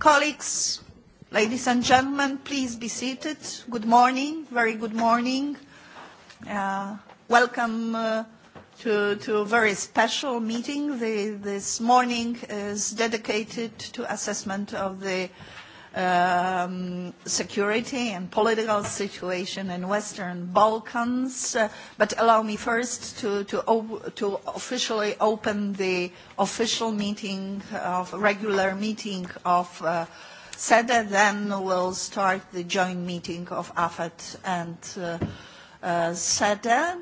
Colleagues, ladies and gentlemen, please be seated. Good morning, very good morning. Uh, welcome uh, to, to a very special meeting. The, this morning is dedicated to assessment of the um, security and political situation in Western Balkans. Uh, but allow me first to, to, to officially open the official meeting of regular meeting of uh, SEDA. Then we'll start the joint meeting of AFET and uh, uh, SEDA.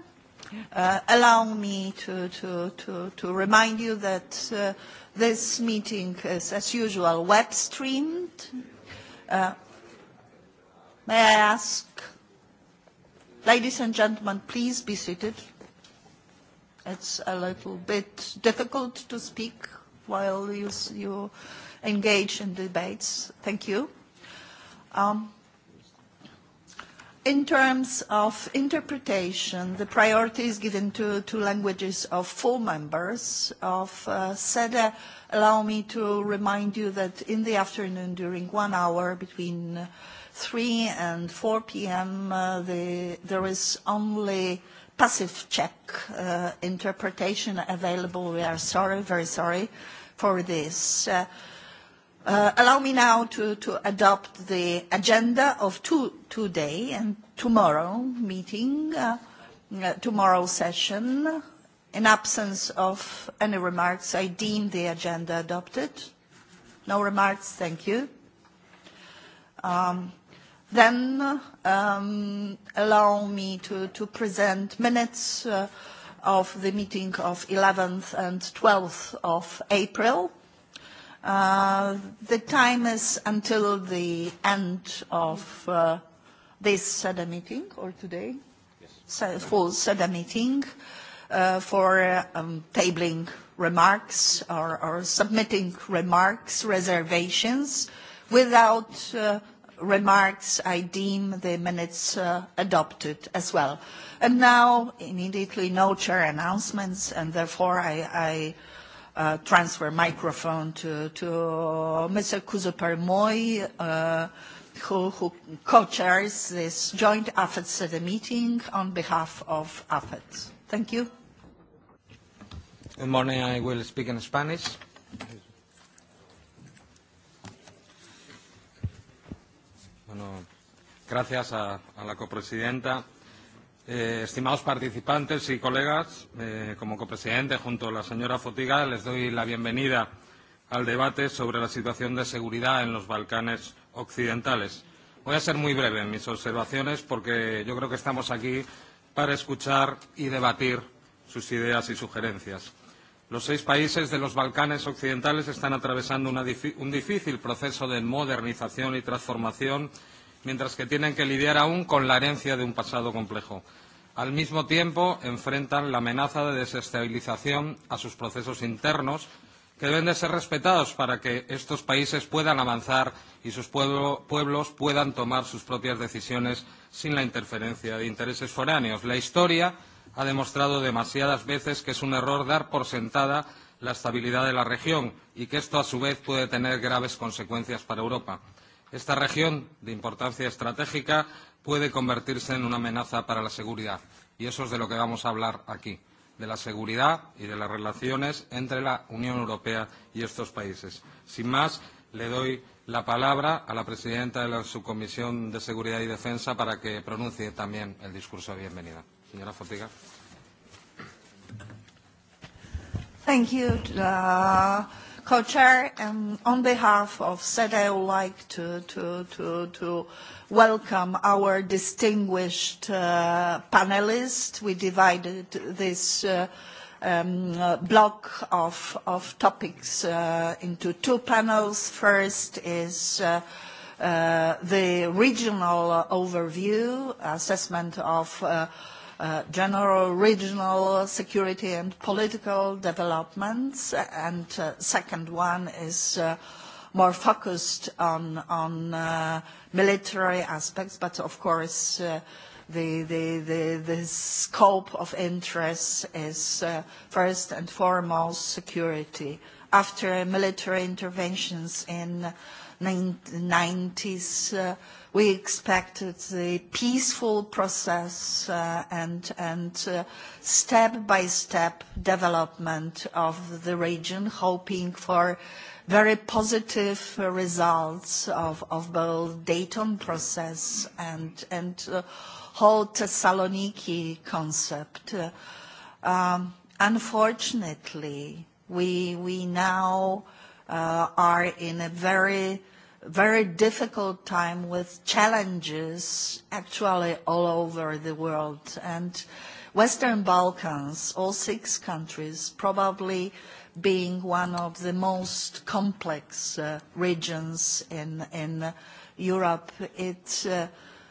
Uh, allow me to, to, to, to remind you that uh, this meeting is, as usual, web-streamed Uh, may I ask, ladies and gentlemen, please be seated. It's a little bit difficult to speak while you, you engage in debates. Thank you. Um, in terms of interpretation, the priority is given to, two languages of full members of uh, SEDA. Allow me to remind you that in the afternoon, during one hour between 3 and 4 p.m., uh, the, there is only passive Czech uh, interpretation available. We are sorry, very sorry for this. Uh, Uh, allow me now to, to adopt the agenda of two, today and tomorrow meeting, uh, uh, tomorrow session. In absence of any remarks, I deem the agenda adopted. No remarks, thank you. Um, then um, allow me to, to present minutes uh, of the meeting of 11th and 12th of April Uh, the time is until the end of uh, this SEDA meeting, or today, yes. so, full SEDA meeting, uh, for um, tabling remarks or, or submitting remarks, reservations. Without uh, remarks, I deem the minutes uh, adopted as well. And now, immediately, no chair announcements, and therefore I, I Uh, transfer microphone to, to Mr. Kuzuper Moy, uh, who, who co-chairs this joint afet the meeting on behalf of AFET. Thank you. Good morning. I will speak in Spanish. Bueno, gracias a, a la copresidenta. Eh, estimados participantes y colegas, eh, como copresidente junto a la señora Fotiga, les doy la bienvenida al debate sobre la situación de seguridad en los Balcanes occidentales. Voy a ser muy breve en mis observaciones porque yo creo que estamos aquí para escuchar y debatir sus ideas y sugerencias. Los seis países de los Balcanes occidentales están atravesando una, un difícil proceso de modernización y transformación mientras que tienen que lidiar aún con la herencia de un pasado complejo. Al mismo tiempo, enfrentan la amenaza de desestabilización a sus procesos internos, que deben de ser respetados para que estos países puedan avanzar y sus pueblo, pueblos puedan tomar sus propias decisiones sin la interferencia de intereses foráneos. La historia ha demostrado demasiadas veces que es un error dar por sentada la estabilidad de la región y que esto, a su vez, puede tener graves consecuencias para Europa. Esta región de importancia estratégica puede convertirse en una amenaza para la seguridad. Y eso es de lo que vamos a hablar aquí, de la seguridad y de las relaciones entre la Unión Europea y estos países. Sin más, le doy la palabra a la presidenta de la Subcomisión de Seguridad y Defensa para que pronuncie también el discurso de bienvenida. Señora Fotiga. Thank you. Uh... Co-chair, um, on behalf of SEDE, I would like to, to, to, to welcome our distinguished uh, panelists. We divided this uh, um, uh, block of, of topics uh, into two panels. First is uh, uh, the regional overview, assessment of uh, Uh, general regional security and political developments. And uh, second one is uh, more focused on, on uh, military aspects, but of course uh, the, the, the, the scope of interest is uh, first and foremost security. After military interventions in 90s, uh, We expected the peaceful process uh, and, and step by step development of the region, hoping for very positive results of, of both Dayton process and, and uh, whole Thessaloniki concept. Uh, um, unfortunately, we, we now uh, are in a very very difficult time with challenges actually all over the world. And Western Balkans, all six countries, probably being one of the most complex uh, regions in, in Europe. It, uh,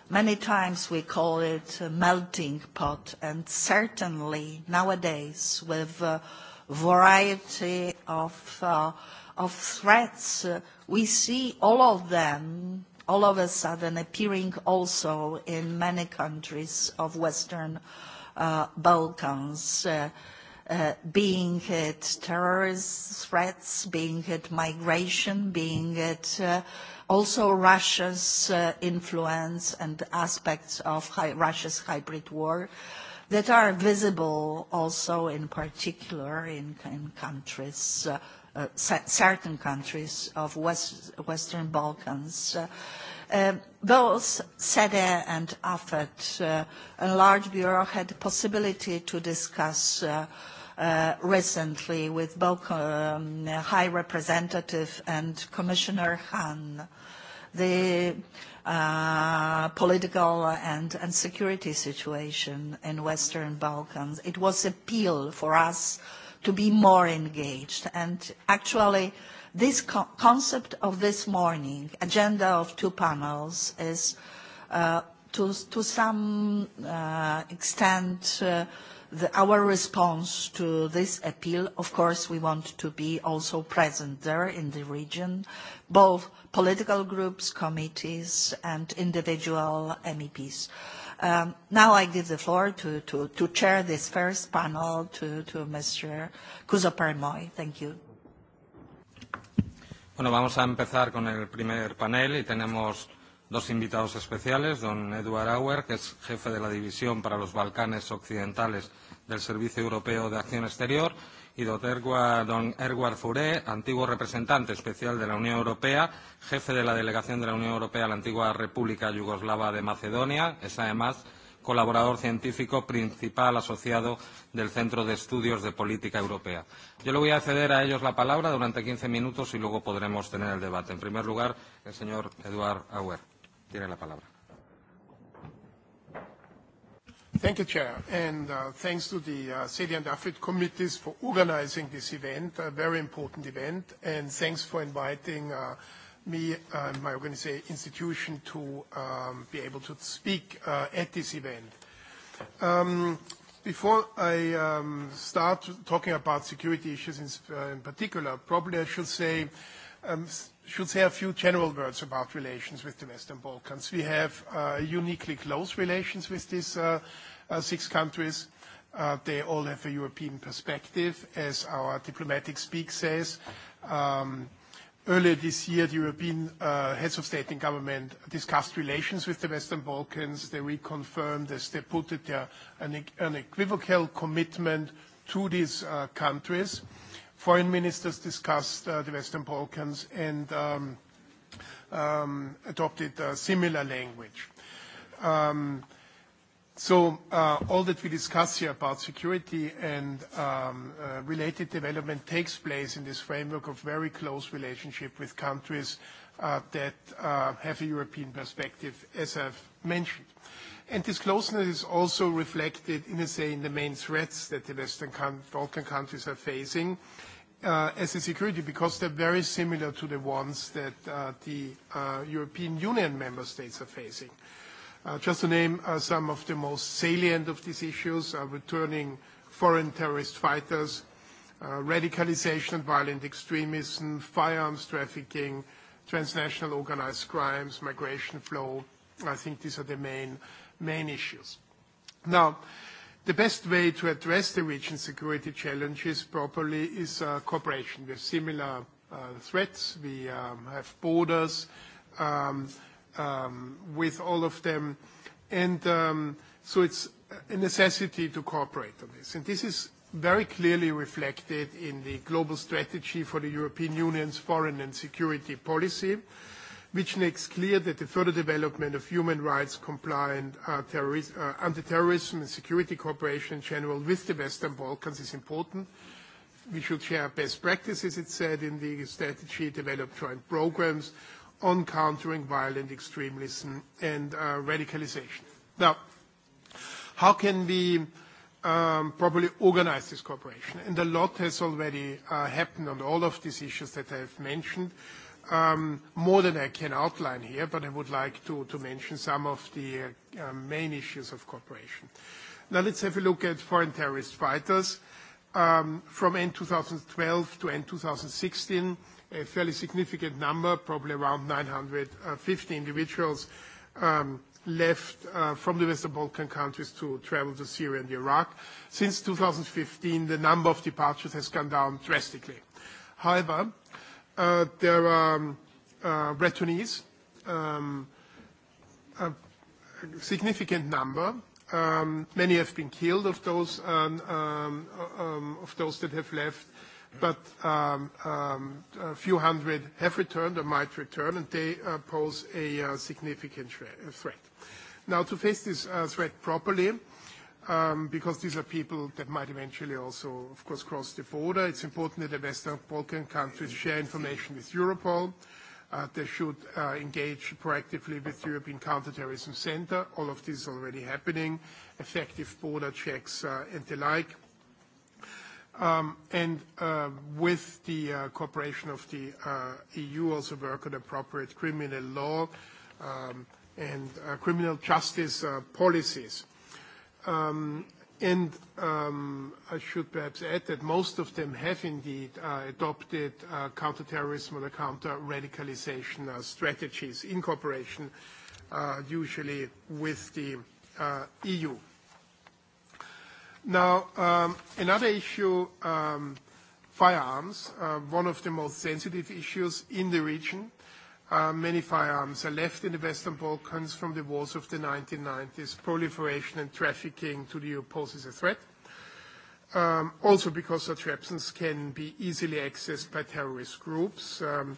many times we call it a melting pot, and certainly nowadays with a uh, variety of uh, of threats, uh, we see all of them all of a sudden appearing also in many countries of Western uh, Balkans, uh, uh, being it terrorist threats, being it migration, being it uh, also Russia's uh, influence and aspects of hi Russia's hybrid war that are visible also in particular in, in countries uh, Uh, certain countries of West, Western Balkans. Uh, um, both SEDE and AFET, uh, large bureau, had the possibility to discuss uh, Uh, recently with both um, High Representative and Commissioner Hahn the uh, political and, and security situation in Western Balkans. It was appeal for us uh, to be more engaged. And actually, this co concept of this morning, agenda of two panels, is uh, to, to some uh, extent uh, the, our response to this appeal. Of course, we want to be also present there in the region, both political groups, committees, and individual MEPs. Uh, Um, now I give the floor to, to, to chair this first panel to, to Mr. Kuzo Thank you. Bueno, vamos a empezar con el primer panel y tenemos dos invitados especiales, don Eduard Auer, que es jefe de la División para los Balcanes Occidentales del Servicio Europeo de Acción Exterior, y don Erguard Furé, antiguo representante especial de la Unión Europea, jefe de la delegación de la Unión Europea a la antigua República Yugoslava de Macedonia. Es además colaborador científico principal asociado del Centro de Estudios de Política Europea. Yo le voy a ceder a ellos la palabra durante 15 minutos y luego podremos tener el debate. En primer lugar, el señor Eduard Auer. Tiene la palabra. Thank you, Chair, and uh, thanks to the uh, City and AFID committees for organizing this event, a very important event, and thanks for inviting uh, me and my institution to um, be able to speak uh, at this event. Um, before I um, start talking about security issues in, in particular, probably I should say um, should say a few general words about relations with the Western Balkans. We have uh, uniquely close relations with these uh, uh, six countries. Uh, they all have a European perspective, as our diplomatic speak says. Um, earlier this year, the European uh, heads of state and government discussed relations with the Western Balkans. They reconfirmed, as they put it, their uh, unequivocal commitment to these countries foreign ministers discussed uh, the Western Balkans and um, um, adopted a similar language. Um, so uh, all that we discuss here about security and um, uh, related development takes place in this framework of very close relationship with countries uh, that uh, have a European perspective, as I've mentioned. And this closeness is also reflected in, say, in the main threats that the Western Balkan countries are facing, Uh, as a security because they're very similar to the ones that uh, the uh, European Union member states are facing. Just to name some of the most salient of these issues are returning foreign terrorist fighters, radicalization and violent extremism, firearms trafficking, transnational organized crimes, migration flow. I think these are the main, main issues. Now, The best way to address the region's security challenges properly is uh, cooperation. We have similar uh, threats. We um, have borders um, um, with all of them. And so it's a necessity to cooperate on this. And this is very clearly reflected in the global strategy for the European Union's foreign and security policy, which makes clear that the further development of human rights compliant uh, uh, anti-terrorism and security cooperation in general with the Western Balkans is important. We should share best practices, it said in the strategy, develop joint programs on countering violent extremism and uh, radicalization. Now, how can we um, properly organize this cooperation? And a lot has already happened on all of these issues that I have mentioned. Um, more than I can outline here, but I would like to, mention some of the uh, main issues of cooperation. Now let's have a look at foreign terrorist fighters. Um, from end 2012 to end 2016, a fairly significant number, probably around 950 individuals, um, left uh, from the Western Balkan countries to travel to Syria and Iraq. Since 2015, the number of departures has gone down drastically. However, Uh, there are um, uh, returnees, um, a significant number. Um, many have been killed of those um, um, um of those that have left, but a few hundred have returned or might return, and they uh, pose a uh, significant threat. Now, to face this uh, threat properly, Um, because these are people that might eventually also, of course, cross the border. It's important that the Western Balkan countries share information with Europol. Uh, they should uh, engage proactively with European Counterterrorism Center. All of this is already happening, effective border checks uh, and the like. Um, and with the cooperation of the EU, also work on appropriate criminal law um, and criminal justice policies. Um, and um, I should perhaps add that most of them have indeed uh, adopted uh, counterterrorism or the counter-radicalization uh, strategies in cooperation, usually with the EU. Now, um, another issue, firearms, one of the most sensitive issues in the region. Uh, many firearms are left in the Western Balkans from the wars of the 1990s. Proliferation and trafficking to the EU poses a threat. Um, also because weapons can be easily accessed by terrorist groups. Um,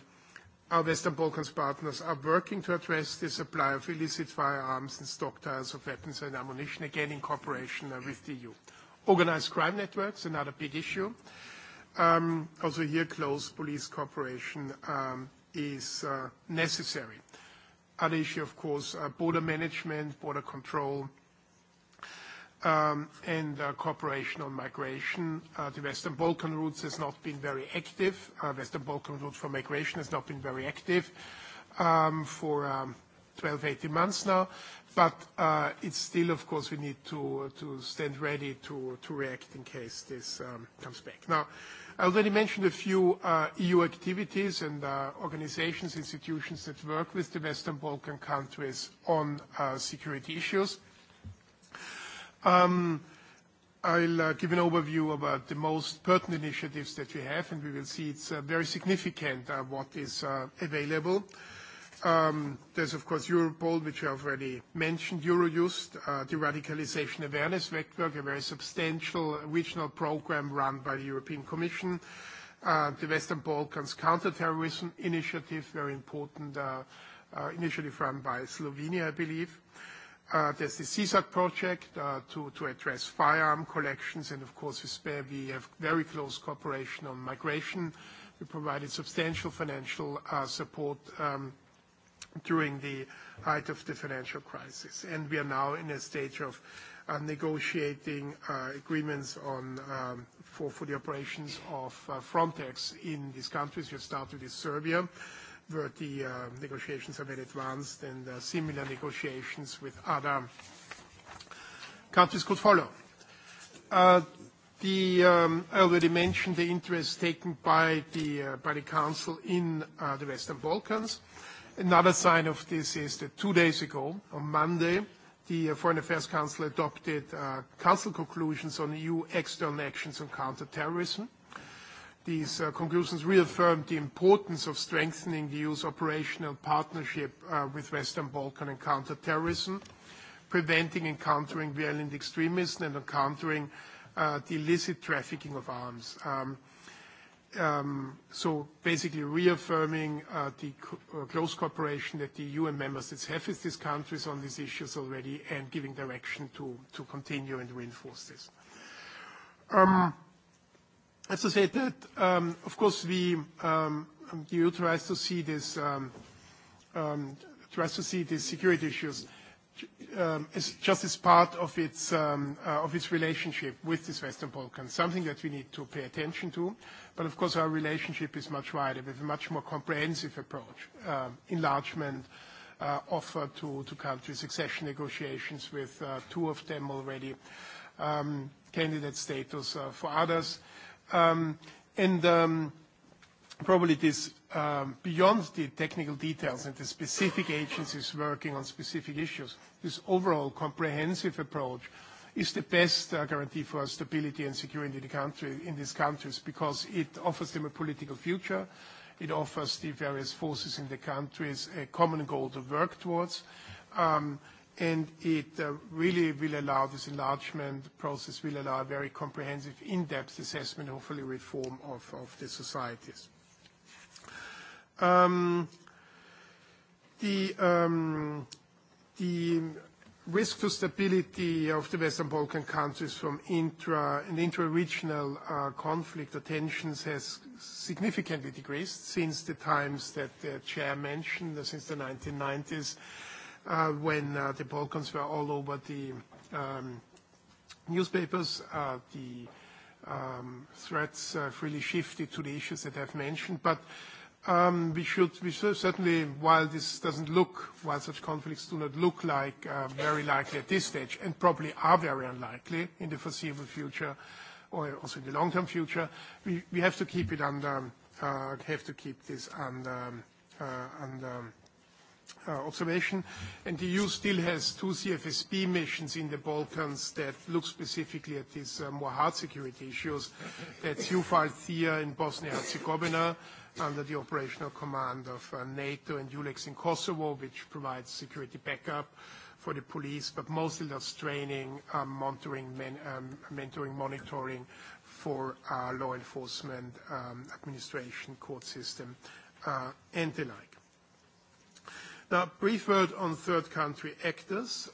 our Western Balkans partners are working to address the supply of illicit firearms and stockpiles of weapons and ammunition, again in cooperation uh, with the EU. Organized crime networks, another big issue. Um, also here, close police cooperation um, is uh, necessary. Other issue, of course, uh, border management, border control, um, and uh, cooperation on migration. The Western Balkan routes has not been very active. Western Balkan route for migration has not been very active um, for 12, um, 18 months now. But it's still, of course, we need to, stand ready to, to react in case this comes back. Now, I already mentioned a few uh, EU activities and uh, organizations, institutions that work with the Western Balkan countries on uh, security issues. Um, I'll give an overview about the most pertinent initiatives that we have, and we will see it's very significant what is available. Um, there's, of course, Europol, which I already mentioned, Eurojust, uh, the radicalization awareness network, a very substantial regional program run by the European Commission. Uh, the Western Balkans Counterterrorism Initiative, very important uh, initiative run by Slovenia, I believe. There's the CSAT project to, address firearm collections, and of course, with Spain, we have very close cooperation on migration. We provided substantial financial support um, during the height of the financial crisis. And we are now in a stage of uh, negotiating uh, agreements on um, for, the operations of uh, Frontex in these countries. We have started with Serbia, where the negotiations are very advanced, and similar negotiations with other countries could follow. Um, I already mentioned the interest taken by the Council in the Western Balkans. Another sign of this is that two days ago, on Monday, the uh, Foreign Affairs Council adopted uh, Council conclusions on EU external actions on counterterrorism. These uh, conclusions reaffirmed the importance of strengthening the EU's operational partnership with Western Balkan and counterterrorism, preventing and countering violent extremism, and countering the illicit trafficking of arms. Um, Um, so basically reaffirming uh, the uh, close cooperation that the EU and member states have with these countries on these issues already and giving direction to, to continue and reinforce this. Um, as I said that, um, of course, we, the EU tries to see this, um, um, tries to see these security issues Um, is just as part of its, um, uh, of its relationship with this Western Balkans, something that we need to pay attention to. But of course, our relationship is much wider. We have a much more comprehensive approach, um, enlargement, uh, offer to, to countries, accession negotiations with uh, two of them already, candidate status for others. And probably this Um, beyond the technical details and the specific agencies working on specific issues, this overall comprehensive approach is the best uh, guarantee for stability and security in, the country, in these countries because it offers them a political future, it offers the various forces in the countries a common goal to work towards, um, and it uh, really will allow this enlargement process will allow a very comprehensive, in-depth assessment, hopefully reform of the societies the, risk to stability of the Western Balkan countries from intra and intra-regional uh, conflict or tensions has significantly decreased since the times that the chair mentioned, uh, since the 1990s, uh, when the Balkans were all over the um, newspapers. The um, threats freely shifted to the issues that I've mentioned. But Um, we should, certainly, while this doesn't look, while such conflicts do not look like uh, very likely at this stage, and probably are very unlikely in the foreseeable future or also in the long-term future, we, have to keep it under, uh, have to keep this under, uh, observation. And the EU still has two CFSP missions in the Balkans that look specifically at these more hard security issues. That's EUFOR Althea in Bosnia-Herzegovina, under the operational command of uh, NATO and EULEX in Kosovo, which provides security backup for the police, but mostly does training, um, monitoring, um, mentoring, monitoring for uh, law enforcement, um, administration, court system, uh, and the like. Now, brief word on third country actors.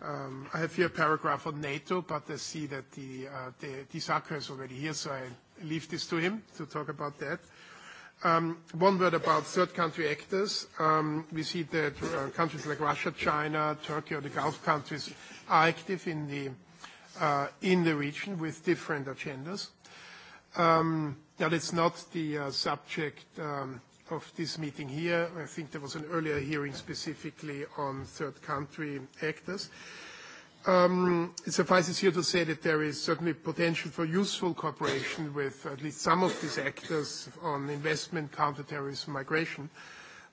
I have here a paragraph on NATO, but I see that the, the, Tisaka is already here, so I leave this to him to talk about that. Um, one word about third country actors. Um, we see that uh, countries like Russia, China, Turkey, or the Gulf countries are active in the, uh, in the region with different agendas. Um, now, that's not the uh, subject of this meeting here. I think there was an earlier hearing specifically on third country actors. Um, it suffices here to say that there is certainly potential for useful cooperation with at least some of these actors on investment, counterterrorism, migration.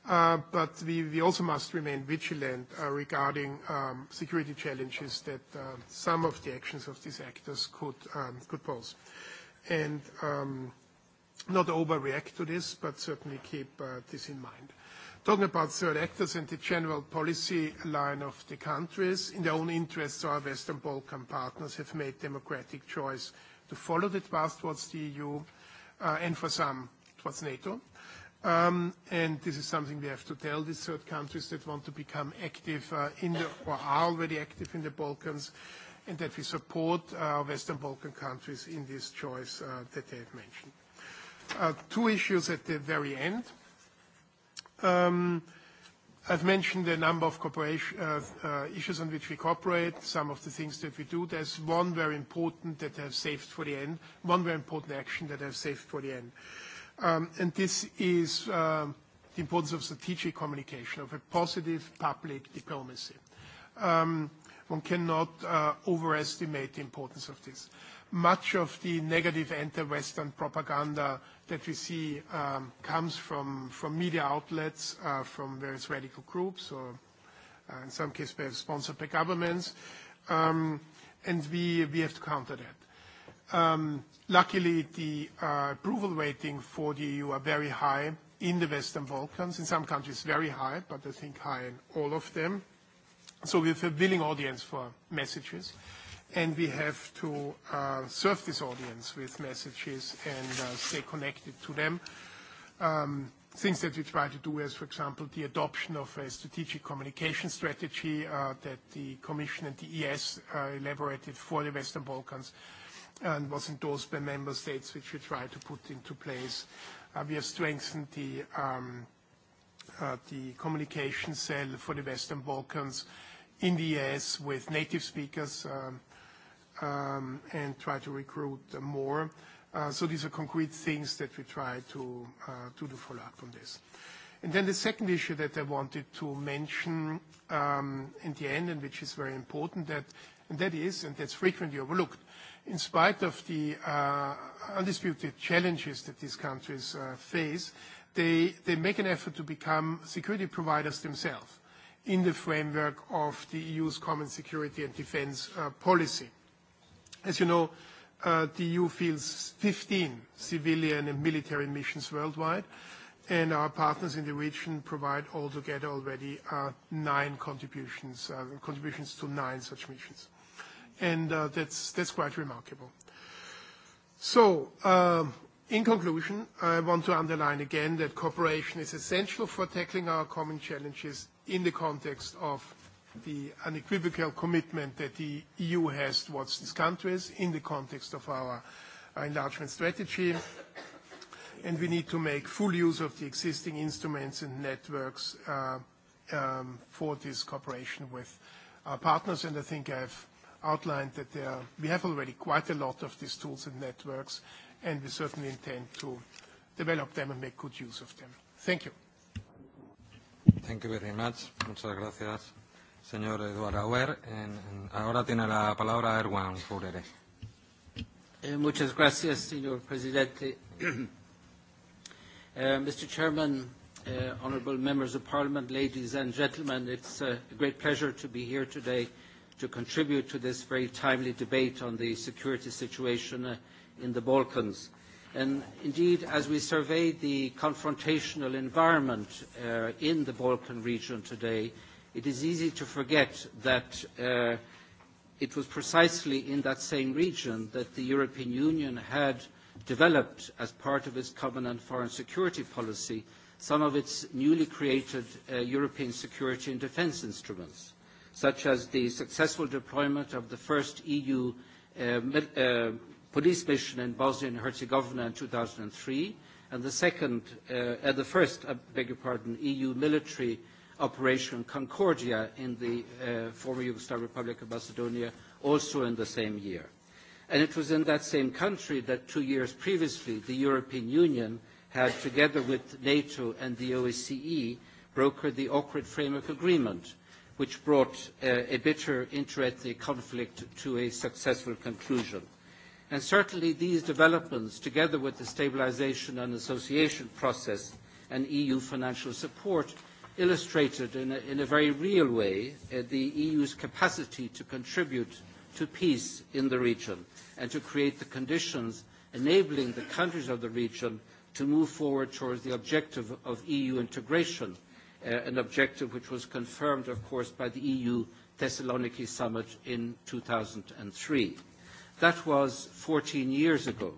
Uh, but we, also must remain vigilant uh, regarding um, security challenges that uh, some of the actions of these actors could um, pose. And not overreact to this, but certainly keep this in mind talking about third actors and the general policy line of the countries. In their own interests, our Western Balkan partners have made democratic choice to follow the path towards the EU, uh, and for some, towards NATO. Um, and this is something we have to tell the third countries that want to become active uh, in the, or are already active in the Balkans, and that we support our uh, Western Balkan countries in this choice that they have mentioned. Two issues at the very end. Um, I've mentioned a number of cooperation uh, uh, issues on which we cooperate, some of the things that we do. There's one very important that I've saved for the end, one very important action that I've saved for the end. Um, and this is uh, the importance of strategic communication, of a positive public diplomacy. Um, one cannot overestimate the importance of this much of the negative anti-Western propaganda that we see um, comes from, from media outlets, uh, from various radical groups, or uh, in some cases perhaps sponsored by governments, um, and we, we have to counter that. Um, luckily, the uh, approval rating for the EU are very high in the Western Balkans, in some countries very high, but I think high in all of them. So we have a willing audience for messages. Uh, and we have to uh, serve this audience with messages and uh, stay connected to them. Um, things that we try to do is, for example, the adoption of a strategic communication strategy uh, that the Commission and the ES uh, elaborated for the Western Balkans and was endorsed by member states, which we try to put into place. Uh, we have strengthened the, um, uh, the communication cell for the Western Balkans in the ES with native speakers. Um, Um, and try to recruit more. Uh, so these are concrete things that we try to, uh, to do follow-up on this. And then the second issue that I wanted to mention um, in the end, and which is very important, that, and that is, and that's frequently overlooked, in spite of the uh, undisputed challenges that these countries face, they, they make an effort to become security providers themselves in the framework of the EU's common security and defense policy. As you know, uh, the EU fields 15 civilian and military missions worldwide, and our partners in the region provide altogether already uh, nine contributions uh, contributions to nine such missions. and uh, That's that's quite remarkable. So, um, in conclusion, I want to underline again that cooperation is essential for tackling our common challenges in the context of the unequivocal commitment that the EU has towards these countries in the context of our enlargement strategy. and We need to make full use of the existing instruments and networks uh, um, for this cooperation with our partners. And I think I've outlined that we have already quite a lot of these tools and networks, and we certainly intend to develop them and make good use of them. Thank you. Thank you very much. Muchas gracias señor Eduardo Auer. En, en, ahora tiene la palabra Erwan Furere. Eh, muchas gracias, señor presidente. uh, eh, Mr. Chairman, uh, eh, honourable members of Parliament, ladies and gentlemen, it's a great pleasure to be here today to contribute to this very timely debate on the security situation uh, in the Balkans. And indeed, as we survey the confrontational environment uh, in the Balkan region today, it is easy to forget that uh, it was precisely in that same region that the European Union had developed, as part of its common and foreign security policy, some of its newly created uh, European security and defence instruments, such as the successful deployment of the first EU uh, uh, police mission in Bosnia and Herzegovina in 2003, and the second, uh, uh, the first, I beg your pardon, EU military Operation Concordia in the uh, former Yugoslav Republic of Macedonia, also in the same year. And it was in that same country that two years previously the European Union had, together with NATO and the OSCE, brokered the awkward framework agreement, which brought uh, a bitter interethnic conflict to a successful conclusion. And certainly these developments, together with the stabilization and association process and EU financial support, illustrated in a, in a very real way uh, the EU's capacity to contribute to peace in the region and to create the conditions enabling the countries of the region to move forward towards the objective of EU integration, uh, an objective which was confirmed, of course, by the EU Thessaloniki summit in 2003. That was 14 years ago.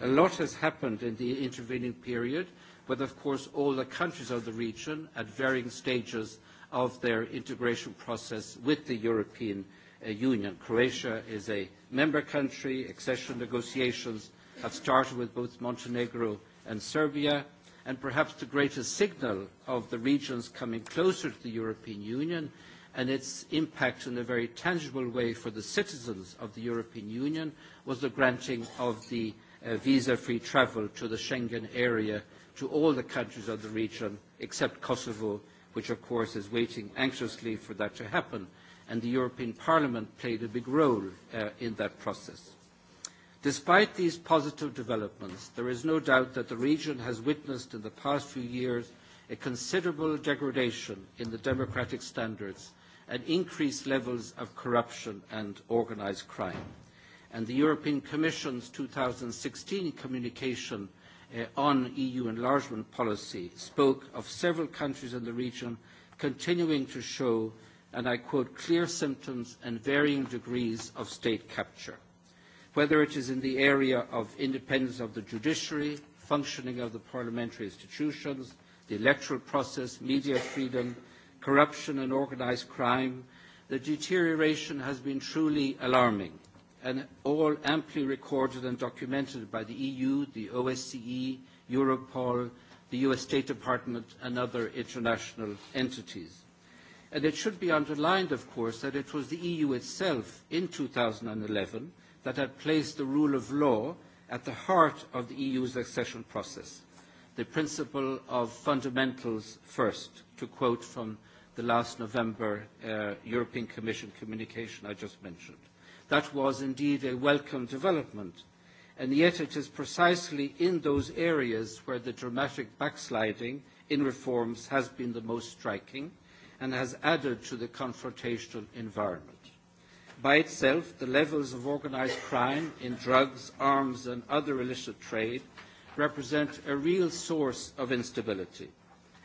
A lot has happened in the intervening period, with, of course, all the countries of the region at varying stages of their integration process with the European uh, Union. Croatia is a member country. Accession negotiations have started with both Montenegro and Serbia. And perhaps the greatest signal of the regions coming closer to the European Union and its impact in a very tangible way for the citizens of the European Union was the granting of the uh, visa-free travel to the Schengen area to all the countries of the region except Kosovo, which of course is waiting anxiously for that to happen. And the European Parliament played a big role uh, in that process. Despite these positive developments, there is no doubt that the region has witnessed in the past few years a considerable degradation in the democratic standards and increased levels of corruption and organised crime. And the European Commission's 2016 communication uh, on EU enlargement policy spoke of several countries in the region continuing to show, and I quote, clear symptoms and varying degrees of state capture, whether it is in the area of independence of the judiciary, functioning of the parliamentary institutions, the electoral process, media freedom, corruption and organised crime, the deterioration has been truly alarming and all amply recorded and documented by the EU, the OSCE, Europol, the US State Department and other international entities. And it should be underlined, of course, that it was the EU itself in 2011 that had placed the rule of law at the heart of the EU's accession process, the principle of fundamentals first, to quote from the last November uh, European Commission communication I just mentioned. That was indeed a welcome development. And yet it is precisely in those areas where the dramatic backsliding in reforms has been the most striking and has added to the confrontational environment. By itself, the levels of organised crime in drugs, arms and other illicit trade represent a real source of instability.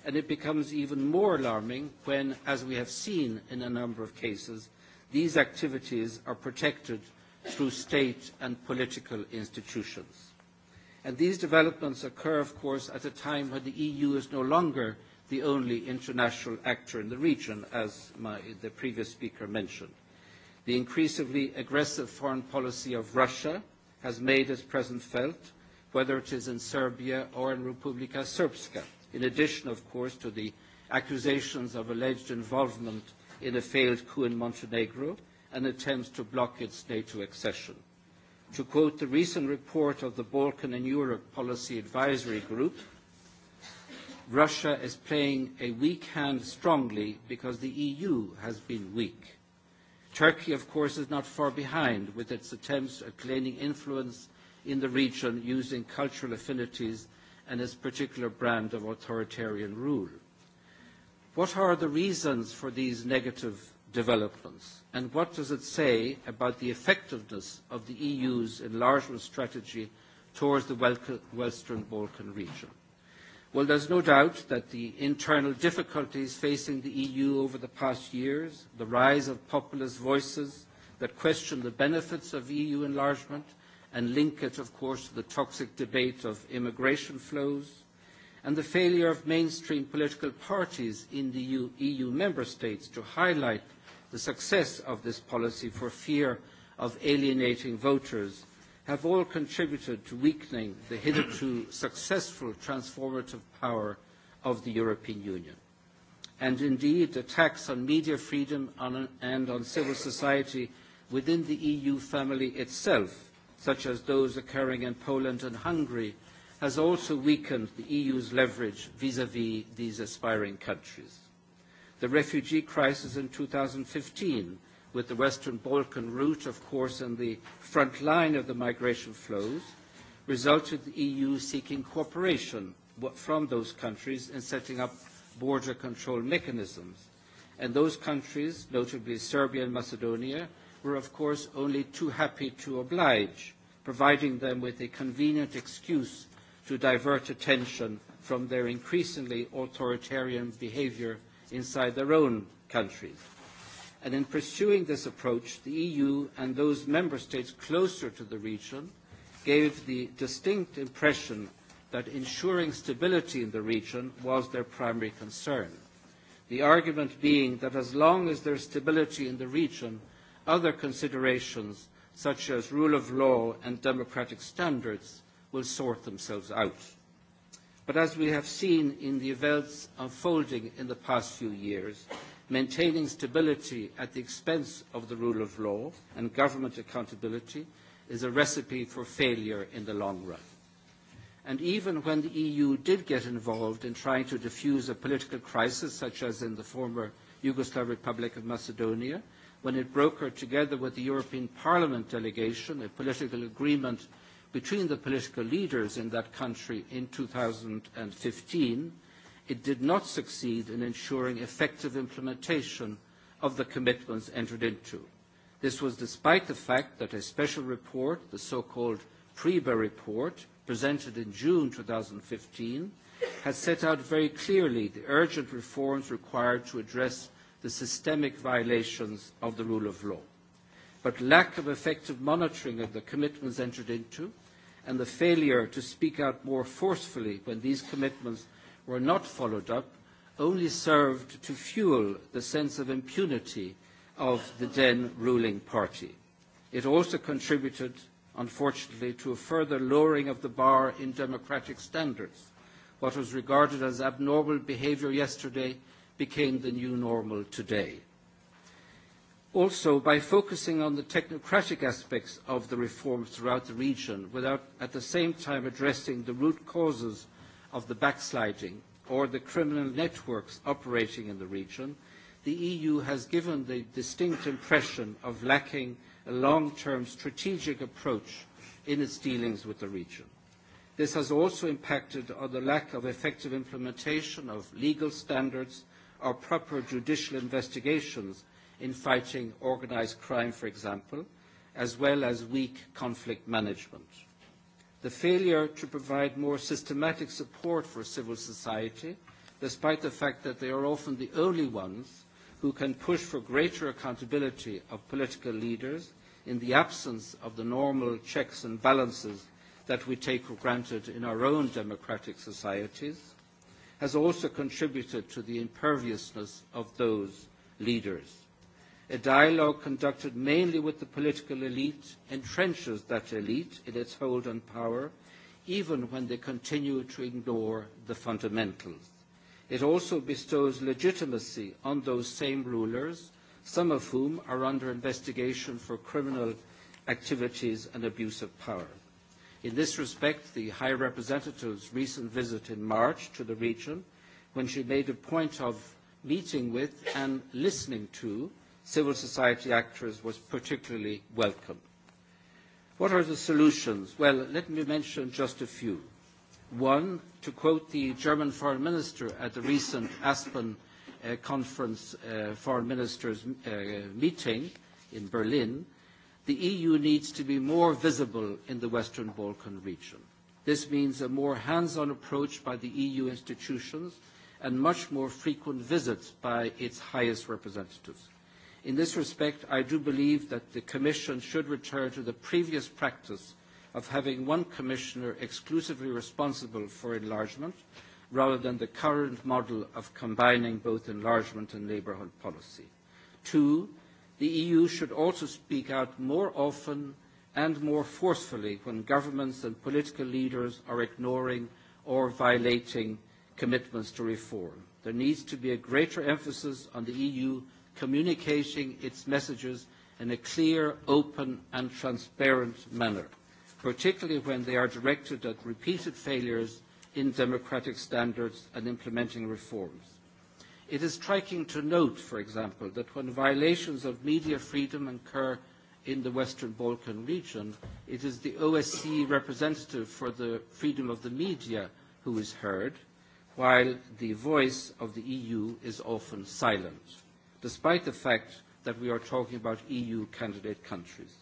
And it becomes even more alarming when, as we have seen in a number of cases, these activities are protected through state and political institutions. And these developments occur, of course, at a time when the EU is no longer the only international actor in the region, as my, the previous speaker mentioned. The increasingly aggressive foreign policy of Russia has made its presence felt, whether it is in Serbia or in Republika Srpska, in addition, of course, to the accusations of alleged involvement in a failed coup in Montenegro and attempts to block its NATO accession. To quote the recent report of the Balkan and Europe Policy Advisory Group, Russia is playing a weak hand strongly because the EU has been weak. Turkey, of course, is not far behind with its attempts at gaining influence in the region using cultural affinities and its particular brand of authoritarian rule. What are the reasons for these negative developments? And what does it say about the effectiveness of the EU's enlargement strategy towards the Western Balkan region? Well, there's no doubt that the internal difficulties facing the EU over the past years, the rise of populist voices that question the benefits of EU enlargement and link it, of course, to the toxic debate of immigration flows, and the failure of mainstream political parties in the EU, EU member states to highlight the success of this policy for fear of alienating voters have all contributed to weakening the hitherto successful transformative power of the European Union. And indeed, attacks on media freedom on, and on civil society within the EU family itself, such as those occurring in Poland and Hungary, has also weakened the EU's leverage vis-à-vis -vis these aspiring countries. The refugee crisis in 2015, with the Western Balkan route, of course, and the front line of the migration flows, resulted in the EU seeking cooperation from those countries in setting up border control mechanisms. And those countries, notably Serbia and Macedonia, were of course only too happy to oblige, providing them with a convenient excuse to divert attention from their increasingly authoritarian behaviour inside their own countries. And in pursuing this approach, the EU and those member states closer to the region gave the distinct impression that ensuring stability in the region was their primary concern. The argument being that as long as there is stability in the region, other considerations such as rule of law and democratic standards will sort themselves out. But as we have seen in the events unfolding in the past few years, maintaining stability at the expense of the rule of law and government accountability is a recipe for failure in the long run. And even when the EU did get involved in trying to diffuse a political crisis, such as in the former Yugoslav Republic of Macedonia, when it brokered together with the European Parliament delegation a political agreement between the political leaders in that country in 2015, it did not succeed in ensuring effective implementation of the commitments entered into. This was despite the fact that a special report, the so-called PREBA report, presented in June 2015, has set out very clearly the urgent reforms required to address the systemic violations of the rule of law but lack of effective monitoring of the commitments entered into and the failure to speak out more forcefully when these commitments were not followed up only served to fuel the sense of impunity of the then ruling party. It also contributed, unfortunately, to a further lowering of the bar in democratic standards. What was regarded as abnormal behaviour yesterday became the new normal today. Also, by focusing on the technocratic aspects of the reforms throughout the region without at the same time addressing the root causes of the backsliding or the criminal networks operating in the region, the EU has given the distinct impression of lacking a long-term strategic approach in its dealings with the region. This has also impacted on the lack of effective implementation of legal standards or proper judicial investigations in fighting organised crime, for example, as well as weak conflict management. The failure to provide more systematic support for civil society, despite the fact that they are often the only ones who can push for greater accountability of political leaders in the absence of the normal checks and balances that we take for granted in our own democratic societies, has also contributed to the imperviousness of those leaders a dialogue conducted mainly with the political elite entrenches that elite in its hold on power, even when they continue to ignore the fundamentals. It also bestows legitimacy on those same rulers, some of whom are under investigation for criminal activities and abuse of power. In this respect, the High Representative's recent visit in March to the region, when she made a point of meeting with and listening to civil society actors was particularly welcome. What are the solutions? Well, let me mention just a few. One, to quote the German Foreign Minister at the recent Aspen uh, Conference uh, Foreign Ministers uh, meeting in Berlin, the EU needs to be more visible in the Western Balkan region. This means a more hands-on approach by the EU institutions and much more frequent visits by its highest representatives. In this respect, I do believe that the Commission should return to the previous practice of having one Commissioner exclusively responsible for enlargement, rather than the current model of combining both enlargement and neighbourhood policy. Two, the EU should also speak out more often and more forcefully when governments and political leaders are ignoring or violating commitments to reform. There needs to be a greater emphasis on the EU communicating its messages in a clear, open and transparent manner, particularly when they are directed at repeated failures in democratic standards and implementing reforms. It is striking to note, for example, that when violations of media freedom occur in the Western Balkan region, it is the OSCE representative for the freedom of the media who is heard, while the voice of the EU is often silent despite the fact that we are talking about EU candidate countries.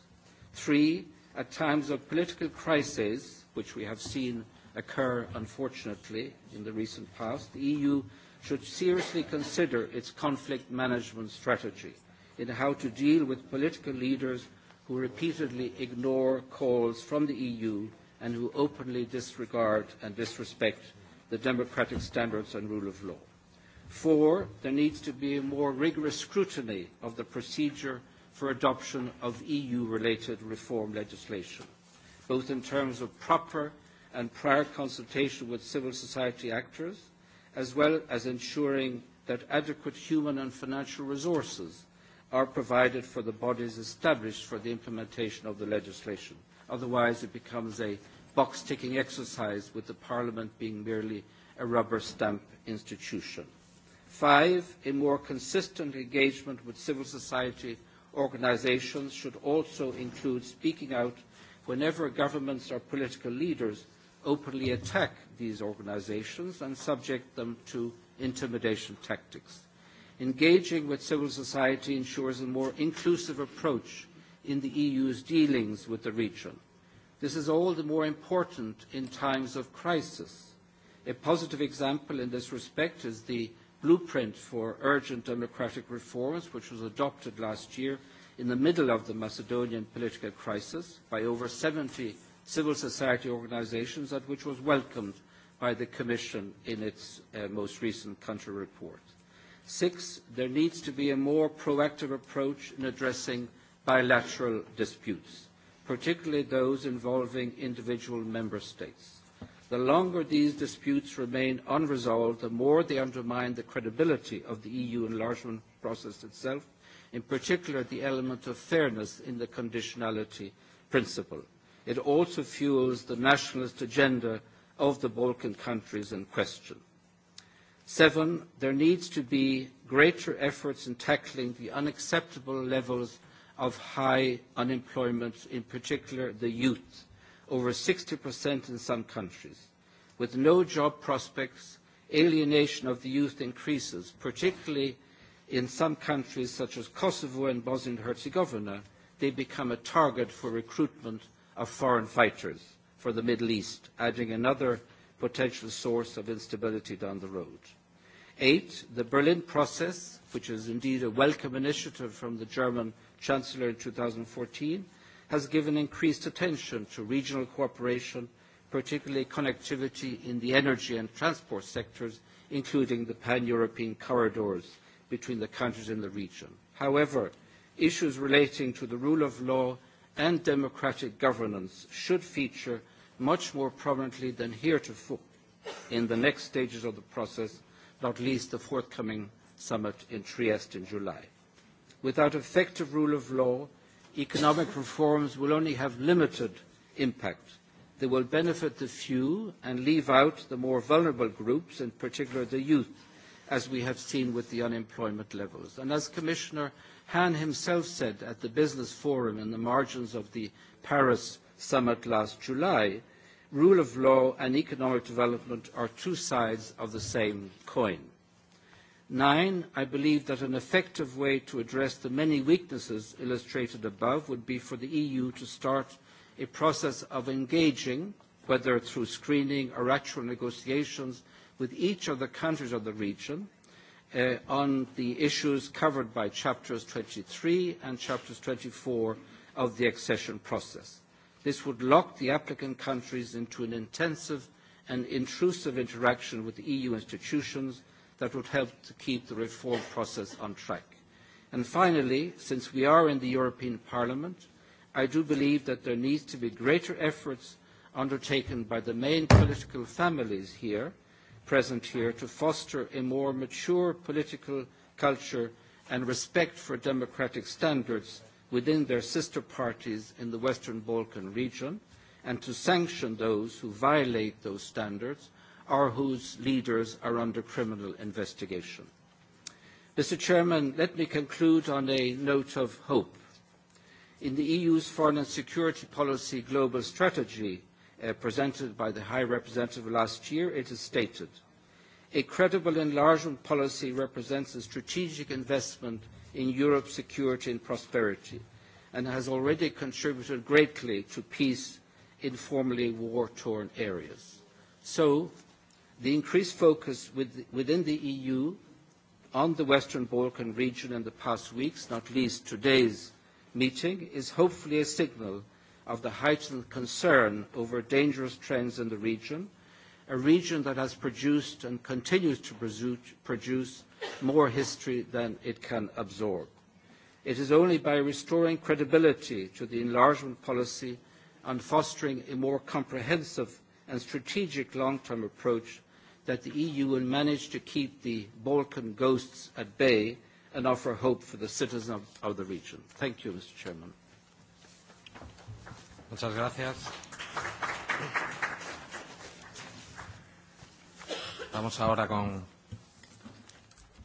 Three, at times of political crises, which we have seen occur, unfortunately, in the recent past, the EU should seriously consider its conflict management strategy in how to deal with political leaders who repeatedly ignore calls from the EU and who openly disregard and disrespect the democratic standards and rule of law. Four, there needs to be a more rigorous scrutiny of the procedure for adoption of EU-related reform legislation, both in terms of proper and prior consultation with civil society actors, as well as ensuring that adequate human and financial resources are provided for the bodies established for the implementation of the legislation. Otherwise, it becomes a box-ticking exercise with the Parliament being merely a rubber stamp institution. Five, a more consistent engagement with civil society organisations should also include speaking out whenever governments or political leaders openly attack these organisations and subject them to intimidation tactics. Engaging with civil society ensures a more inclusive approach in the EU's dealings with the region. This is all the more important in times of crisis. A positive example in this respect is the blueprint for urgent democratic reforms, which was adopted last year in the middle of the Macedonian political crisis by over 70 civil society organizations, and which was welcomed by the Commission in its uh, most recent country report. Six, there needs to be a more proactive approach in addressing bilateral disputes, particularly those involving individual member states. The longer these disputes remain unresolved, the more they undermine the credibility of the EU enlargement process itself, in particular the element of fairness in the conditionality principle. It also fuels the nationalist agenda of the Balkan countries in question. Seven, there needs to be greater efforts in tackling the unacceptable levels of high unemployment, in particular the youth over 60% in some countries. With no job prospects, alienation of the youth increases, particularly in some countries such as Kosovo and Bosnia and Herzegovina, they become a target for recruitment of foreign fighters for the Middle East, adding another potential source of instability down the road. Eight, the Berlin process, which is indeed a welcome initiative from the German Chancellor in 2014, has given increased attention to regional cooperation, particularly connectivity in the energy and transport sectors, including the pan-European corridors between the countries in the region. However, issues relating to the rule of law and democratic governance should feature much more prominently than heretofore in the next stages of the process, not least the forthcoming summit in Trieste in July. Without effective rule of law, economic reforms will only have limited impact. They will benefit the few and leave out the more vulnerable groups, in particular the youth, as we have seen with the unemployment levels. And as Commissioner Hahn himself said at the Business Forum in the margins of the Paris summit last July, rule of law and economic development are two sides of the same coin. Nine, I believe that an effective way to address the many weaknesses illustrated above would be for the EU to start a process of engaging, whether through screening or actual negotiations, with each of the countries of the region uh, on the issues covered by chapters 23 and chapters 24 of the accession process. This would lock the applicant countries into an intensive and intrusive interaction with the EU institutions that would help to keep the reform process on track. And finally, since we are in the European Parliament, I do believe that there needs to be greater efforts undertaken by the main political families here, present here, to foster a more mature political culture and respect for democratic standards within their sister parties in the Western Balkan region, and to sanction those who violate those standards or whose leaders are under criminal investigation. Mr Chairman, let me conclude on a note of hope. In the EU's foreign and security policy global strategy uh, presented by the High Representative last year, it is stated, a credible enlargement policy represents a strategic investment in Europe's security and prosperity and has already contributed greatly to peace in formerly war-torn areas. So the increased focus with, within the EU on the Western Balkan region in the past weeks, not least today's meeting, is hopefully a signal of the heightened concern over dangerous trends in the region, a region that has produced and continues to produce more history than it can absorb. It is only by restoring credibility to the enlargement policy and fostering a more comprehensive and strategic long-term approach that the EU will manage to keep the Balkan ghosts at bay and offer hope for the citizens of, the region. Thank you, Mr. Chairman. Muchas gracias. Vamos ahora con,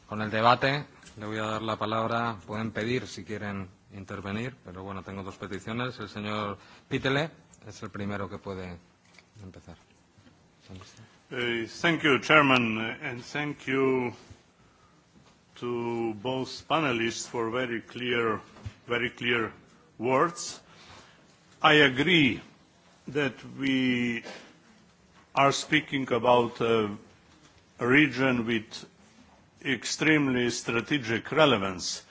con el debate. Le voy a dar la palabra. Pueden pedir si quieren intervenir, pero bueno, tengo dos peticiones. El señor Pitele es el primero que puede empezar. ¿San usted? thank you, Chairman, and thank you to both panelists for very clear, very clear words. I agree that we are speaking about a region with extremely strategic relevance,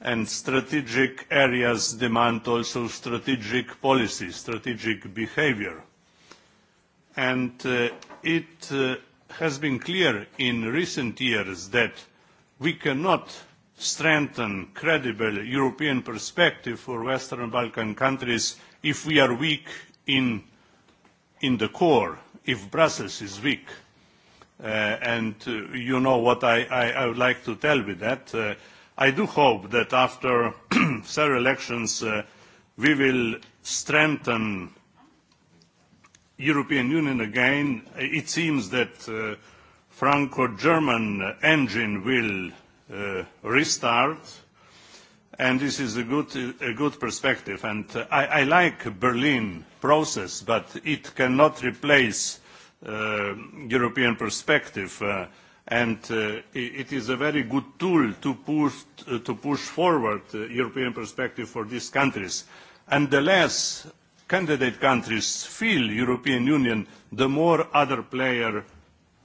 and strategic areas demand also strategic policy, strategic behavior and uh, it uh, has been clear in recent years that we cannot strengthen credible European perspective for Western Balkan countries if we are weak in, in the core, if Brussels is weak. Uh, and uh, you know what I, I, I would like to tell with that. Uh, I do hope that after several elections uh, we will strengthen European Union again, uh, it seems that uh, Franco-German engine will uh, restart, and this is a good, a good perspective. And uh, I, I like Berlin process, but it cannot replace uh, European perspective. Uh, and uh, it is a very good tool to push, uh, to push forward uh, European perspective for these countries. And the less candidate countries feel European Union, the more other players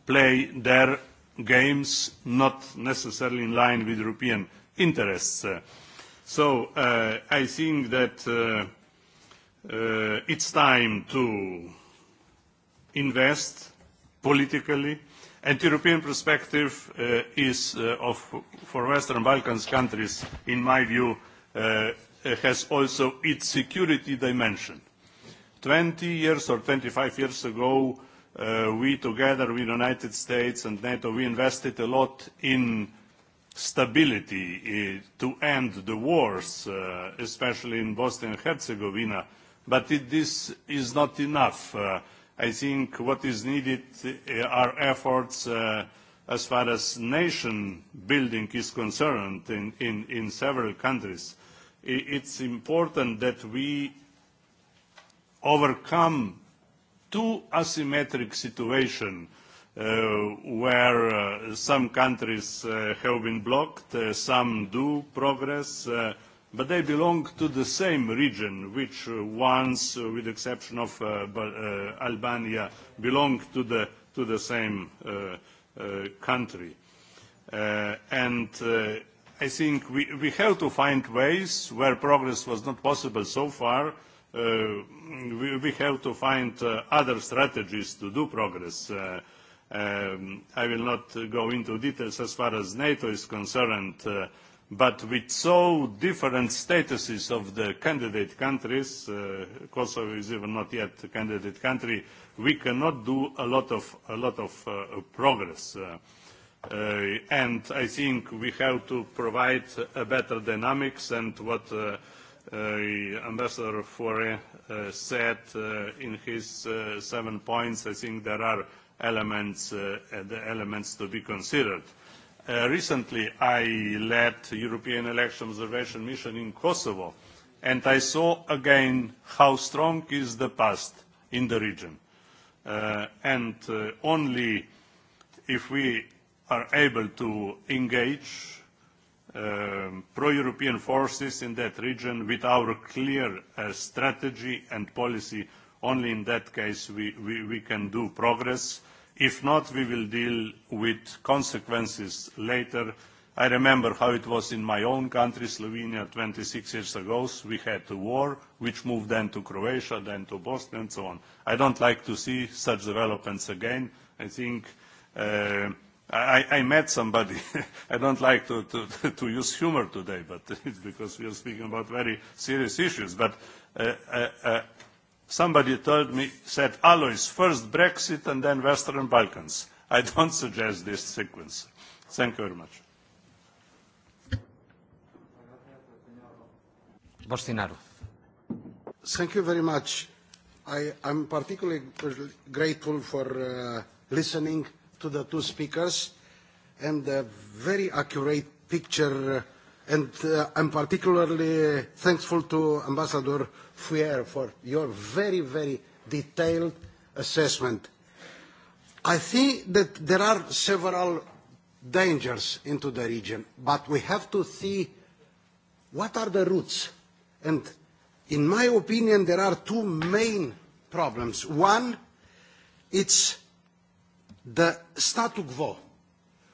play their games not necessarily in line with European interests. So uh, I think that uh, uh, it's time to invest politically, and European perspective uh, is uh, of, for Western Balkans countries, in my view, uh, has also its security dimension 20 years or 25 years ago, uh, we together with the United States and NATO, we invested a lot in stability uh, to end the wars, uh, especially in Bosnia and Herzegovina. But it, this is not enough. Uh, I think what is needed eh, are efforts uh, as far as nation building is concerned in, in, in several countries. It's important that we overcome two asymmetric situations, uh, where uh, some countries uh, have been blocked, uh, some do progress, uh, but they belong to the same region, which uh, once, uh, with the exception of uh, uh, Albania, belonged to the, to the same uh, uh, country. Uh, and uh, I think we, we have to find ways where progress was not possible so far uh, we, we have to find uh, other strategies to do progress. Uh, um, I will not go into details as far as NATO is concerned, uh, but with so different statuses of the candidate countries, uh, Kosovo is even not yet a candidate country, we cannot do a lot of, a lot of uh, progress. Uh, uh, and I think we have to provide a better dynamics and what uh, Uh, Ambassador uh, said uh, in his uh, seven points, I think there are elements, the elements to be considered. recently, I led European Election Observation Mission in Kosovo, and I saw again how strong is the past in the region. Uh, and uh, only if we are able to engage Um, pro-European forces in that region with our clear uh, strategy and policy. Only in that case we, we, we can do progress. If not, we will deal with consequences later. I remember how it was in my own country, Slovenia, 26 years ago. we had a war, which moved then to Croatia, then to Bosnia, and so on. I don't like to see such developments again. I think uh, I, I met somebody. I don't like to, to, to use humor today, but it's because we are speaking about very serious issues. But uh, uh, uh, somebody told me, said, Alois, first Brexit and then Western Balkans. I don't suggest this sequence. Thank you very much. Bostinaru. Thank you very much. I, I'm particularly grateful for uh, listening to the two speakers and a very accurate picture. And uh, I'm particularly thankful to Ambassador Fuyer for your very, very detailed assessment. I think that there are several dangers into the region, but we have to see what are the roots. And in my opinion, there are two main problems. One, it's the statu quo.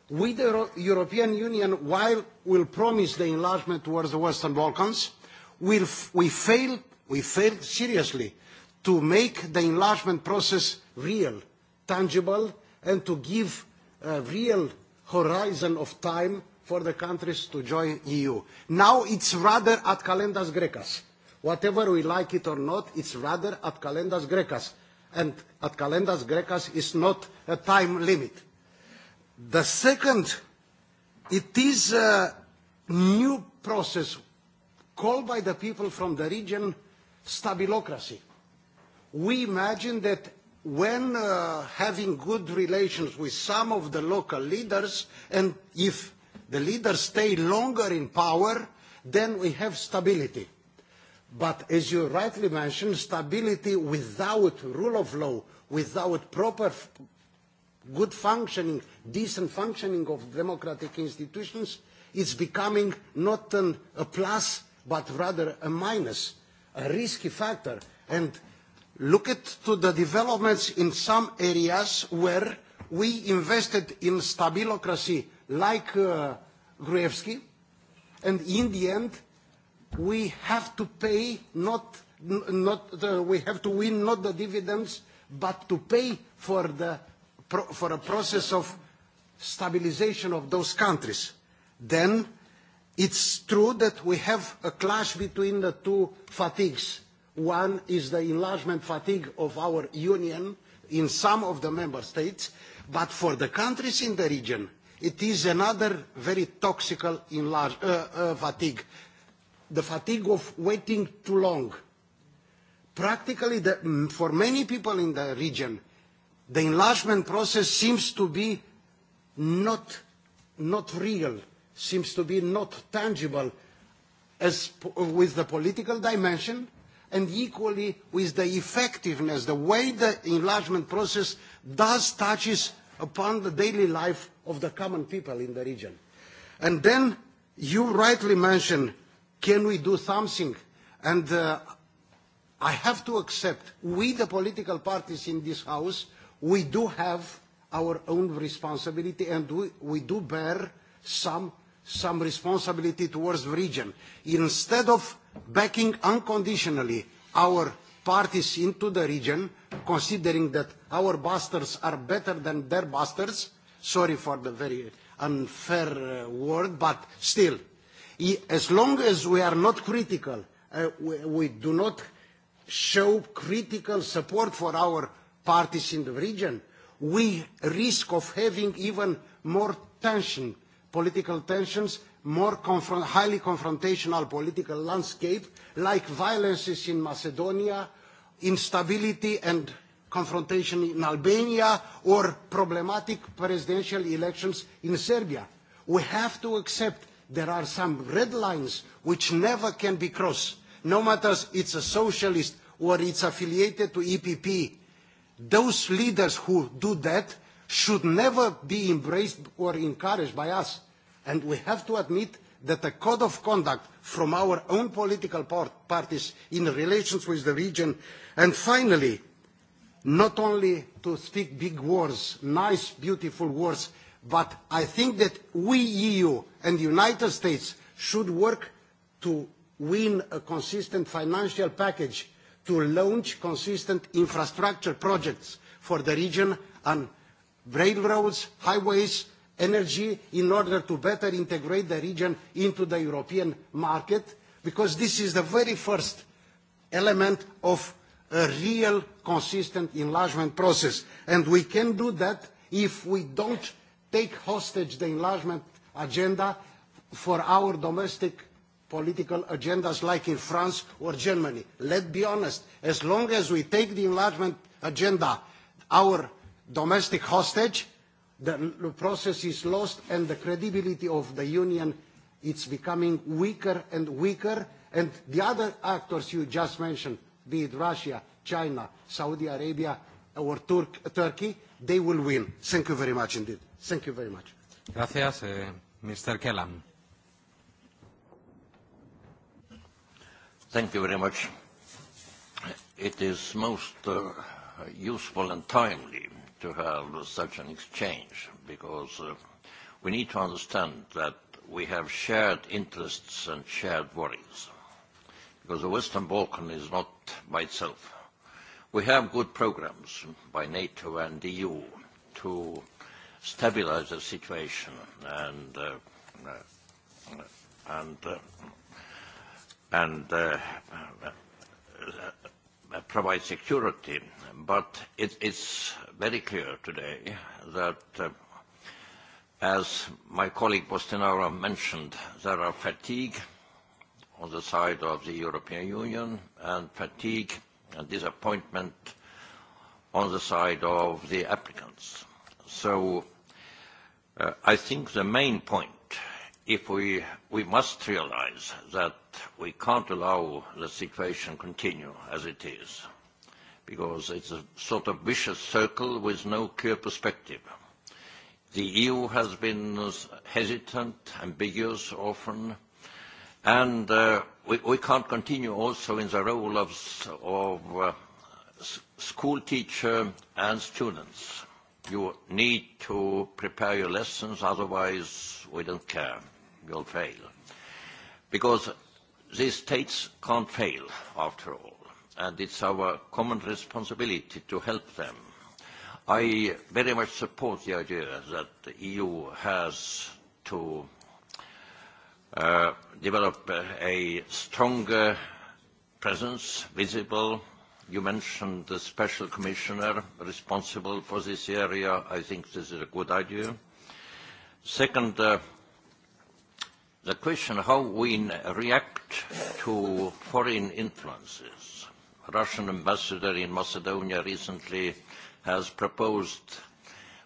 We, the European Union, while will promise the enlargement towards the Western Balkans, we'll we, failed, we failed seriously to make the enlargement process real, tangible, and to give a real horizon of time for the countries to join EU. Now it's rather at calendas grecas. Whatever we like it or not, it's rather at calendas grecas and at Calendas Grecas is not a time limit. The second, it is a new process called by the people from the region stabilocracy. We imagine that when uh, having good relations with some of the local leaders, and if the leaders stay longer in power, then we have stability. But as you rightly mentioned, stability without rule of law, without proper good functioning, decent functioning of democratic institutions, is becoming not an, a plus, but rather a minus, a risky factor. And look at to the developments in some areas where we invested in stabilocracy, like uh, Gruevski, and in the end, we have to pay not, not we have to win not the dividends, but to pay for, the, for a process of stabilization of those countries. Then it's true that we have a clash between the two fatigues. One is the enlargement fatigue of our union in some of the member states, but for the countries in the region, it is another very toxic enlarge, uh, uh, fatigue the fatigue of waiting too long. Practically, the, mm, for many people in the region, the enlargement process seems to be not, not real, seems to be not tangible as with the political dimension and equally with the effectiveness, the way the enlargement process does touches upon the daily life of the common people in the region. And then you rightly mentioned Can we do something? And uh, I have to accept, we the political parties in this House, we do have our own responsibility and we, we do bear some, some responsibility towards the region. Instead of backing unconditionally our parties into the region, considering that our bastards are better than their bastards, sorry for the very unfair uh, word, but still, as long as we are not critical, uh, we, we do not show critical support for our parties in the region, we risk of having even more tension, political tensions, more confront highly confrontational political landscape, like violences in Macedonia, instability and confrontation in Albania, or problematic presidential elections in Serbia. We have to accept there are some red lines which never can be crossed, no matter it's a socialist or it's affiliated to EPP. Those leaders who do that should never be embraced or encouraged by us. And we have to admit that a code of conduct from our own political part parties in relations with the region. And finally, not only to speak big words, nice, beautiful words, But I think that we, EU, and the United States should work to win a consistent financial package to launch consistent infrastructure projects for the region on railroads, highways, energy, in order to better integrate the region into the European market, because this is the very first element of a real consistent enlargement process. And we can do that if we don't take hostage the enlargement agenda for our domestic political agendas like in France or Germany. Let's be honest, as long as we take the enlargement agenda, our domestic hostage, the process is lost and the credibility of the Union is becoming weaker and weaker. And the other actors you just mentioned, be it Russia, China, Saudi Arabia or Turkey, they will win. Thank you very much indeed. Thank you very much. Gracias, eh, Mr. Kellan. Thank you very much. It is most uh, useful and timely to have such an exchange because uh, we need to understand that we have shared interests and shared worries because the Western Balkan is not by itself We have good programs by NATO and EU to stabilize the situation and uh, uh and uh, and uh, uh, provide security. But it, it's very clear today that, uh, as my colleague Bostinara mentioned, there are fatigue on the side of the European Union and fatigue disappointment on the side of the applicants. So uh, I think the main point, if we, we must realize that we can't allow the situation continue as it is, because it's a sort of vicious circle with no clear perspective. The EU has been hesitant, ambiguous often, and uh, we, can't continue also in the role of, of uh, school teacher and students. You need to prepare your lessons, otherwise we don't care. You'll fail. Because these states can't fail, after all, and it's our common responsibility to help them. I very much support the idea that the EU has to Uh, develop a stronger presence, visible. You mentioned the special commissioner responsible for this area. I think this is a good idea. Second, uh, the question how we react to foreign influences. Russian ambassador in Macedonia recently has proposed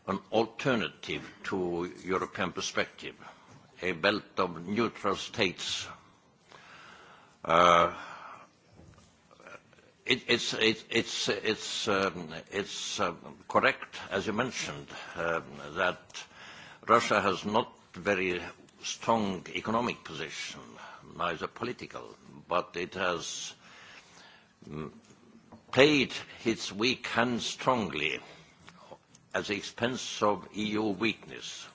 an alternative to European perspective a belt of neutral states. Uh, it, it's it, it's, it's, um, it's um, correct, as you mentioned, um, that Russia has not very strong economic position, neither political, but it has mm, played its weak hand strongly at the expense of EU weakness.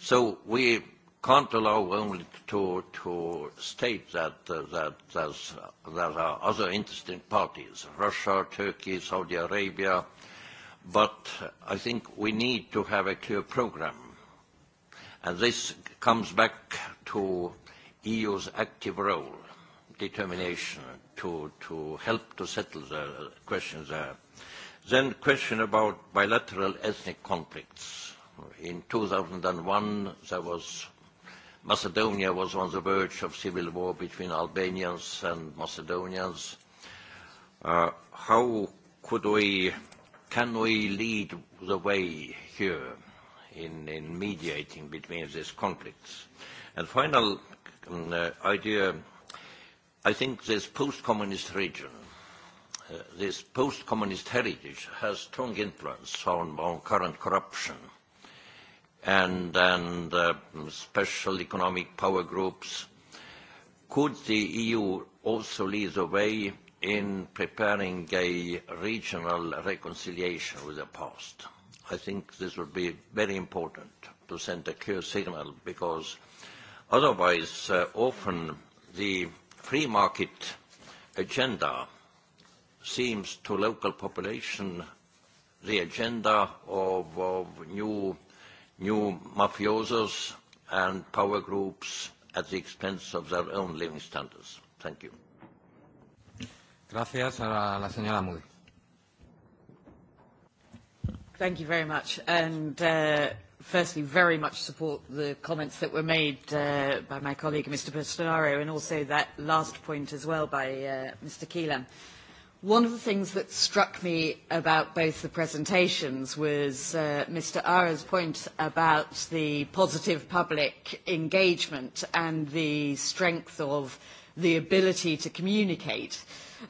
So we can't allow only to, to state that, uh, that there's, there are other interesting parties, Russia, Turkey, Saudi Arabia, but I think we need to have a clear program. And this comes back to EU's active role, determination to, to help to settle the question there. Then question about bilateral ethnic conflicts. In 2001, there was Macedonia was on the verge of civil war between Albanians and Macedonians. Uh, how could we, can we lead the way here in, in mediating between these conflicts? And final um, uh, idea, I think this post-communist region, uh, this post-communist heritage has strong influence on, on current corruption – and, and uh, special economic power groups. Could the EU also lead the way in preparing a regional reconciliation with the past? I think this would be very important to send a clear signal because otherwise uh, often the free market agenda seems to local population the agenda of, of new new mafiosos and power groups at the expense of their own living standards. Thank you. Gracias a la señora Moody. Thank you very much. And uh, firstly, very much support the comments that were made uh, by my colleague, Mr. Pistolaro, and also that last point as well by uh, Mr. Keelan. One of the things that struck me about both the presentations was uh, Mr. Ara's point about the positive public engagement and the strength of the ability to communicate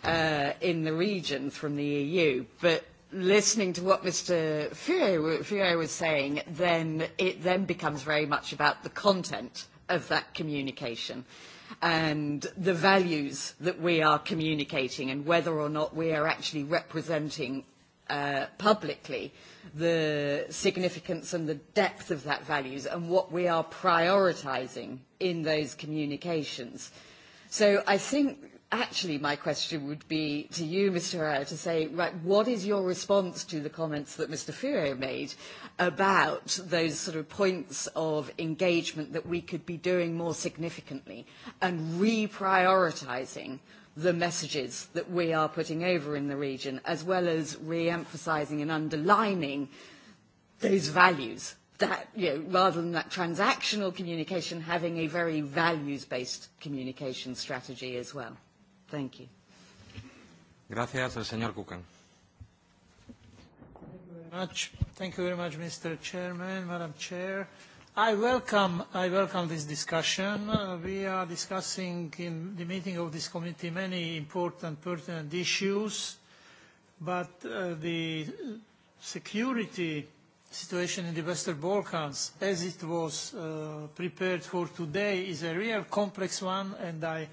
uh, in the region from the EU. But listening to what Mr. Furet was saying, then it then becomes very much about the content of that communication. Uh, and the values that we are communicating and whether or not we are actually representing uh, publicly the significance and the depth of that values and what we are prioritizing in those communications. So I think actually my question would be to you, Mr. Arrow, to say, right, what is your response to the comments that Mr. Furo made about those sort of points of engagement that we could be doing more significantly and reprioritizing the messages that we are putting over in the region, as well as re emphasizing and underlining those values that, you know, rather than that transactional communication, having a very values-based communication strategy as well. Thank you. Gracias, el señor Kukan. Much. Thank you very much, Mr. Chairman, Madam Chair. I welcome, I welcome this discussion. Uh, we are discussing in the meeting of this committee many important, pertinent issues, but uh, the security situation in the Western Balkans, as it was uh, prepared for today, is a real complex one, and I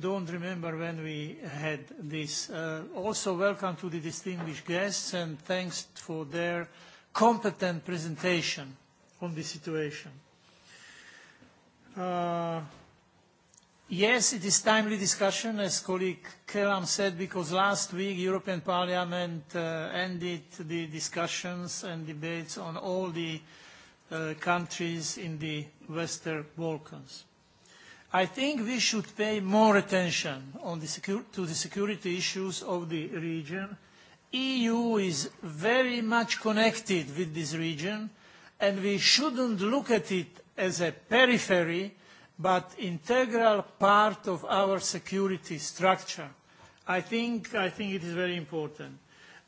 don't remember when we had this. Uh, also, welcome to the distinguished guests and thanks for their competent presentation on the situation. Uh, yes, it is timely discussion, as colleague Kelam said, because last week European Parliament uh, ended the discussions and debates on all the uh, countries in the Western Balkans. I think we should pay more attention on the to the security issues of the region. EU is very much connected with this region, and we shouldn't look at it as a periphery, but integral part of our security structure. I think, I think it is very important.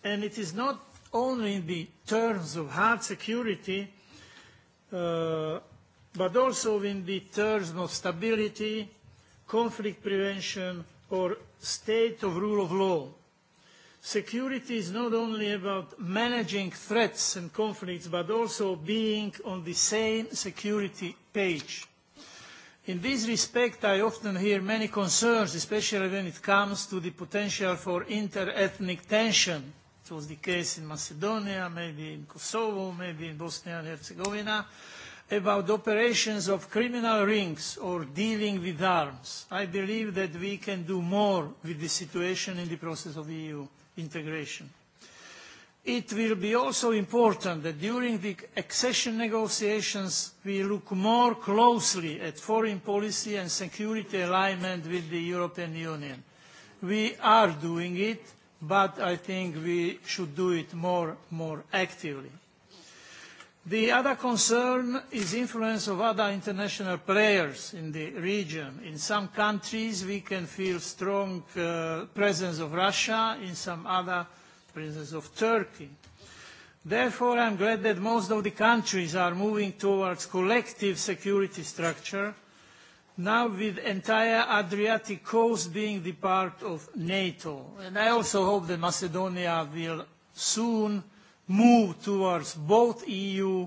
And it is not only in the terms of hard security, uh, but also in the terms of stability, conflict prevention, or state of rule of law. Security is not only about managing threats and conflicts, but also being on the same security page. In this respect, I often hear many concerns, especially when it comes to the potential for inter-ethnic tension. It was the case in Macedonia, maybe in Kosovo, maybe in Bosnia and Herzegovina about operations of criminal rings or dealing with arms. I believe that we can do more with the situation in the process of EU integration. It will be also important that during the accession negotiations we look more closely at foreign policy and security alignment with the European Union. We are doing it, but I think we should do it more, more actively. The other concern is influence of other international players in the region. In some countries, we can feel strong uh, presence of Russia, in some other presence of Turkey. Therefore, I'm glad that most of the countries are moving towards collective security structure, now with entire Adriatic coast being the part of NATO. And I also hope that Macedonia will soon move towards both EU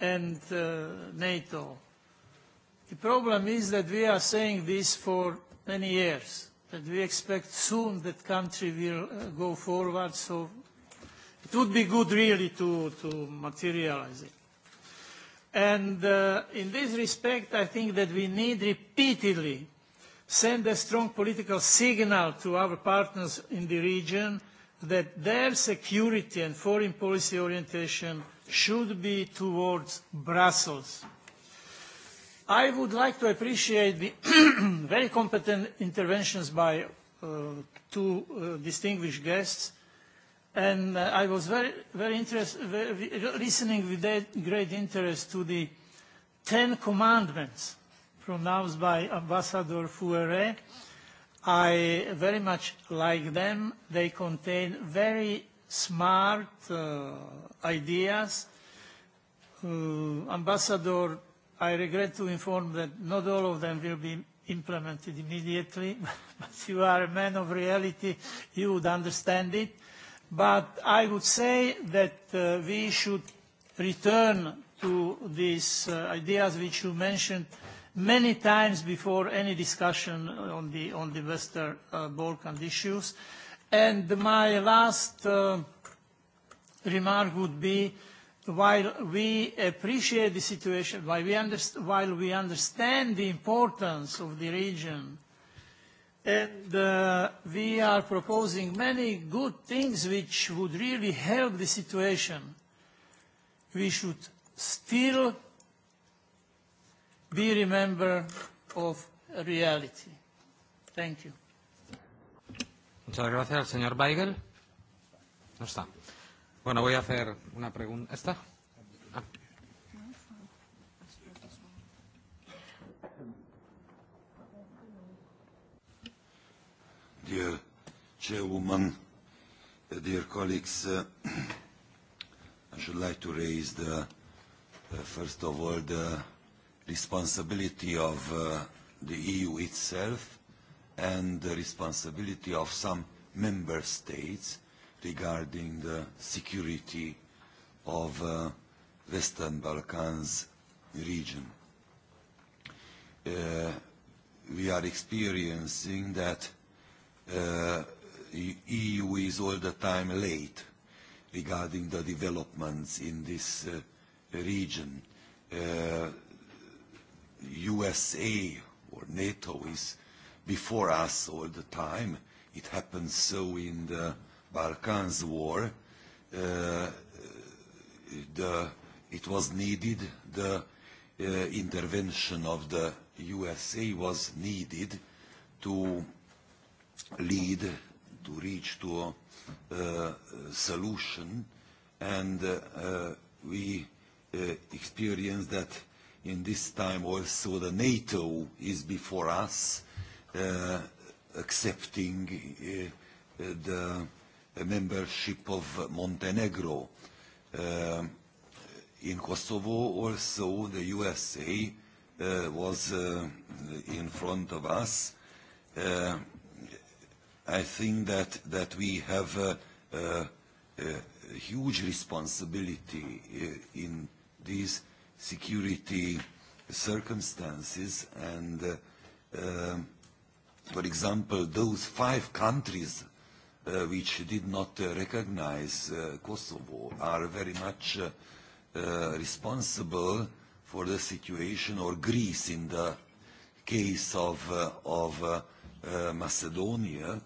and uh, NATO. The problem is that we are saying this for many years, that we expect soon that country will uh, go forward, so it would be good really to, to materialize it. And uh, in this respect, I think that we need repeatedly send a strong political signal to our partners in the region that their security and foreign policy orientation should be towards Brussels. I would like to appreciate the very competent interventions by uh, two uh, distinguished guests, and uh, I was very, very interested, listening with great interest to the Ten Commandments pronounced by Ambassador Fouret, I very much like them. They contain very smart uh, ideas. Uh, Ambassador, I regret to inform that not all of them will be implemented immediately, but you are a man of reality, you would understand it. But I would say that uh, we should return to these uh, ideas which you mentioned many times before any discussion on the, on the Western uh, Balkan issues. And my last uh, remark would be, while we appreciate the situation, while we, while we understand the importance of the region, and uh, we are proposing many good things which would really help the situation, we should still be member of reality. Thank you. Muchas gracias, señor Weigel. No está. Bueno, voy a hacer una pregunta. ¿Está? Ah. Dear Chairwoman, dear colleagues, uh, I should like to raise the, uh, first of all, the responsibility of uh, the EU itself and the responsibility of some member states regarding the security of uh, Western Balkans region. Uh, we are experiencing that uh, EU is all the time late regarding the developments in this uh, region. Uh, USA or NATO is before us all the time. It happened so in the Balkans war. Uh, the, it was needed, the uh, intervention of the USA was needed to lead, to reach to a uh, solution. And uh, uh, we uh, experienced that in this time also the NATO is before us uh, accepting uh, the membership of Montenegro. Uh, in Kosovo also the USA uh, was uh, in front of us. Uh, I think that, that we have a, a, a huge responsibility uh, in these security circumstances and uh, uh, for example those five countries uh, which did not uh, recognize uh, Kosovo are very much uh, uh, responsible for the situation or Greece in the case of, uh, of uh, uh, Macedonia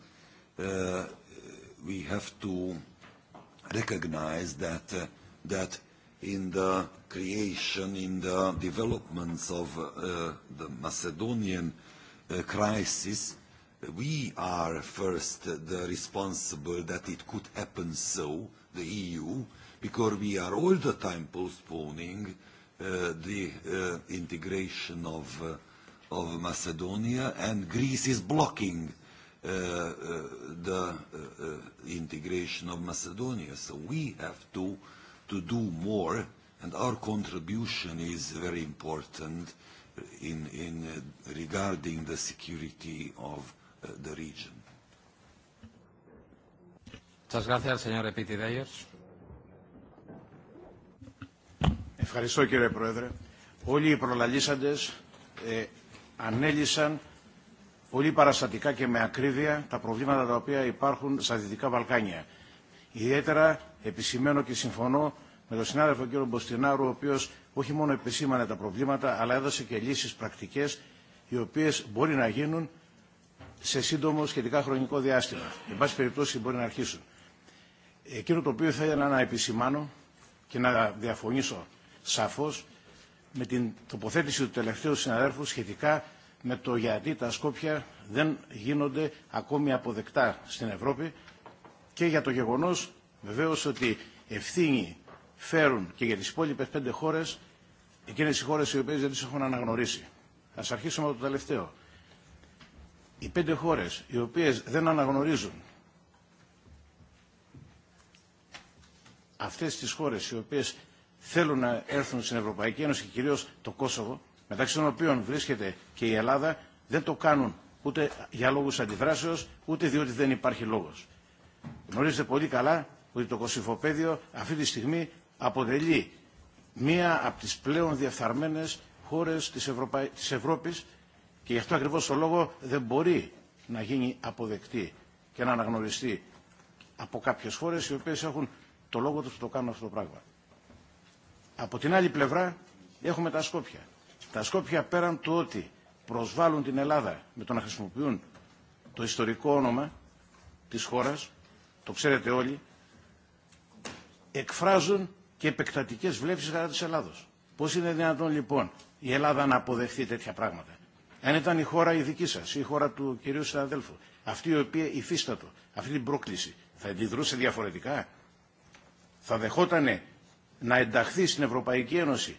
uh, we have to recognize that uh, that in the creation, in the developments of uh, the Macedonian uh, crisis, we are first the responsible that it could happen so, the EU, because we are all the time postponing uh, the uh, integration of, uh, of Macedonia, and Greece is blocking uh, uh, the uh, uh, integration of Macedonia. So we have to uh, to do more, and our contribution is very important in, in uh, regarding the security of uh, the region. Muchas gracias, señor Epitideios. Ευχαριστώ κύριε Πρόεδρε. Όλοι οι προλαλήσαντες ε, ανέλησαν πολύ παραστατικά και με ακρίβεια τα προβλήματα τα οποία υπάρχουν στα Δυτικά Βαλκάνια. Ιδιαίτερα επισημαίνω και συμφωνώ με τον συνάδελφο κύριο Μποστινάρου, ο οποίο όχι μόνο επισήμανε τα προβλήματα, αλλά έδωσε και λύσει πρακτικέ, οι οποίε μπορεί να γίνουν σε σύντομο σχετικά χρονικό διάστημα. Εν πάση περιπτώσει, μπορεί να αρχίσουν. Εκείνο το οποίο θα ήθελα να επισημάνω και να διαφωνήσω σαφώ με την τοποθέτηση του τελευταίου συναδέλφου σχετικά με το γιατί τα Σκόπια δεν γίνονται ακόμη αποδεκτά στην Ευρώπη και για το γεγονός Βεβαίω ότι ευθύνη φέρουν και για τι υπόλοιπε πέντε χώρε εκείνε οι χώρε οι οποίε δεν τι έχουν αναγνωρίσει. Α αρχίσουμε από το τελευταίο. Οι πέντε χώρε οι οποίε δεν αναγνωρίζουν αυτέ τι χώρε οι οποίε θέλουν να έρθουν στην Ευρωπαϊκή Ένωση και κυρίω το Κόσοβο, μεταξύ των οποίων βρίσκεται και η Ελλάδα, δεν το κάνουν ούτε για λόγους αντιδράσεως, ούτε διότι δεν υπάρχει λόγος. Γνωρίζετε πολύ καλά ότι το Κωσυφοπαίδιο αυτή τη στιγμή αποτελεί μία από τις πλέον διεφθαρμένες χώρες της, Ευρωπα... της Ευρώπης και γι' αυτό ακριβώς το λόγο δεν μπορεί να γίνει αποδεκτή και να αναγνωριστεί από κάποιες χώρες οι οποίες έχουν το λόγο τους που το κάνουν αυτό το πράγμα. Από την άλλη πλευρά έχουμε τα Σκόπια. Τα Σκόπια πέραν του ότι προσβάλλουν την Ελλάδα με το να χρησιμοποιούν το ιστορικό όνομα της χώρας, το ξέρετε όλοι, εκφράζουν και επεκτατικές βλέψεις κατά της Ελλάδος. Πώς είναι δυνατόν λοιπόν η Ελλάδα να αποδεχθεί τέτοια πράγματα. Αν ήταν η χώρα η δική σας, η χώρα του κυρίου συναδέλφου, αυτή η οποία υφίστατο, αυτή την πρόκληση, θα αντιδρούσε διαφορετικά. Θα δεχότανε να ενταχθεί στην Ευρωπαϊκή Ένωση,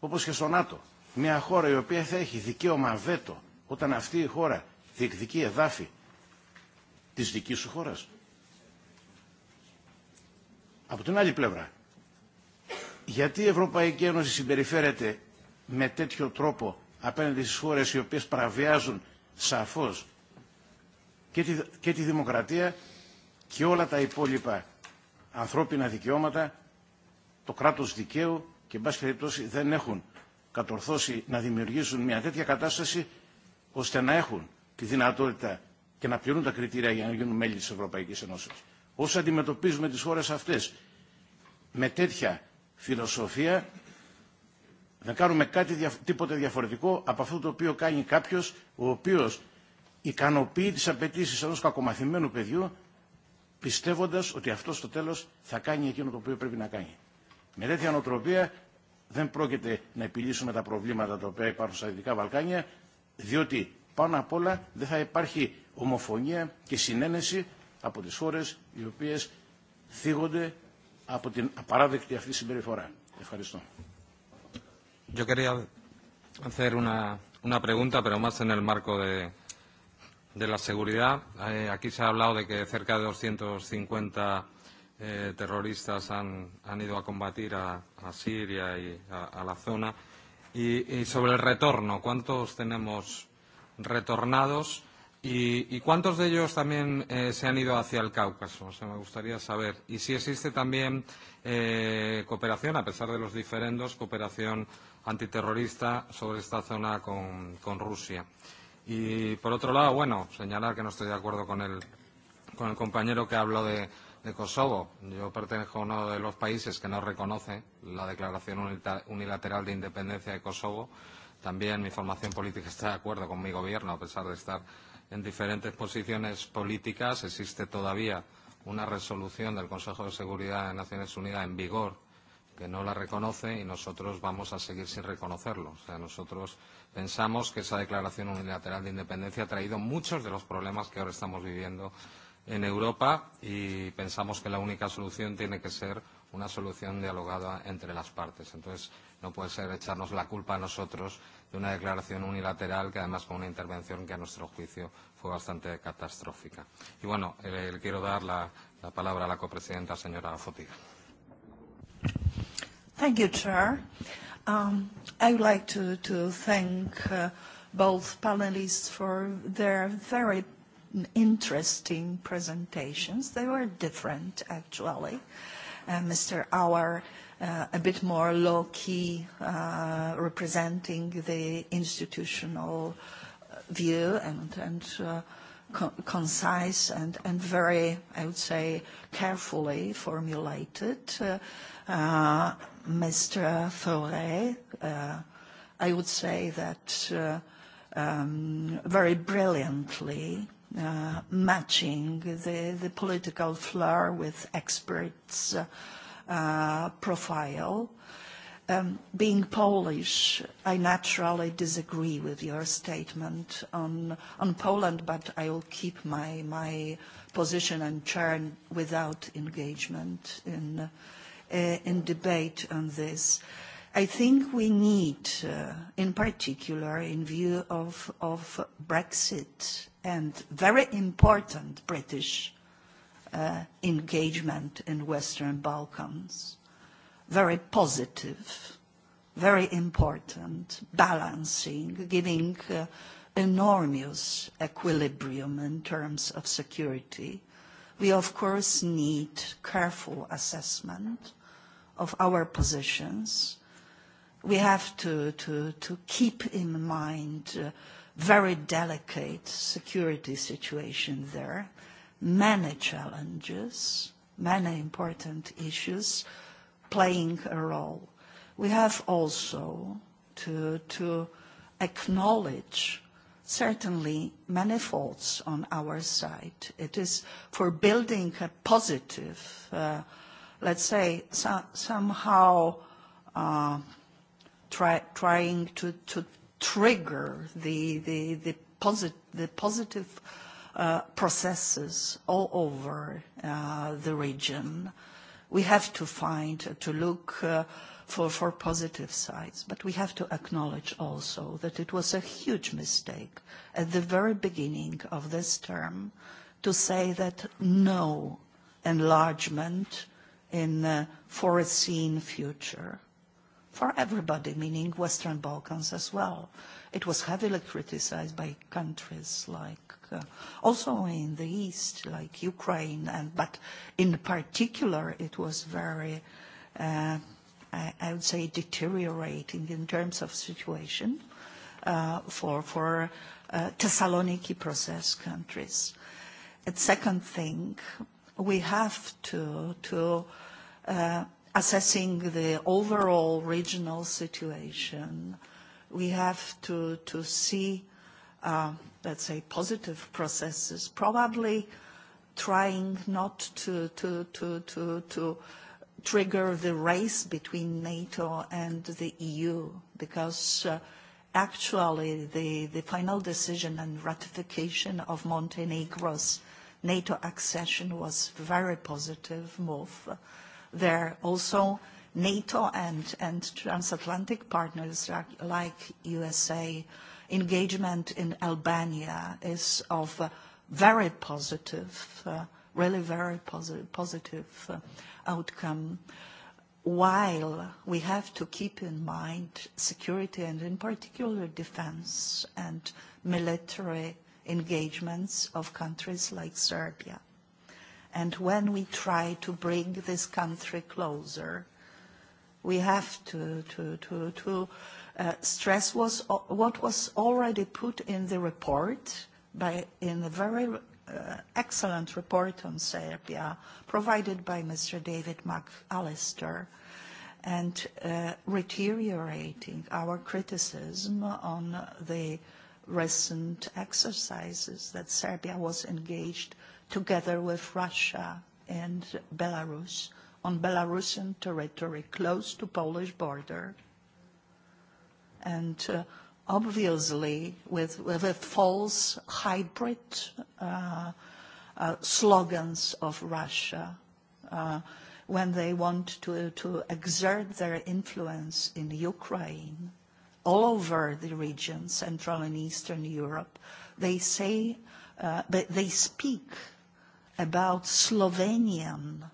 όπως και στο ΝΑΤΟ, μια χώρα η οποία θα έχει δικαίωμα βέτο όταν αυτή η χώρα διεκδικεί εδάφη της δικής σου χώρας. Από την άλλη πλευρά, γιατί η Ευρωπαϊκή Ένωση συμπεριφέρεται με τέτοιο τρόπο απέναντι στις χώρες οι οποίες παραβιάζουν σαφώς και τη, και τη δημοκρατία και όλα τα υπόλοιπα ανθρώπινα δικαιώματα, το κράτος δικαίου και εν πάση περιπτώσει δεν έχουν κατορθώσει να δημιουργήσουν μια τέτοια κατάσταση ώστε να έχουν τη δυνατότητα και να πληρούν τα κριτήρια για να γίνουν μέλη της Ευρωπαϊκής Ένωσης όσοι αντιμετωπίζουμε τις χώρες αυτές με τέτοια φιλοσοφία να κάνουμε κάτι τίποτε διαφορετικό από αυτό το οποίο κάνει κάποιος ο οποίος ικανοποιεί τις απαιτήσει ενός κακομαθημένου παιδιού πιστεύοντας ότι αυτό στο τέλος θα κάνει εκείνο το οποίο πρέπει να κάνει. Με τέτοια νοοτροπία δεν πρόκειται να επιλύσουμε τα προβλήματα τα οποία υπάρχουν στα Δυτικά Βαλκάνια, διότι πάνω απ' όλα δεν θα υπάρχει ομοφωνία και συνένεση από τις χώρες οι οποίες θίγονται από την απαράδεκτη αυτή συμπεριφορά. Ευχαριστώ. Yo quería hacer una, una pregunta, pero más en el marco de, de la seguridad. Eh, aquí se ha hablado de que cerca de 250 eh, terroristas han, han ido a combatir a, a Siria y a, a la zona. Y, y sobre el retorno, ¿cuántos tenemos retornados? ¿Y, y cuántos de ellos también eh, se han ido hacia el Cáucaso? O sea, me gustaría saber. Y si existe también eh, cooperación, a pesar de los diferendos, cooperación antiterrorista sobre esta zona con, con Rusia. Y por otro lado, bueno, señalar que no estoy de acuerdo con el, con el compañero que habló de, de Kosovo. Yo pertenezco a uno de los países que no reconoce la declaración unilateral de independencia de Kosovo. También mi formación política está de acuerdo con mi gobierno, a pesar de estar en diferentes posiciones políticas. Existe todavía una resolución del Consejo de Seguridad de Naciones Unidas en vigor que no la reconoce y nosotros vamos a seguir sin reconocerlo. O sea, nosotros pensamos que esa declaración unilateral de independencia ha traído muchos de los problemas que ahora estamos viviendo en Europa y pensamos que la única solución tiene que ser una solución dialogada entre las partes. Entonces, no puede ser echarnos la culpa a nosotros de una declaración unilateral que además con una intervención que a nuestro juicio fue bastante catastrófica. Y bueno, eh, le quiero dar la, la palabra a la copresidenta, señora Fotiga. Thank you, Chair. Um, I would like to, to thank uh, both panelists for their very interesting presentations. They were different, actually. Uh, Mr. Auer Uh, a bit more low-key, uh, representing the institutional uh, view and, and uh, co concise and, and very, I would say, carefully formulated. Uh, uh, Mr. Faure, uh, I would say that uh, um, very brilliantly uh, matching the, the political flair with experts' uh, Uh, profile. Um, being Polish, I naturally disagree with your statement on, on Poland, but I will keep my, my position and turn without engagement in, uh, in debate on this. I think we need, uh, in particular, in view of, of Brexit and very important British uh, engagement in Western Balkans. Very positive, very important, balancing, giving uh, enormous equilibrium in terms of security. We, of course, need careful assessment of our positions. We have to, to, to keep in mind uh, very delicate security situation there many challenges, many important issues playing a role. We have also to, to acknowledge certainly many faults on our side. It is for building a positive, uh, let's say, so, somehow uh, try, trying to, to trigger the, the, the, posit the positive Uh, processes all over uh, the region. We have to find, uh, to look for, for positive sides, but we have to acknowledge also that it was a huge mistake at the very beginning of this term to say that no enlargement in the foreseen future for everybody, meaning Western Balkans as well. It was heavily criticized by countries like, uh, also in the East, like Ukraine, and, but in particular it was very, uh, I, I would say, deteriorating in terms of situation uh, for, for uh, Thessaloniki process countries. And second thing, we have to, to uh, assessing the overall regional situation, we have to, to see, uh, let's say, positive processes, probably trying not to, to, to, to, to trigger the race between NATO and the EU, because uh, actually the, the final decision and ratification of Montenegro's NATO accession was very positive move. Uh, There also NATO and, and transatlantic partners like USA engagement in Albania is of a very positive, uh, really very posi positive uh, outcome. While we have to keep in mind security and in particular defense and military engagements of countries like Serbia. And when we try to bring this country closer, we have to, to, to, to uh, stress was, uh, what was already put in the report by, in the very uh, excellent report on Serbia provided by Mr. David McAllister and uh, reiterating our criticism on the recent exercises that Serbia was engaged in together with Russia and Belarus on Belarusian territory close to Polish border and uh, obviously with, with a false hybrid uh, uh, slogans of Russia uh, when they want to, to exert their influence in Ukraine all over the region, Central and Eastern Europe. They say, uh, they, they speak about Slovenian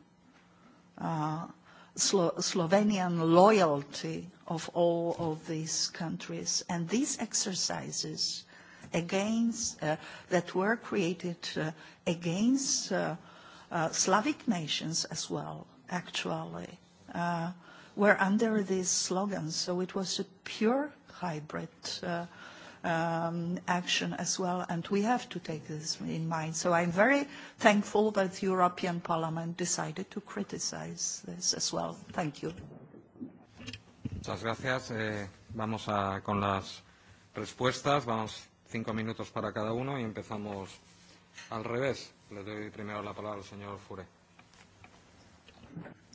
uh, Slo Slovenian loyalty of all of these countries. And these exercises against, uh, that were created uh, against uh, uh, Slavic nations as well, actually, uh, were under this slogan. So it was a pure hybrid uh, um, action as well, and we have to take this in mind. So I'm very thankful that the European Parliament decided to criticize this as well. Thank you. Muchas gracias. Eh, vamos a, con las respuestas. Vamos cinco minutos para cada uno y empezamos al revés. Le doy primero la palabra al señor Fure.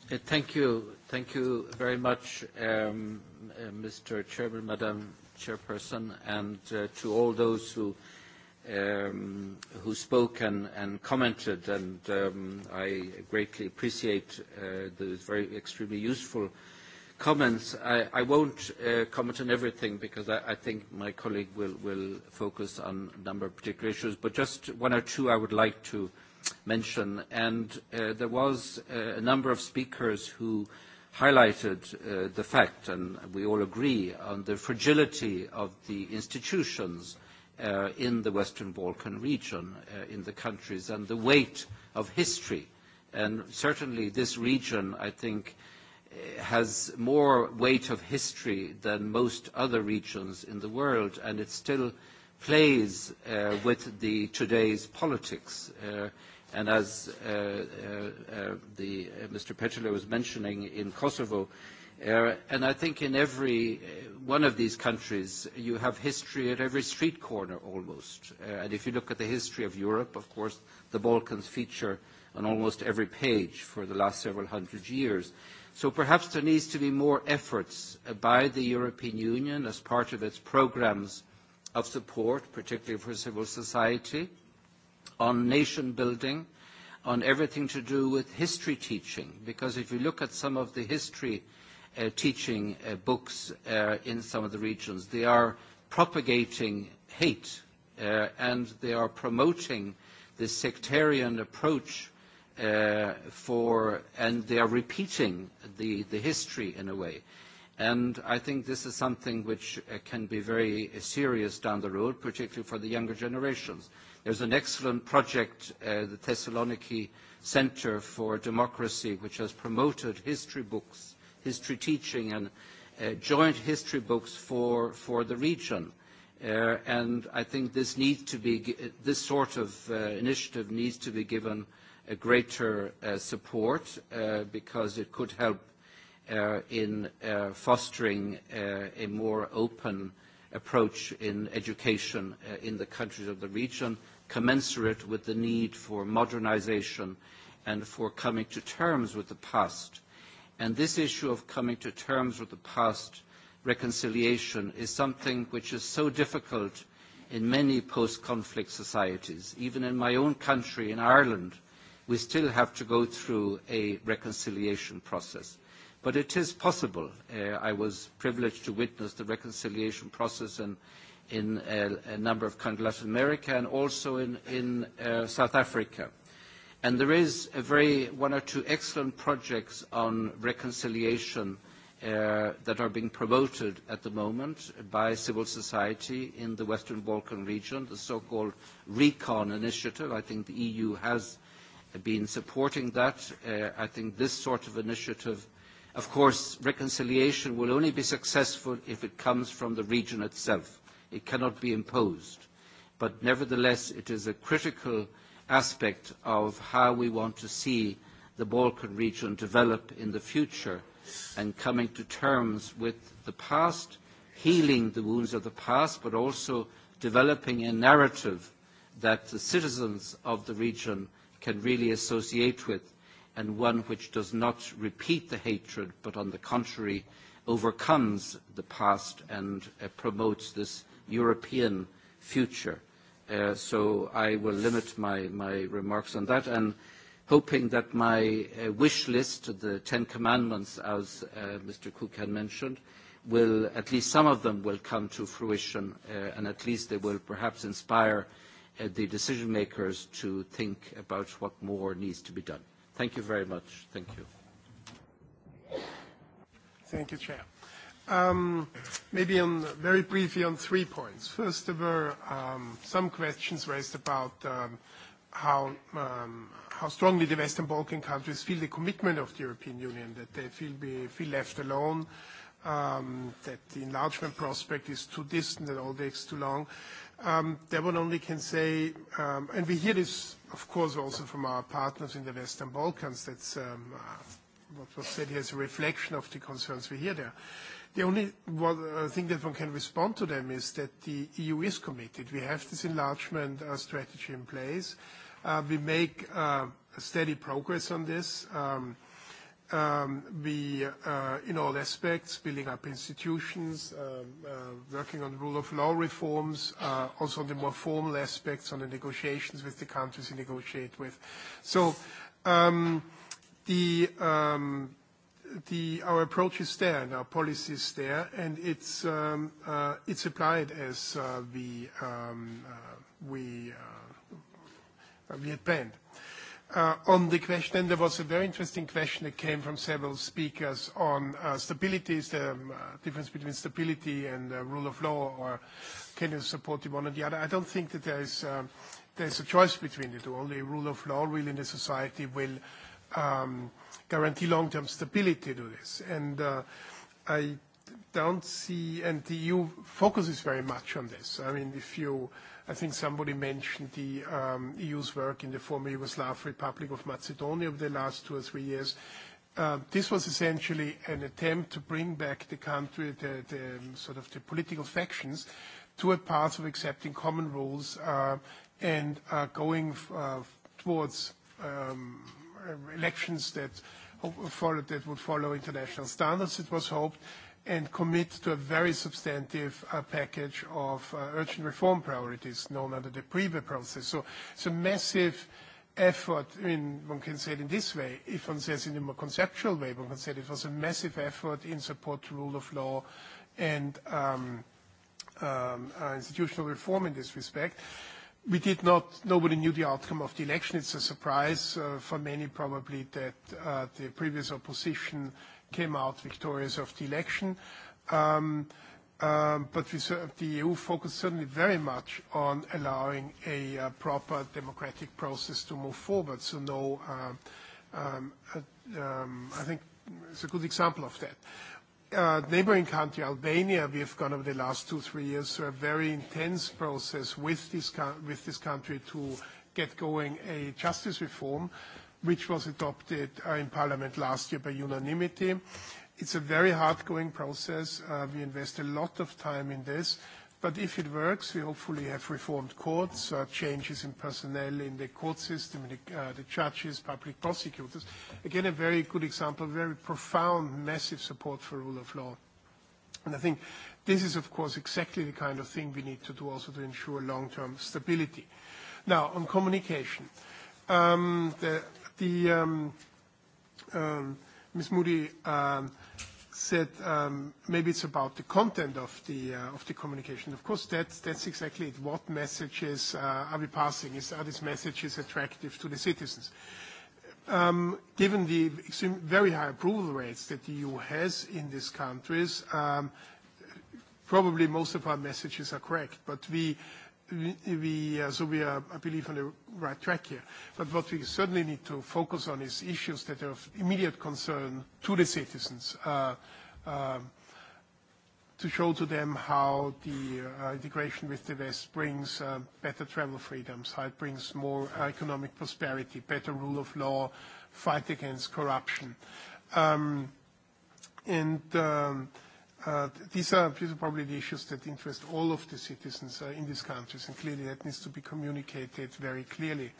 Eh, thank you. Thank you very much, um, uh, eh, Mr. Chairman, Madam Chairperson, and uh, to all those who, um, who spoke and, and commented. And um, I greatly appreciate uh, those very extremely useful comments. I, I won't uh, comment on everything because I, I think my colleague will, will focus on a number of particular issues, but just one or two I would like to mention. And uh, there was uh, a number of speakers who uh, highlighted uh, the fact, and we all agree, on the fragility of the institutions uh, in the Western Balkan region, uh, in the countries, and the weight of history. And certainly this region, I think, uh, has more weight of history than most other regions in the world, and it still plays uh, with the today's politics. Uh, And as uh, uh, uh the, uh, Mr. Petrilo was mentioning in Kosovo, uh, and I think in every uh, one of these countries, you have history at every street corner almost. Uh, and if you look at the history of Europe, of course, the Balkans feature on almost every page for the last several hundred years. So perhaps there needs to be more efforts by the European Union as part of its programs of support, particularly for civil society, on nation building, on everything to do with history teaching, because if you look at some of the history uh, teaching uh, books uh, in some of the regions, they are propagating hate uh, and they are promoting the sectarian approach uh, for, and they are repeating the, the history in a way. And I think this is something which uh, can be very uh, serious down the road, particularly for the younger generations. There's an excellent project, uh, the Thessaloniki Center for Democracy, which has promoted history books, history teaching, and uh, joint history books for, for the region. Uh, and I think this needs to be, this sort of uh, initiative needs to be given a greater uh, support uh, because it could help Uh, in uh, fostering uh, a more open approach in education in the countries of the region, commensurate with the need for modernization and for coming to terms with the past. And this issue of coming to terms with the past reconciliation is something which is so difficult in many post-conflict societies. Even in my own country, in Ireland, we still have to go through a reconciliation process. But it is possible. Uh, I was privileged to witness the reconciliation process in, in a, uh, a number of countries, Latin America and also in, in uh, South Africa. And there is a very, one or two excellent projects on reconciliation uh, that are being promoted at the moment by civil society in the Western Balkan region, the so-called RECON initiative. I think the EU has been supporting that. Uh, I think this sort of initiative uh, Of course, reconciliation will only be successful if it comes from the region itself. It cannot be imposed. But nevertheless, it is a critical aspect of how we want to see the Balkan region develop in the future and coming to terms with the past, healing the wounds of the past, but also developing a narrative that the citizens of the region can really associate with and one which does not repeat the hatred, but on the contrary, overcomes the past and uh, promotes this European future. Uh, so I will limit my, my remarks on that, and hoping that my uh, wish list, the Ten Commandments, as uh, Mr. Kukan mentioned, will, at least some of them will come to fruition, uh, and at least they will perhaps inspire uh, the decision makers to think about what more needs to be done. Thank you very much. Thank you. Thank you, Chair. Um, maybe on, very briefly on three points. First, there were um, some questions raised about um, how, um, how strongly the Western Balkan countries feel the commitment of the European Union, that they feel, be, feel left alone, um, that the enlargement prospect is too distant, that all takes too long. That um, one only can say, and we hear this of course, also from our partners in the Western Balkans. That's um, uh, what was said here is a reflection of the concerns we hear there. The only uh, thing that one can respond to them is that the EU is committed. We have this enlargement uh, strategy in place. Uh, we make uh, steady progress on this. Um, Um, we, be uh, in all aspects, building up institutions, um, uh, working on rule of law reforms, uh, also on the more formal aspects, on the negotiations with the countries we negotiate with. So, um, the, the, our approach is there, and our policy is there, and it's, it's applied as we, we, we had planned. Uh, on the question, and there was a very interesting question that came from several speakers on uh, stability, is the a um, uh, difference between stability and rule of law, or can you support one or the other? I don't think that there is um, there's a choice between the two. Only rule of law really in a society will um, guarantee long-term stability to this. And I don't see, and the EU focuses very much on this. I mean, if you I think somebody mentioned the um, EU's work in the former Yugoslav Republic of Macedonia over the last two or three years. Um, this was essentially an attempt to bring back the country, the, um, sort of the political factions, to a path of accepting common rules uh, and uh, going uh, towards elections that would follow international standards, it was hoped, and commit to a very substantive uh, package of uh, urgent reform priorities known under the PRIBA process. So it's a massive effort. I mean, one can say it in this way. If one says it in a more conceptual way, one can say it was a massive effort in support to rule of law and um, um, uh, institutional reform in this respect. We did not. Nobody knew the outcome of the election. It's a surprise for many probably that the previous opposition came out victorious of the election. Um, um, but we, the EU focused certainly very much on allowing a uh, proper democratic process to move forward. So no, um, um, uh, um, I think it's a good example of that. Uh, neighboring country, Albania, we have gone over the last two, three years through a very intense process with this, with this country to get going a justice reform which was adopted uh, in Parliament last year by unanimity. It's a very hard-going process. Uh, we invest a lot of time in this, but if it works, we hopefully have reformed courts, uh, changes in personnel in the court system, in the, judges, public prosecutors. Again, a very good example, very profound, massive support for rule of law. And I think this is, of course, exactly the kind of thing we need to do also to ensure long-term stability. Now, on communication. Um, the the Ms. Um, um, Moody um, said, maybe it's about the content of the uh, communication. Of course, that's exactly it. What messages uh, are we passing? are these messages attractive to the citizens? given the extreme, very high approval rates that the EU has in these countries, probably most of our messages are correct. But we we, so we are, I believe, on the right track here. But what we certainly need to focus on is issues that are of immediate concern to the citizens, uh, um, to show to them how the uh, integration with the West brings uh, better travel freedoms, how it brings more economic prosperity, better rule of law, fight against corruption. Um, and um, these, uh, are, these are probably the issues that interest all of the citizens uh, in these countries, and clearly that needs to be communicated very clearly,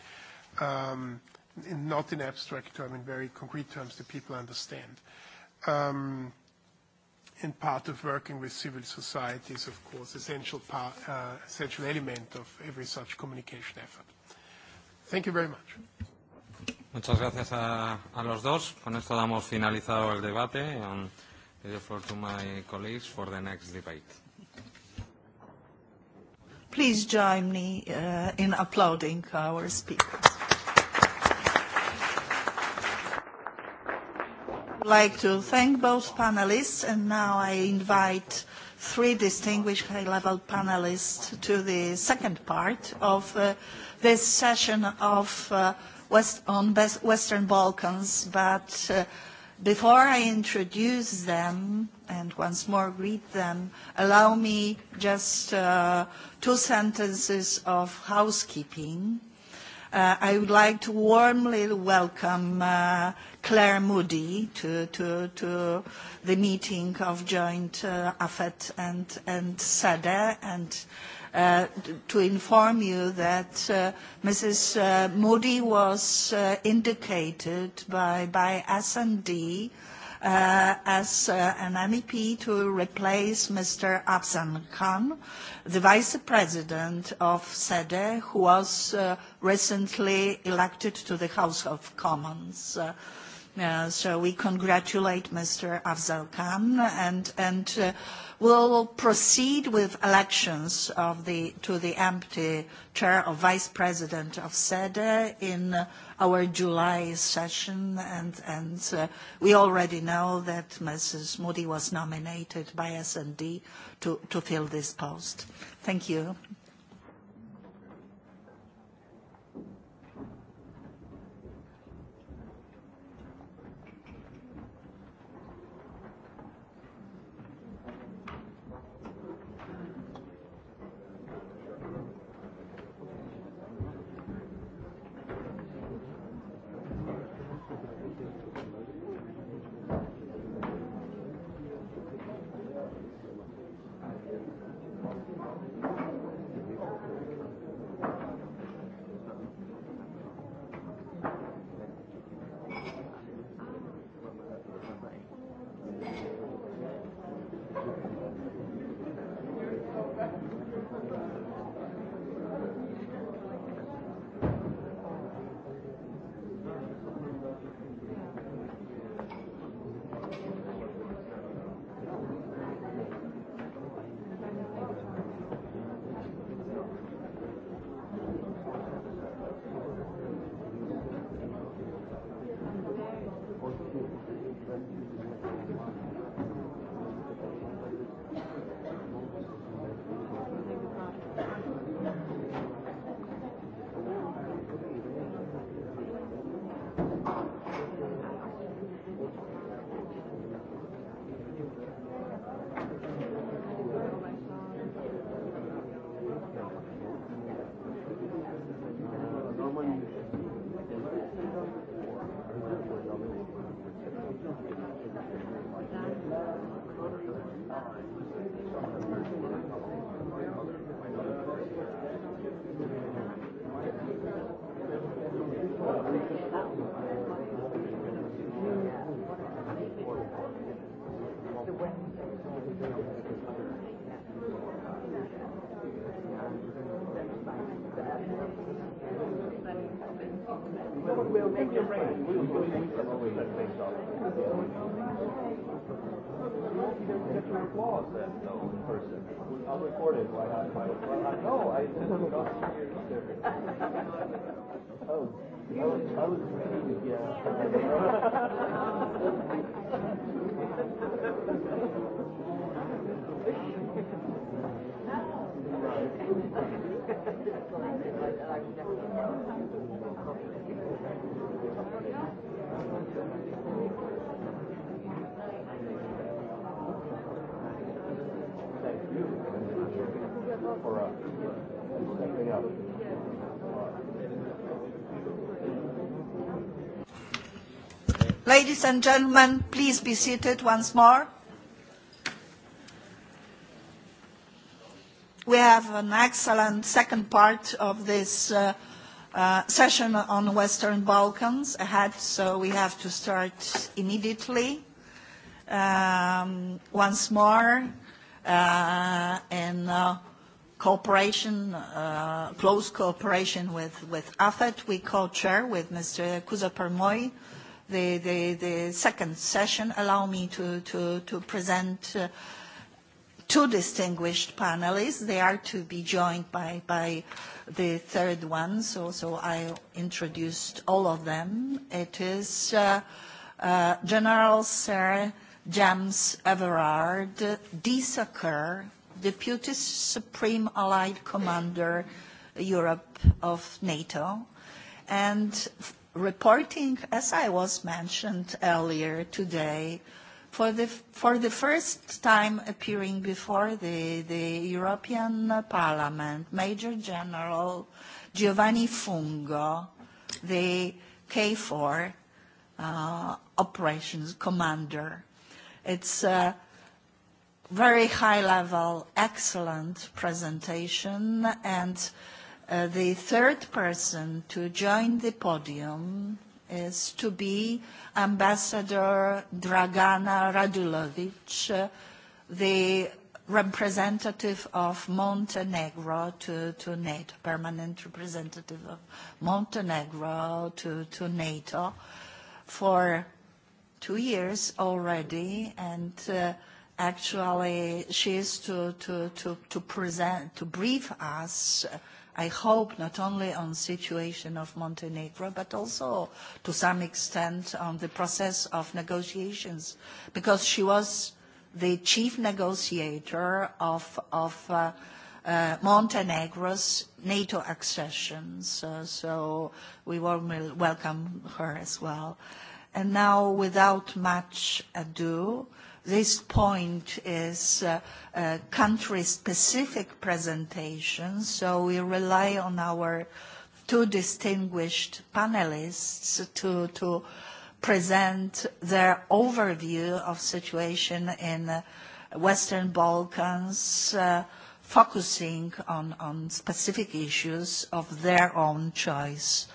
um, in, not in abstract terms, in very concrete terms that people understand. Um, and part of working with civil society is, of course, essential, part, uh, essential element of every such communication effort. Thank you very much. Muchas gracias a, a los dos. Con esto damos finalizado el debate. Um, the floor to my colleagues for the next debate. Please join me uh, in applauding our speakers. I'd like to thank both panelists, and now I invite three distinguished high-level panelists to the second part of uh, this session of uh, West on Western Balkans, but uh, Before I introduce them and once more read them, allow me just uh, two sentences of housekeeping. Uh, I would like to warmly welcome uh, Claire Moody to, to, to the meeting of joint uh, AFET and, and SEDE and Uh, to inform you that uh, Mrs. Uh, Modi was uh, indicated by, by SND uh, as uh, an MEP to replace Mr. Afzan Khan, the Vice President of SEDE, who was recently elected to the House of Commons. So we congratulate Mr. Afzal Khan and, and will proceed with elections of the, to the empty chair of vice president of SEDE in our July session, and, and uh, we already know that Mrs. Moody was nominated by S&D to, to fill this post. Thank you. will we'll make it rain. We will do it next week. Let's make sure. You don't get your applause then, though, in person. I'll record it. Why not? No, I didn't go here either. Oh. I was, ready to get out. right. Ladies and gentlemen, please be seated once more. We have an excellent second part of this uh, uh, session on Western Balkans ahead, so we have to start immediately. Um, once more, uh, in cooperation, close cooperation with, AFET, we co-chair with Mr. Kuzapermoy, Permoy, the, second session, allow me to, present uh, two distinguished panelists. They are to be joined by, the third one, so, I introduced all of them. It is uh, uh, General Sir James Everard Disacre, Deputy Supreme Allied Commander, Europe of NATO, and reporting, as I was mentioned earlier today, for the, for the first time appearing before the, European Parliament, Major General Giovanni Fungo, the KFOR uh, operations commander. It's a very high level, excellent presentation and Uh, the third person to join the podium is to be Ambassador Dragana Radulovic, uh, the representative of Montenegro to, to NATO, permanent representative of Montenegro to, to NATO for two years already, and uh, actually she is to, to, to, to present, to brief us uh, I hope, not only on situation of Montenegro, but also to some extent on the process of negotiations, because she was the chief negotiator of, of uh, uh, Montenegro's NATO accession. So, uh, so we warmly welcome her as well. And now, without much ado, uh, This point is a uh, uh, country-specific presentation, so we rely on our two distinguished panelists to, to present their overview of situation in uh, Western Balkans, uh, focusing on, on specific issues of their own choice.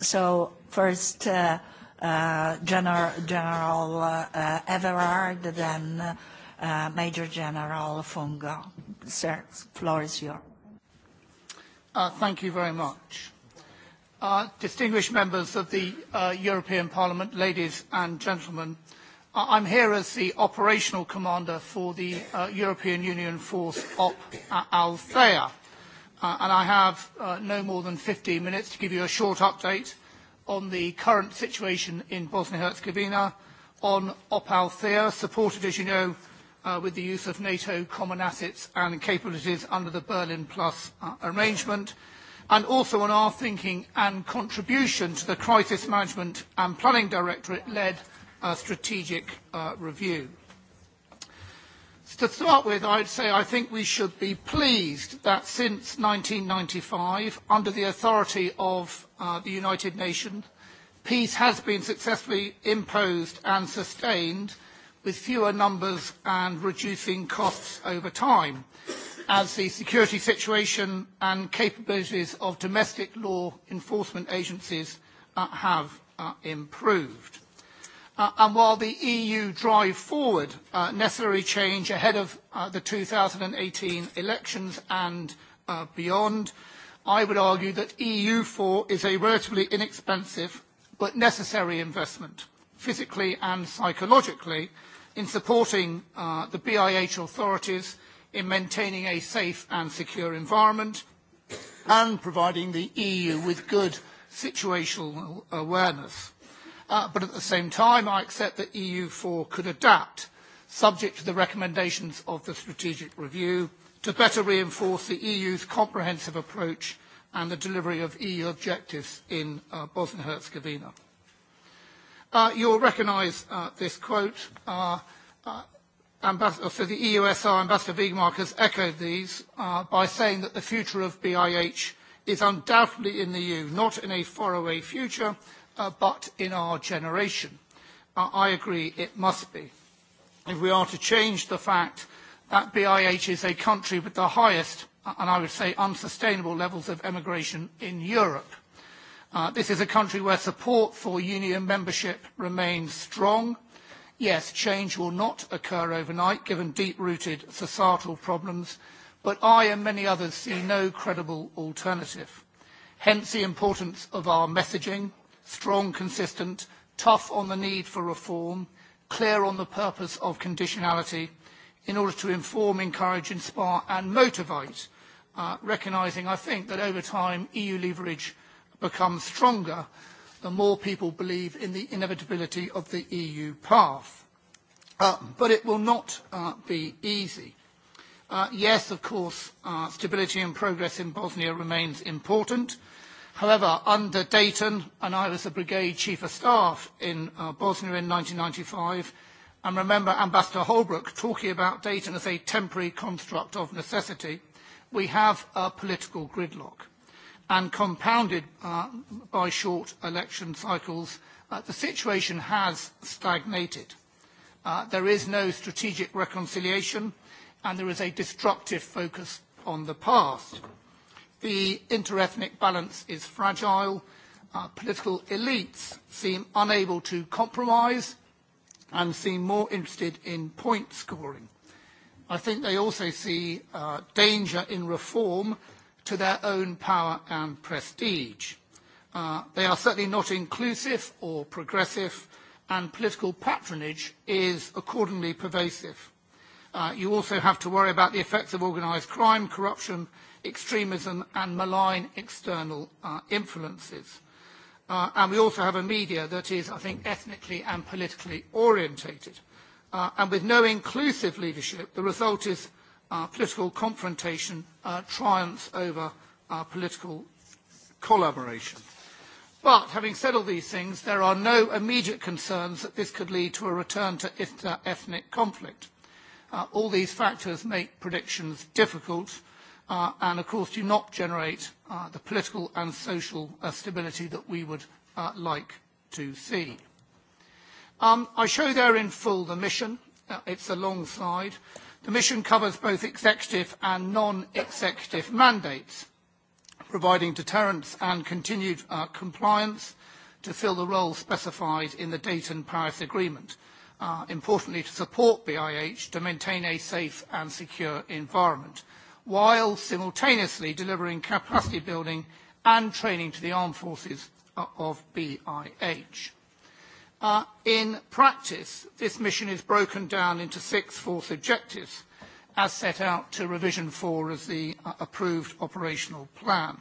So first, uh, Uh, General, uh, Everard then uh, Major General Fungo. Sir, floor is yours. Uh, thank you very much. Uh, distinguished members of the uh, European Parliament, ladies and gentlemen, uh, I'm here as the operational commander for the uh, European Union Force Op Althea, uh, and I have uh, no more than 15 minutes to give you a short update on the current situation in Bosnia-Herzegovina, on Opal Thea, supported, as you know, uh, with the use of NATO common assets and capabilities under the Berlin Plus uh, arrangement, and also on our thinking and contribution to the Crisis Management and Planning Directorate-led uh, strategic uh, review. To start with, I'd say I think we should be pleased that since 1995, under the authority of uh, the United Nations, peace has been successfully imposed and sustained with fewer numbers and reducing costs over time as the security situation and capabilities of domestic law enforcement agencies uh, have uh, improved. Uh, and while the EU drive forward uh, necessary change ahead of uh, the 2018 elections and uh, beyond, I would argue that EU4 is a relatively inexpensive but necessary investment, physically and psychologically, in supporting uh, the BIH authorities in maintaining a safe and secure environment and providing the EU with good situational uh, awareness. Uh, but at the same time, I accept that EU4 could adapt, subject to the recommendations of the strategic review, to better reinforce the EU's comprehensive approach and the delivery of EU objectives in uh, Bosnia-Herzegovina. Uh, you'll recognise uh, this quote. Uh, uh, Ambassador, so the EUSR Ambassador Wiegmark has echoed these uh, by saying that the future of BIH is undoubtedly in the EU, not in a faraway future, uh, but in our generation. Uh, I agree it must be. If we are to change the fact that BIH is a country with the highest, uh, and I would say unsustainable levels of emigration in Europe, uh, this is a country where support for union membership remains strong. Yes, change will not occur overnight given deep-rooted societal problems, but I and many others see no credible alternative. Hence the importance of our messaging, strong, consistent, tough on the need for reform, clear on the purpose of conditionality in order to inform, encourage, inspire and motivate, uh, recognising, I think, that over time EU leverage becomes stronger the more people believe in the inevitability of the EU path. Uh, but it will not uh, be easy. Uh, yes, of course, uh, stability and progress in Bosnia remains important. Uh, However, under Dayton, and I was the brigade chief of staff in uh, Bosnia in 1995, and remember Ambassador Holbrooke talking about Dayton as a temporary construct of necessity, we have a political gridlock. And compounded uh, by short election cycles, uh, the situation has stagnated. Uh, there is no strategic reconciliation, and there is a destructive focus on the past. The interethnic balance is fragile. Our political elites seem unable to compromise and seem more interested in point scoring. I think they also see uh, danger in reform to their own power and prestige. Uh, they are certainly not inclusive or progressive, and political patronage is accordingly pervasive. Uh, you also have to worry about the effects of organised crime, corruption, extremism and malign external uh, influences. Uh, and we also have a media that is, I think, ethnically and politically orientated. Uh, and with no inclusive leadership, the result is uh, political confrontation uh, triumphs over uh, political collaboration. But having said all these things, there are no immediate concerns that this could lead to a return to ethnic conflict. Uh, all these factors make predictions difficult uh, and, of course, do not generate uh, the political and social uh, stability that we would uh, like to see. Um, I show there in full the mission. Uh, it's a long slide. The mission covers both executive and non-executive mandates, providing deterrence and continued uh, compliance to fill the role specified in the Dayton Paris Agreement – uh, importantly to support BIH to maintain a safe and secure environment, while simultaneously delivering capacity building and training to the armed forces of BIH. Uh, in practice, this mission is broken down into six force objectives, as set out to Revision four as the uh, approved operational plan.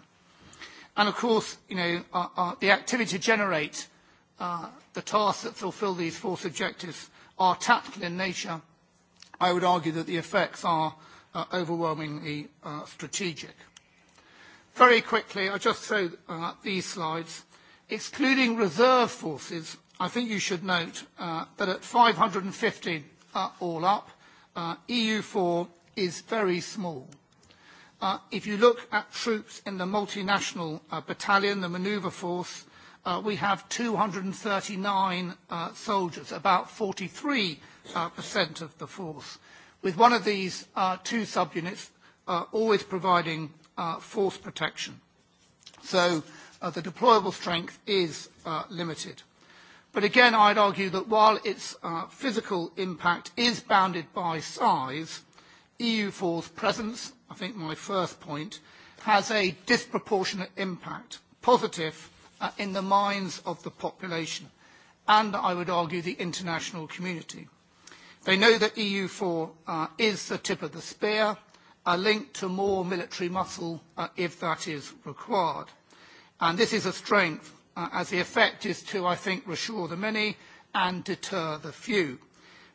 And of course, you know, uh, uh the activity to generate uh, the tasks that fulfil these force objectives are tactical in nature, I would argue that the effects are uh, overwhelmingly uh, strategic. Very quickly, I just show uh, these slides. Excluding reserve forces, I think you should note uh, that at 550 uh, all up, uh, EU4 is very small. Uh, if you look at troops in the multinational uh, battalion, the manoeuvre force, Uh, we have 239 uh, soldiers, about 43% uh, percent of the force, with one of these uh, two subunits uh, always providing uh, force protection. So uh, the deployable strength is uh, limited. But again, I'd argue that while its uh, physical impact is bounded by size, EU4's presence, I think my first point, has a disproportionate impact, positive uh, in the minds of the population and, I would argue, the international community. They know that EU4 uh, is the tip of the spear, a link to more military muscle uh, if that is required. And this is a strength uh, as the effect is to, I think, reassure the many and deter the few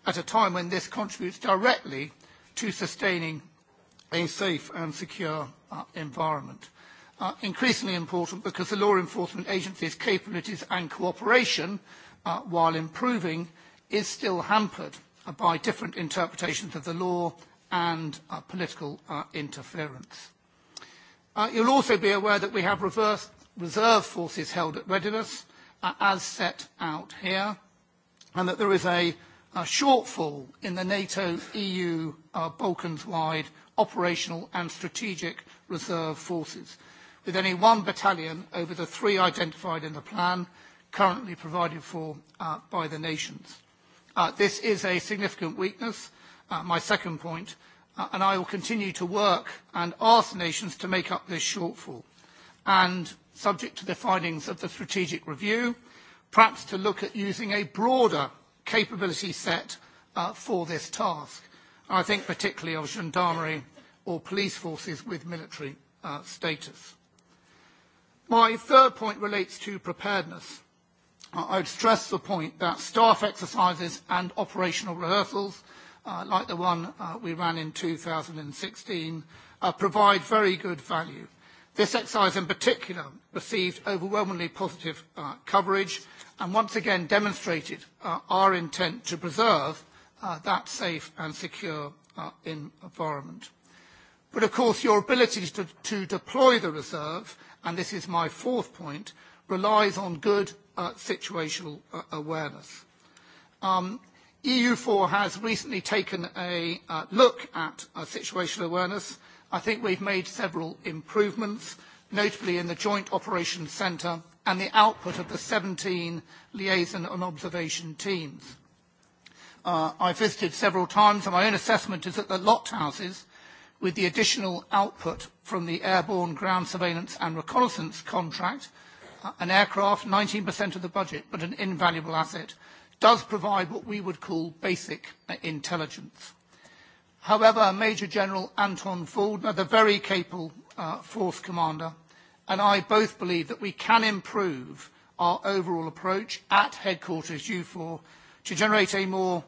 at a time when this contributes directly to sustaining a safe and secure uh, environment increasingly important because the law enforcement agencies' capabilities and cooperation, uh, while improving, is still hampered by different interpretations of the law and uh, political uh, interference. Uh, you'll also be aware that we have reverse reserve forces held at readiness, uh, as set out here, and that there is a, a shortfall in the NATO-EU uh, Balkans-wide operational and strategic reserve forces with only one battalion over the three identified in the plan currently provided for uh, by the nations. Uh, this is a significant weakness, uh, my second point, uh, and I will continue to work and ask nations to make up this shortfall. And subject to the findings of the strategic review, perhaps to look at using a broader capability set uh, for this task. I think particularly of gendarmerie or police forces with military uh, status. My third point relates to preparedness. I would stress the point that staff exercises and operational rehearsals, uh, like the one uh, we ran in 2016, uh, provide very good value. This exercise in particular received overwhelmingly positive uh, coverage and once again demonstrated uh, our intent to preserve uh, that safe and secure uh, environment. But of course, your ability to, to deploy the reserve and this is my fourth point, relies on good uh, situational uh, awareness. Um, EU4 has recently taken a uh, look at uh, situational awareness. I think we've made several improvements, notably in the Joint Operations Centre and the output of the 17 liaison and observation teams. Uh, I visited several times, and my own assessment is that the locked houses, with the additional output from the Airborne Ground Surveillance and Reconnaissance contract, uh, an aircraft, 19% of the budget, but an invaluable asset, does provide what we would call basic uh, intelligence. However, Major General Anton Faulkner, uh, the very capable uh, force commander, and I both believe that we can improve our overall approach at headquarters U4 to generate a more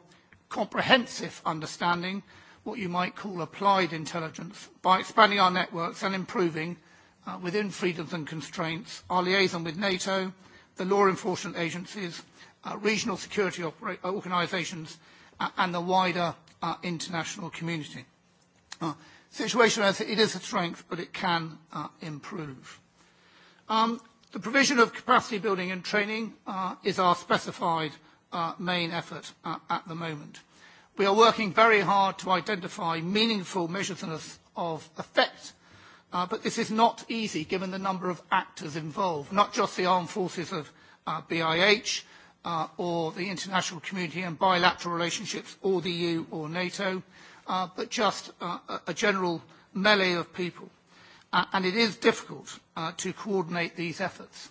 comprehensive understanding what you might call applied intelligence by expanding our networks and improving, uh, within freedoms and constraints, our liaison with NATO, the law enforcement agencies, uh, regional security uh, organisations, uh, and the wider uh, international community. Uh, situation as it is a strength, but it can uh, improve. Um, the provision of capacity building and training uh, is our specified uh, main effort uh, at the moment. We are working very hard to identify meaningful measures of effect, uh, but this is not easy given the number of actors involved, not just the armed forces of uh, BIH uh, or the international community and bilateral relationships or the EU or NATO, uh, but just uh, a general melee of people. Uh, and it is difficult uh, to coordinate these efforts.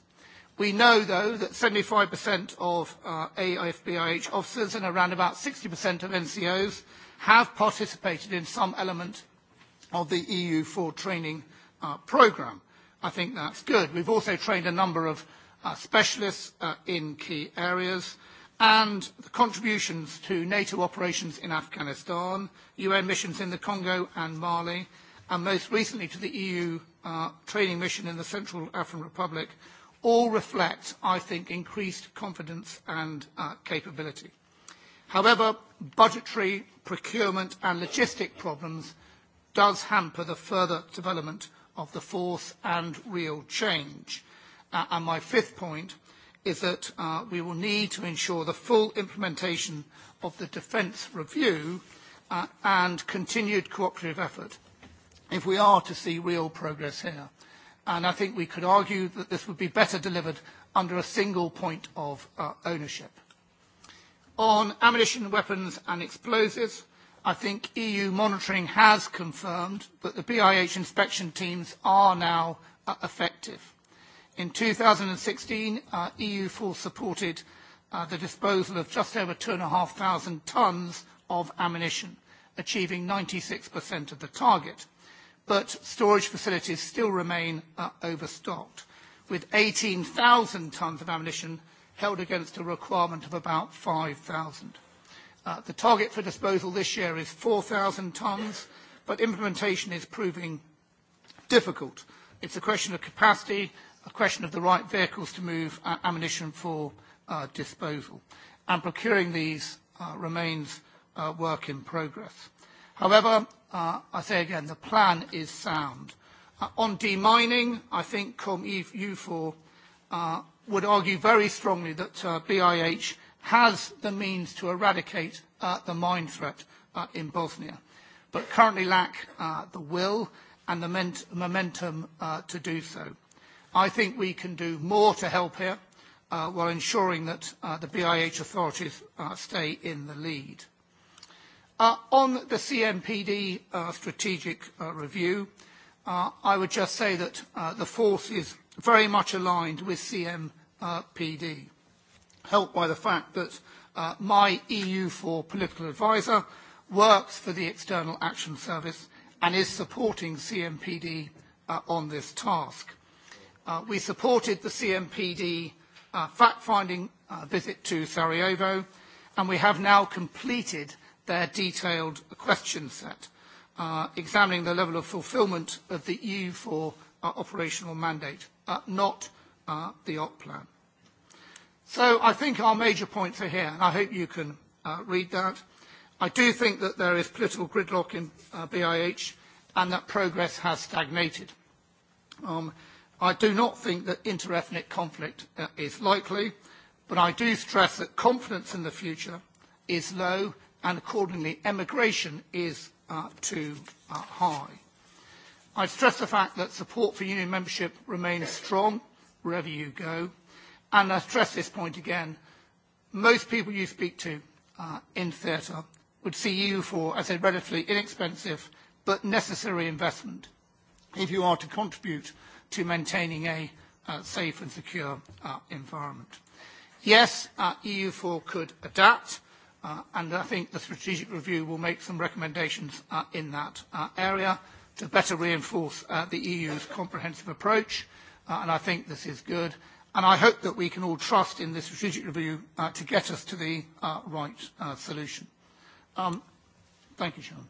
We know, though, that 75% of uh, AIFBIH officers and around about 60% of NCOs have participated in some element of the EU 4 training uh, programme. I think that's good. We've also trained a number of uh, specialists uh, in key areas, and the contributions to NATO operations in Afghanistan, UN missions in the Congo and Mali, and most recently to the EU uh, training mission in the Central African Republic all reflect, I think, increased confidence and uh, capability. However, budgetary, procurement and logistic problems does hamper the further development of the force and real change. Uh, and my fifth point is that uh, we will need to ensure the full implementation of the defence review uh, and continued cooperative effort if we are to see real progress here and I think we could argue that this would be better delivered under a single point of uh, ownership. On ammunition, weapons and explosives, I think EU monitoring has confirmed that the BIH inspection teams are now uh, effective. In 2016, uh, EU Force supported uh, the disposal of just over 2,500 tonnes of ammunition, achieving 96% of the target but storage facilities still remain uh, overstocked, with 18,000 tons of ammunition held against a requirement of about 5,000. Uh, the target for disposal this year is 4,000 tons, but implementation is proving difficult. It's a question of capacity, a question of the right vehicles to move uh, ammunition for uh, disposal, and procuring these uh, remains uh, work in progress. However, uh, I say again, the plan is sound. Uh, on demining, I think Com EU4 uh, would argue very strongly that uh, BIH has the means to eradicate uh, the mine threat uh, in Bosnia, but currently lack uh, the will and the momentum uh, to do so. I think we can do more to help here uh, while ensuring that uh, the BIH authorities uh, stay in the lead. Uh, on the CMPD uh, strategic uh, review, I would just say that the force is very much aligned with CMPD, helped by the fact that my EU 4 political advisor works for the External Action Service and is supporting CMPD on this task. We supported the CMPD fact-finding visit to Sarajevo, and we have now completed their detailed question set, uh, examining the level of fulfilment of the EU4 uh, operational mandate, uh, not uh, the OP plan. So I think our major points are here, and I hope you can uh, read that. I do think that there is political gridlock in uh, BIH and that progress has stagnated. Um, I do not think that interethnic conflict uh, is likely, but I do stress that confidence in the future is low and accordingly emigration is uh, too uh, high. I stress the fact that support for union membership remains strong wherever you go, and I stress this point again, most people you speak to uh, in theatre would see you for as a relatively inexpensive but necessary investment if you are to contribute to maintaining a uh, safe and secure uh, environment. Yes, uh, EU4 could adapt, Uh, and I think the strategic review will make some recommendations uh, in that uh, area to better reinforce the EU's comprehensive approach. and I think this is good. And I hope that we can all trust in the strategic review to get us to the right solution. Um, thank you, Chairman.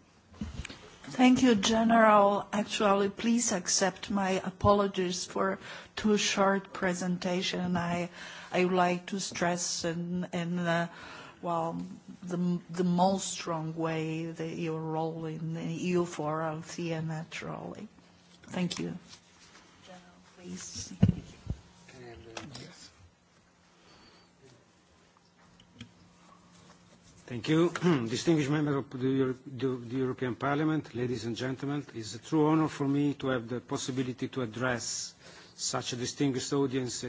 Thank you, General. Actually, please accept my apologies for too short presentation. I, would like to stress and, well, the, the most strong way that your role in the EU Forum via naturally. Thank you. General, please. Thank you. Distinguished member of the, the European Parliament, ladies and gentlemen, it's a true honor for me to have the possibility to address such a distinguished audience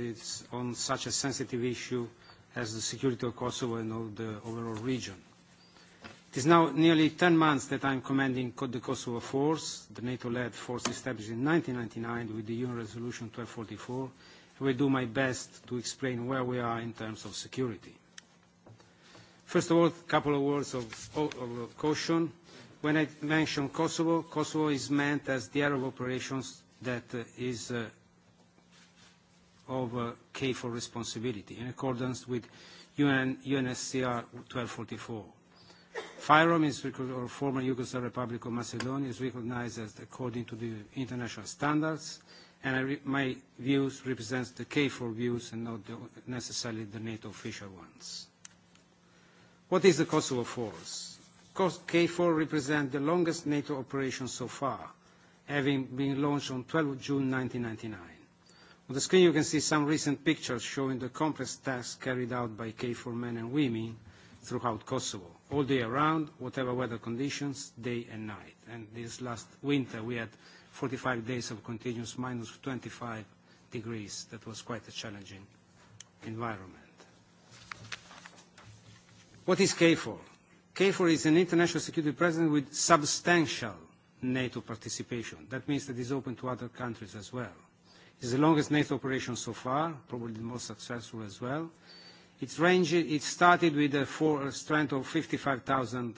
on such a sensitive issue as the security of Kosovo and of the overall region. It is now nearly 10 months that I am commanding the Kosovo force, the NATO-led force established in 1999 with the UN Resolution 1244, and will do my best to explain where we are in terms of security. First of all, a couple of words of, of caution. When I mention Kosovo, Kosovo is meant as the area of operations that uh, is uh, of uh, KFOR responsibility in accordance with UN, UNSCR 1244. FIROM is, or former Yugoslav Republic of Macedonia is recognized as according to the international standards, and I re my views represents the KFOR views and not the, necessarily the NATO official ones. What is the Kosovo force? K4 represents the longest NATO operation so far, having been launched on 12 June 1999. On the screen you can see some recent pictures showing the complex tasks carried out by KFOR men and women throughout Kosovo, all day around, whatever weather conditions, day and night. And this last winter we had 45 days of continuous minus 25 degrees. That was quite a challenging environment. What is KFOR? KFOR is an international security presence with substantial NATO participation. That means that it is open to other countries as well. It's the longest NATO operation so far, probably the most successful as well. It, ranged, it started with a, four, a strength of 55,000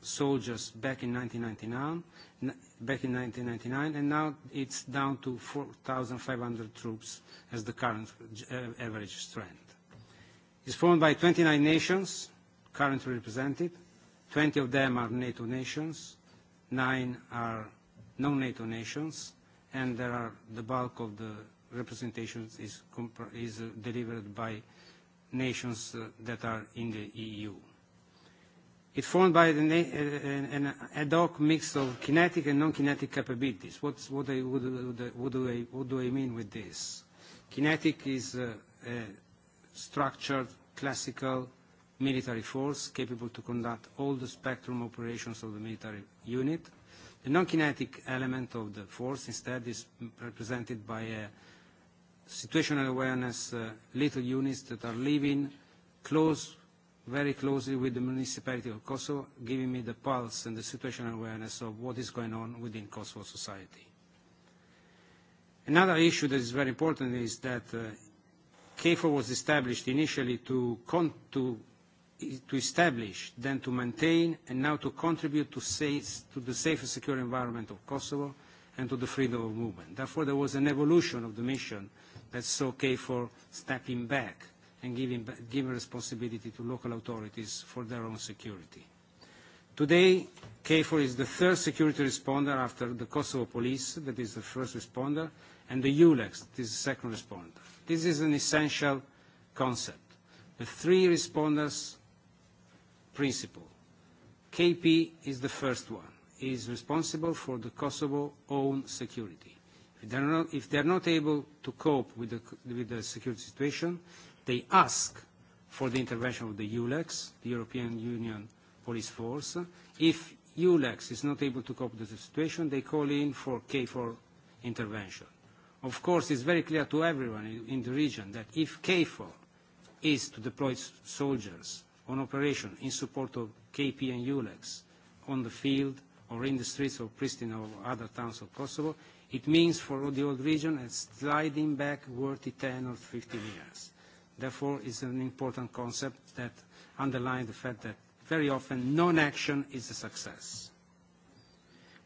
soldiers back in 1999, back in 1999, and now it's down to 4,500 troops as the current uh, average strength. It's formed by 29 nations currently represented. 20 of them are NATO nations, nine are non-NATO nations, and there are the bulk of the representations is, is uh, delivered by nations uh, that are in the EU. It's formed by the na uh, an ad hoc mix of kinetic and non-kinetic capabilities. What's, what, I what, do I, what do I mean with this? Kinetic is a, uh, a structured, classical military force capable to conduct all the spectrum operations of the military unit – The non-kinetic element of the force instead is represented by a situational awareness uh, little units that are living close, very closely with the municipality of Kosovo, giving me the pulse and the situational awareness of what is going on within Kosovo society. Another issue that is very important is that uh, KFOR was established initially to, con to to establish, then to maintain, and now to contribute to, safe, to the safe and secure environment of Kosovo and to the freedom of movement. Therefore, there was an evolution of the mission that saw KFOR stepping back and giving, giving responsibility to local authorities for their own security. Today, KFOR is the third security responder after the Kosovo police, that is the first responder, and the ULEX, that is the second responder. This is an essential concept. The three responders principle. KP is the first one. It is responsible for the Kosovo own security. If they not, if not able to cope with the, with the security situation, they ask for the intervention of the EULEX, the European Union Police Force. If EULEX is not able to cope with the situation, they call in for KFOR intervention. Of course, it's very clear to everyone in the region that if KFOR is to deploy soldiers on operation in support of KP and ULEX on the field or in the streets of Pristina or other towns of Kosovo, it means for the old region a sliding back worth 10 or 15 years. Therefore, it's an important concept that underlines the fact that very often non-action is a success.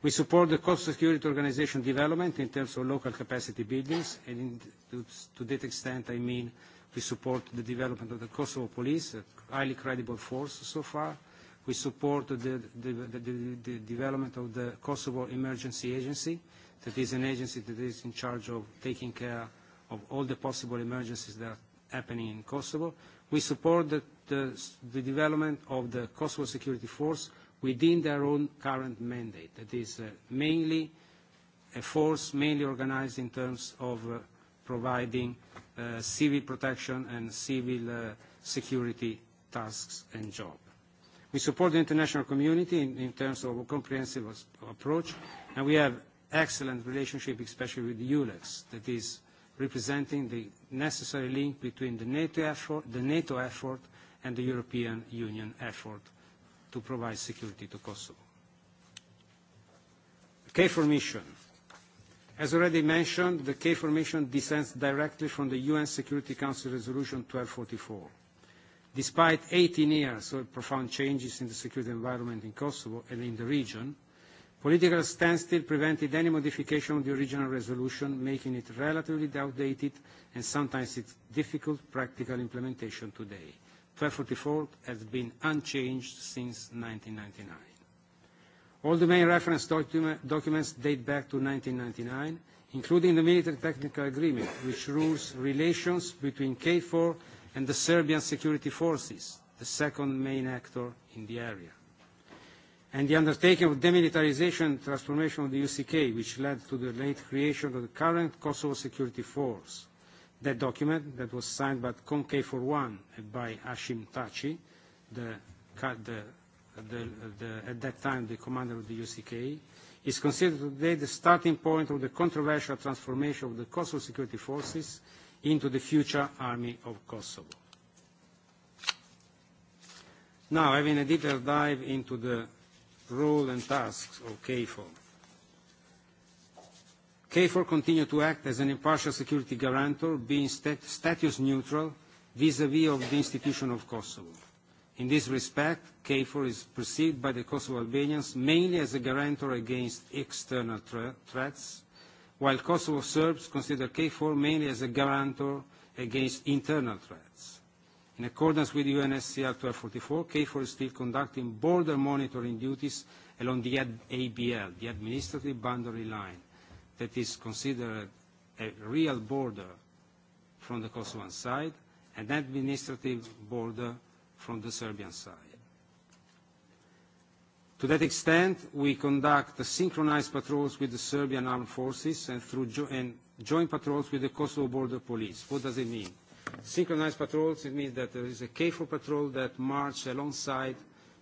We support the Kosovo Security Organization development in terms of local capacity buildings, and in, to, to that extent I mean We support the development of the Kosovo police, a highly credible force so far. We support the, the, the, the development of the Kosovo Emergency Agency, that is an agency that is in charge of taking care of all the possible emergencies that are happening in Kosovo. We support the, the, the development of the Kosovo Security Force within their own current mandate. That is uh, mainly a force mainly organized in terms of uh, providing Uh, civil protection and civil uh, security tasks and jobs. We support the international community in, in terms of a comprehensive approach, and we have excellent relationship, especially with ULEX, that is representing the necessary link between the NATO effort, the NATO effort and the European Union effort to provide security to Kosovo. KFOR mission. As already mentioned, the K formation descends directly from the UN Security Council Resolution 1244. Despite 18 years of profound changes in the security environment in Kosovo and in the region, political standstill prevented any modification of the original resolution, making it relatively outdated and sometimes its difficult practical implementation today. 1244 has been unchanged since 1999. All the main reference documents date back to 1999, including the Military Technical Agreement, which rules relations between KFOR and the Serbian security forces, the second main actor in the area. And the undertaking of demilitarization and transformation of the UCK, which led to the late creation of the current Kosovo Security Force. That document that was signed by CONK41 and by Ashim Tachi, the, the the, the, at that time the commander of the UCK, is considered today the starting point of the controversial transformation of the Kosovo security forces into the future army of Kosovo. Now, having a deeper dive into the role and tasks of KFOR. KFOR continued to act as an impartial security guarantor, being stat status neutral vis-à-vis -vis of the institution of Kosovo. In this respect, KFOR is perceived by the Kosovo Albanians mainly as a guarantor against external threats, while Kosovo Serbs consider KFOR mainly as a guarantor against internal threats. In accordance with UNSCR 1244, KFOR is still conducting border monitoring duties along the ABL, the administrative boundary line, that is considered a real border from the Kosovan side, an administrative border from the Serbian side. To that extent, we conduct synchronized patrols with the Serbian armed forces and through jo and joint patrols with the Kosovo border police. What does it mean? Synchronized patrols, it means that there is a KFOR patrol that marches alongside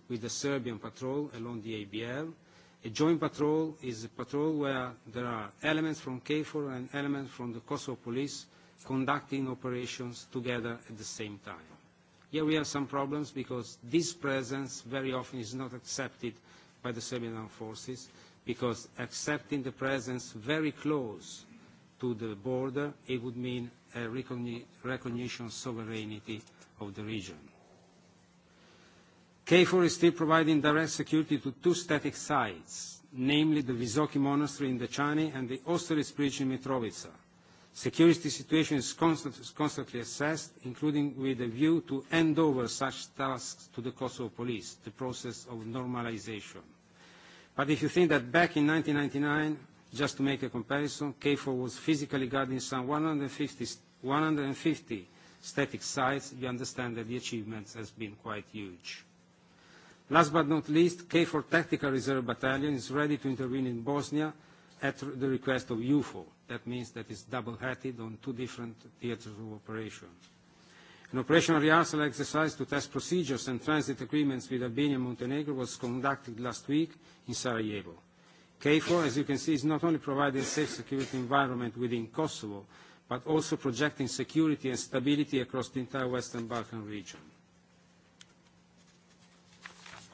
with the Serbian patrol along the ABL. A joint patrol is a patrol where there are elements from KFOR and elements from the Kosovo police conducting operations together at the same time. Here we have some problems because this presence very often is not accepted by the Serbian armed forces because accepting the presence very close to the border, it would mean a recogni recognition of sovereignty of the region. KFOR is still providing direct security to two static sites, namely the Visoki Monastery in Dechani and the Austerlitz Bridge in Mitrovica Security situation is constantly assessed, including with a view to hand over such tasks to the Kosovo police, the process of normalization. But if you think that back in 1999, just to make a comparison, KFOR was physically guarding some 150, 150 static sites, you understand that the achievement has been quite huge. Last but not least, KFOR Tactical Reserve Battalion is ready to intervene in Bosnia at the request of UFO That means that it's double-headed on two different theaters of operation. An operational rehearsal exercise to test procedures and transit agreements with Albania and Montenegro was conducted last week in Sarajevo. KFOR, as you can see, is not only providing a safe security environment within Kosovo, but also projecting security and stability across the entire Western Balkan region.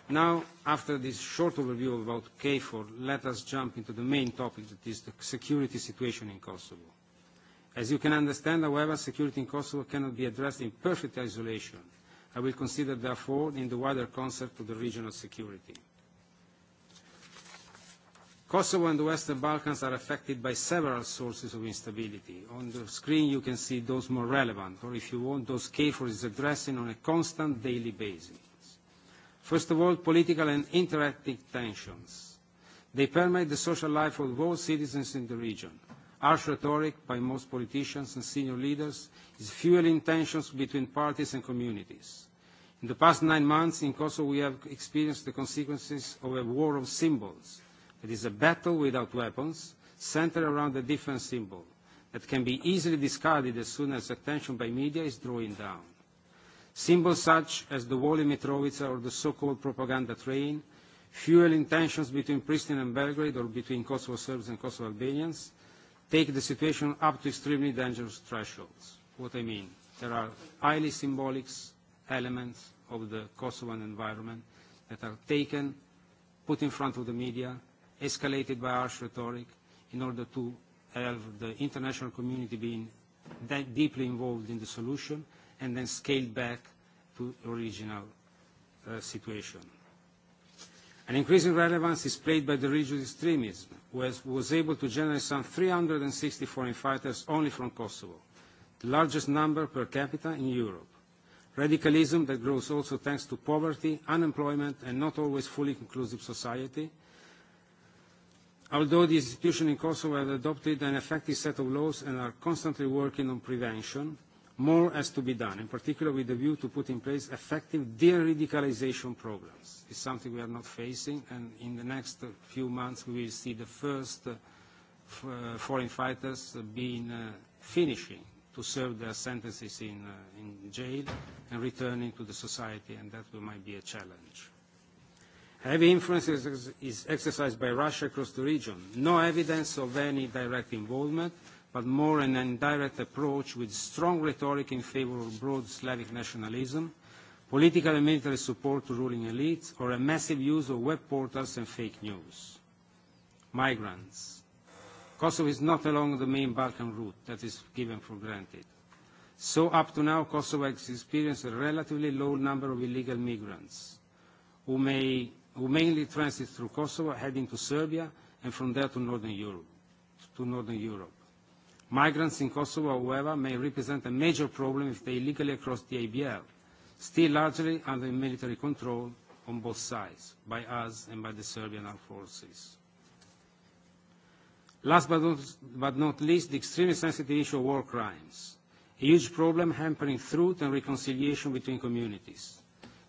Now, after this short overview about KFOR, let us jump into the main topic that is the security situation in Kosovo. As you can understand, however, security in Kosovo cannot be addressed in perfect isolation. I will consider, therefore, in the wider concept of the regional security. Kosovo and the Western Balkans are affected by several sources of instability. On the screen you can see those more relevant, or if you want, those KFOR is addressing on a constant daily basis. First of all, political and interethnic tensions. They permeate the social life of all citizens in the region. Harsh rhetoric by most politicians and senior leaders is fueling tensions between parties and communities. In the past nine months in Kosovo, we have experienced the consequences of a war of symbols. It is a battle without weapons, centered around a different symbol that can be easily discarded as soon as attention by media is drawing down. Symbols such as the Wally Mitrovica or the so-called propaganda train, fueling tensions between Pristina and Belgrade or between Kosovo Serbs and Kosovo Albanians, take the situation up to extremely dangerous thresholds. What I mean, there are highly symbolic elements of the Kosovan environment that are taken, put in front of the media, escalated by harsh rhetoric in order to have the international community being deeply involved in the solution and then scaled back to original uh, situation. An increasing relevance is played by the regional extremism, who was able to generate some 360 foreign fighters only from Kosovo, the largest number per capita in Europe. Radicalism that grows also thanks to poverty, unemployment, and not always fully inclusive society, although the institution in Kosovo have adopted an effective set of laws and are constantly working on prevention, More has to be done, in particular with a view to put in place effective de-radicalization programs. It's something we are not facing, and in the next few months we will see the first uh, uh foreign fighters being uh, finishing to serve their sentences in, uh, in jail and returning to the society, and that might be a challenge. Heavy influence is exercised by Russia across the region. No evidence of any direct involvement, but more an indirect approach with strong rhetoric in favour of broad Slavic nationalism, political and military support to ruling elites, or a massive use of web portals and fake news. Migrants. Kosovo is not along the main Balkan route that is given for granted. So up to now, Kosovo has experienced a relatively low number of illegal migrants who, may, who mainly transit through Kosovo, heading to Serbia, and from there to Northern Europe. To Northern Europe Migrants in Kosovo, however, may represent a major problem if they illegally cross the ABL, still largely under military control on both sides, by us and by the Serbian armed forces. Last but not, but not least, the extremely sensitive issue of war crimes, a huge problem hampering truth and reconciliation between communities.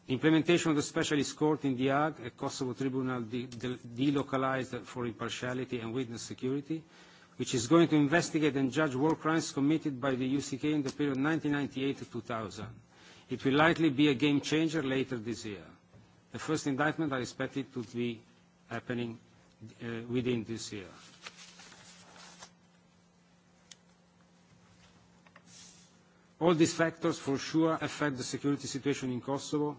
The implementation of the specialist court in The Hague, a Kosovo tribunal de de delocalized for impartiality and witness security, which is going to investigate and judge war crimes committed by the UCK in the period 1998 to 2000. It will likely be a game changer later this year. The first indictment expect expected to be happening uh, within this year. All these factors for sure affect the security situation in Kosovo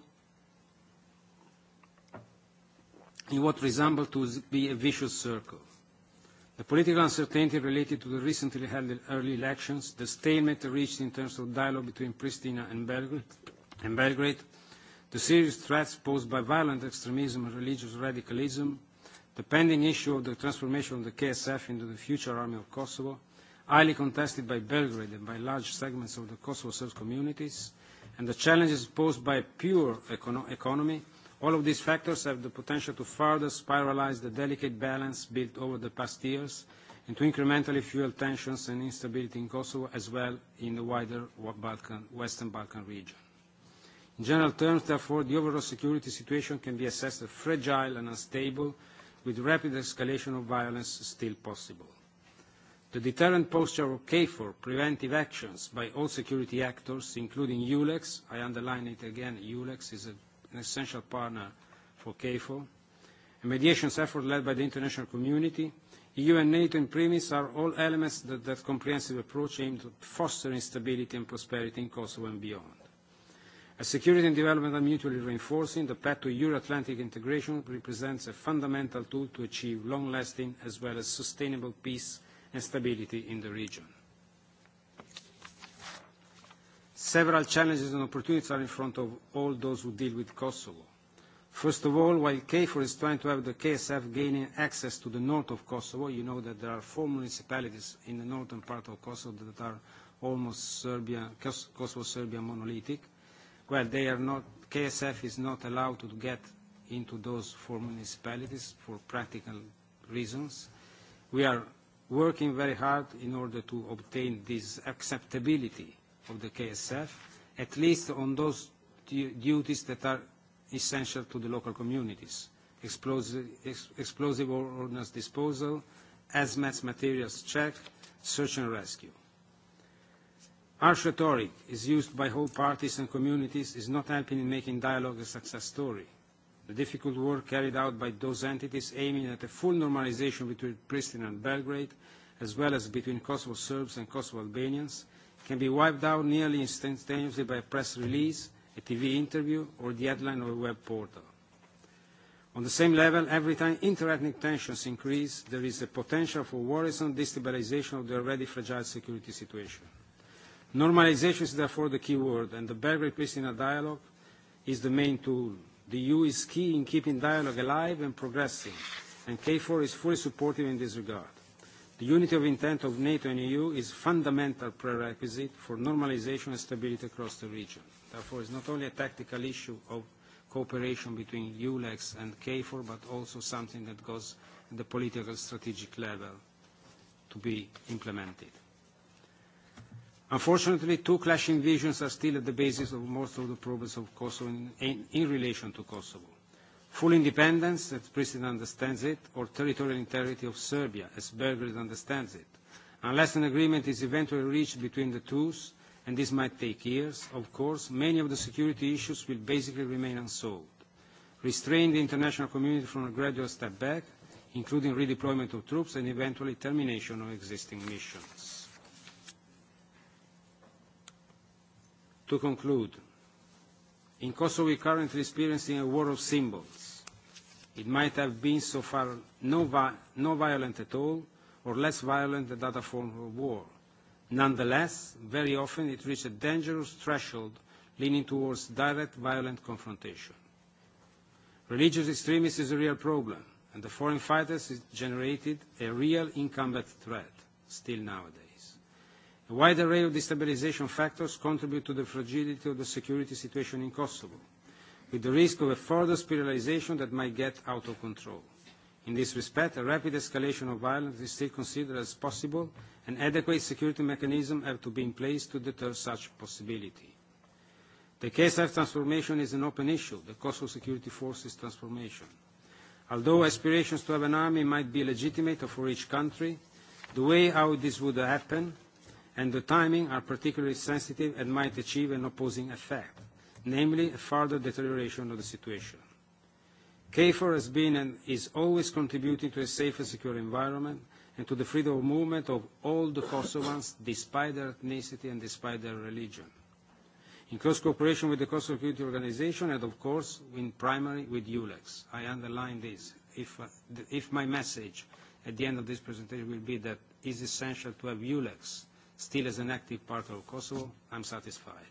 in what resembles to be a vicious circle. The political uncertainty related to the recently held early elections, the stalemate reached in terms of dialogue between Pristina and Belgrade, and Belgrade the serious threats posed by violent extremism and religious radicalism, the pending issue of the transformation of the KSF into the future army of Kosovo, highly contested by Belgrade and by large segments of the Kosovo Serb communities, and the challenges posed by a pure econo economy All of these factors have the potential to further spiralize the delicate balance built over the past years and to incrementally fuel tensions and instability in Kosovo as well in the wider Balkan, Western Balkan region. In general terms, therefore, the overall security situation can be assessed as fragile and unstable, with rapid escalation of violence still possible. The deterrent posture of KFOR, preventive actions by all security actors, including ULEX, I underline it again, ULEX is a an essential partner for KFOR. A mediation effort led by the international community, EU and NATO in premise are all elements that that comprehensive approach aimed at fostering stability and prosperity in Kosovo and beyond. As security and development are mutually reinforcing, the path to Euro-Atlantic integration represents a fundamental tool to achieve long-lasting as well as sustainable peace and stability in the region. Several challenges and opportunities are in front of all those who deal with Kosovo. First of all, while KFOR is trying to have the KSF gaining access to the north of Kosovo, you know that there are four municipalities in the northern part of Kosovo that are almost Serbia, Kosovo-Serbia monolithic. Well, they are not, KSF is not allowed to get into those four municipalities for practical reasons. We are working very hard in order to obtain this acceptability of the KSF, at least on those duties that are essential to the local communities, explosive, ex explosive ordnance disposal, hazmat materials check, search and rescue. Harsh rhetoric is used by whole parties and communities is not helping in making dialogue a success story. The difficult work carried out by those entities aiming at a full normalization between Pristina and Belgrade, as well as between Kosovo Serbs and Kosovo Albanians, can be wiped out nearly instantaneously by a press release, a TV interview, or the headline of a web portal. On the same level, every time interethnic tensions increase, there is a potential for worrisome destabilization of the already fragile security situation. Normalization is therefore the key word, and the Belgrade-Pristina dialogue is the main tool. The EU is key in keeping dialogue alive and progressing, and KFOR is fully supportive in this regard. The unity of intent of NATO and EU is fundamental prerequisite for normalization and stability across the region. Therefore, it's not only a tactical issue of cooperation between ULEX and KFOR, but also something that goes at the political strategic level to be implemented. Unfortunately, two clashing visions are still at the basis of most of the problems of Kosovo in, in, in relation to Kosovo. Full independence, as Pristina understands it, or territorial integrity of Serbia, as Belgrade understands it, unless an agreement is eventually reached between the two, and this might take years, of course, many of the security issues will basically remain unsolved. Restrain the international community from a gradual step back, including redeployment of troops and eventually termination of existing missions. To conclude, in Kosovo we are currently experiencing a war of symbols It might have been so far no, vi no violent at all, or less violent than other forms of war. Nonetheless, very often it reached a dangerous threshold leaning towards direct violent confrontation. Religious extremism is a real problem, and the foreign fighters has generated a real incumbent threat, still nowadays. A wide array of destabilization factors contribute to the fragility of the security situation in Kosovo with the risk of a further spiralization that might get out of control. In this respect, a rapid escalation of violence is still considered as possible, and adequate security mechanisms have to be in place to deter such possibility. The KSF transformation is an open issue, the Kosovo Security Forces transformation. Although aspirations to have an army might be legitimate for each country, the way how this would happen and the timing are particularly sensitive and might achieve an opposing effect namely a further deterioration of the situation. KFOR has been and is always contributing to a safe and secure environment and to the freedom of movement of all the Kosovans, despite their ethnicity and despite their religion, in close cooperation with the Kosovo Security Organization and, of course, in primary with ULEX. I underline this. If, uh, if my message at the end of this presentation will be that it is essential to have ULEX still as an active part of Kosovo, I'm satisfied.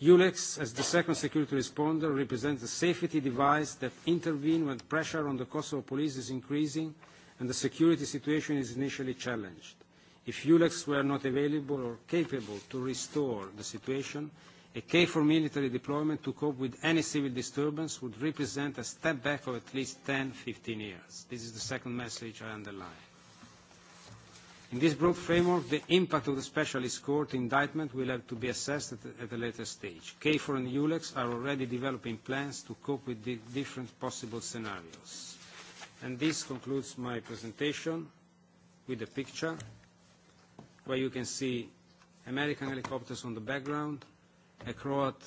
ULEX, as the second security responder, represents a safety device that intervenes when pressure on the Kosovo police is increasing and the security situation is initially challenged. If ULEX were not available or capable to restore the situation, a K4 military deployment to cope with any civil disturbance would represent a step back of at least 10-15 years. This is the second message I underline. In this broad framework, the impact of the specialist court indictment will have to be assessed at, at a later stage. KFOR and ULEX are already developing plans to cope with the different possible scenarios. And this concludes my presentation with a picture where you can see American helicopters on the background, a Croat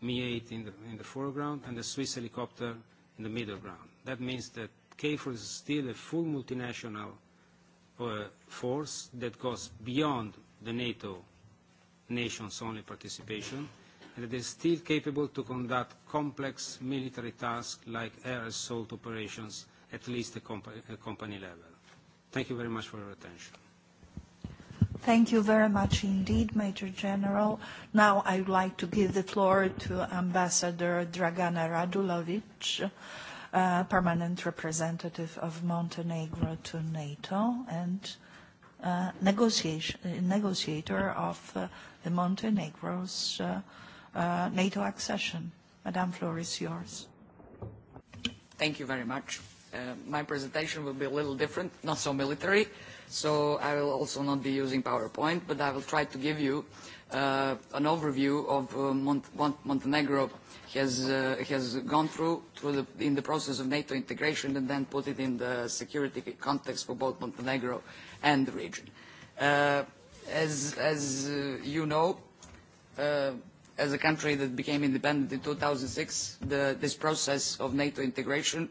Mi-8 in the, in the foreground, and a Swiss helicopter in the middle ground. That means that KFOR is still a full multinational Uh, force that goes beyond the NATO nations only participation and that is still capable to conduct complex military tasks like air assault operations at least at company level. Thank you very much for your attention. Thank you very much indeed, Major General. Now I would like to give the floor to Ambassador Dragana Radulovic permanent representative of Montenegro to NATO and uh, negotiator of uh, the Montenegro's uh, uh, NATO accession. Madame Floor is yours. Thank you very much. Uh, my presentation will be a little different, not so military, so I will also not be using PowerPoint, but I will try to give you uh, an overview of uh, Mont Montenegro has, uh, has gone through, through the, in the process of NATO integration and then put it in the security context for both Montenegro and the region. Uh, as, as uh, you know, uh, as a country that became independent in 2006, the, this process of NATO integration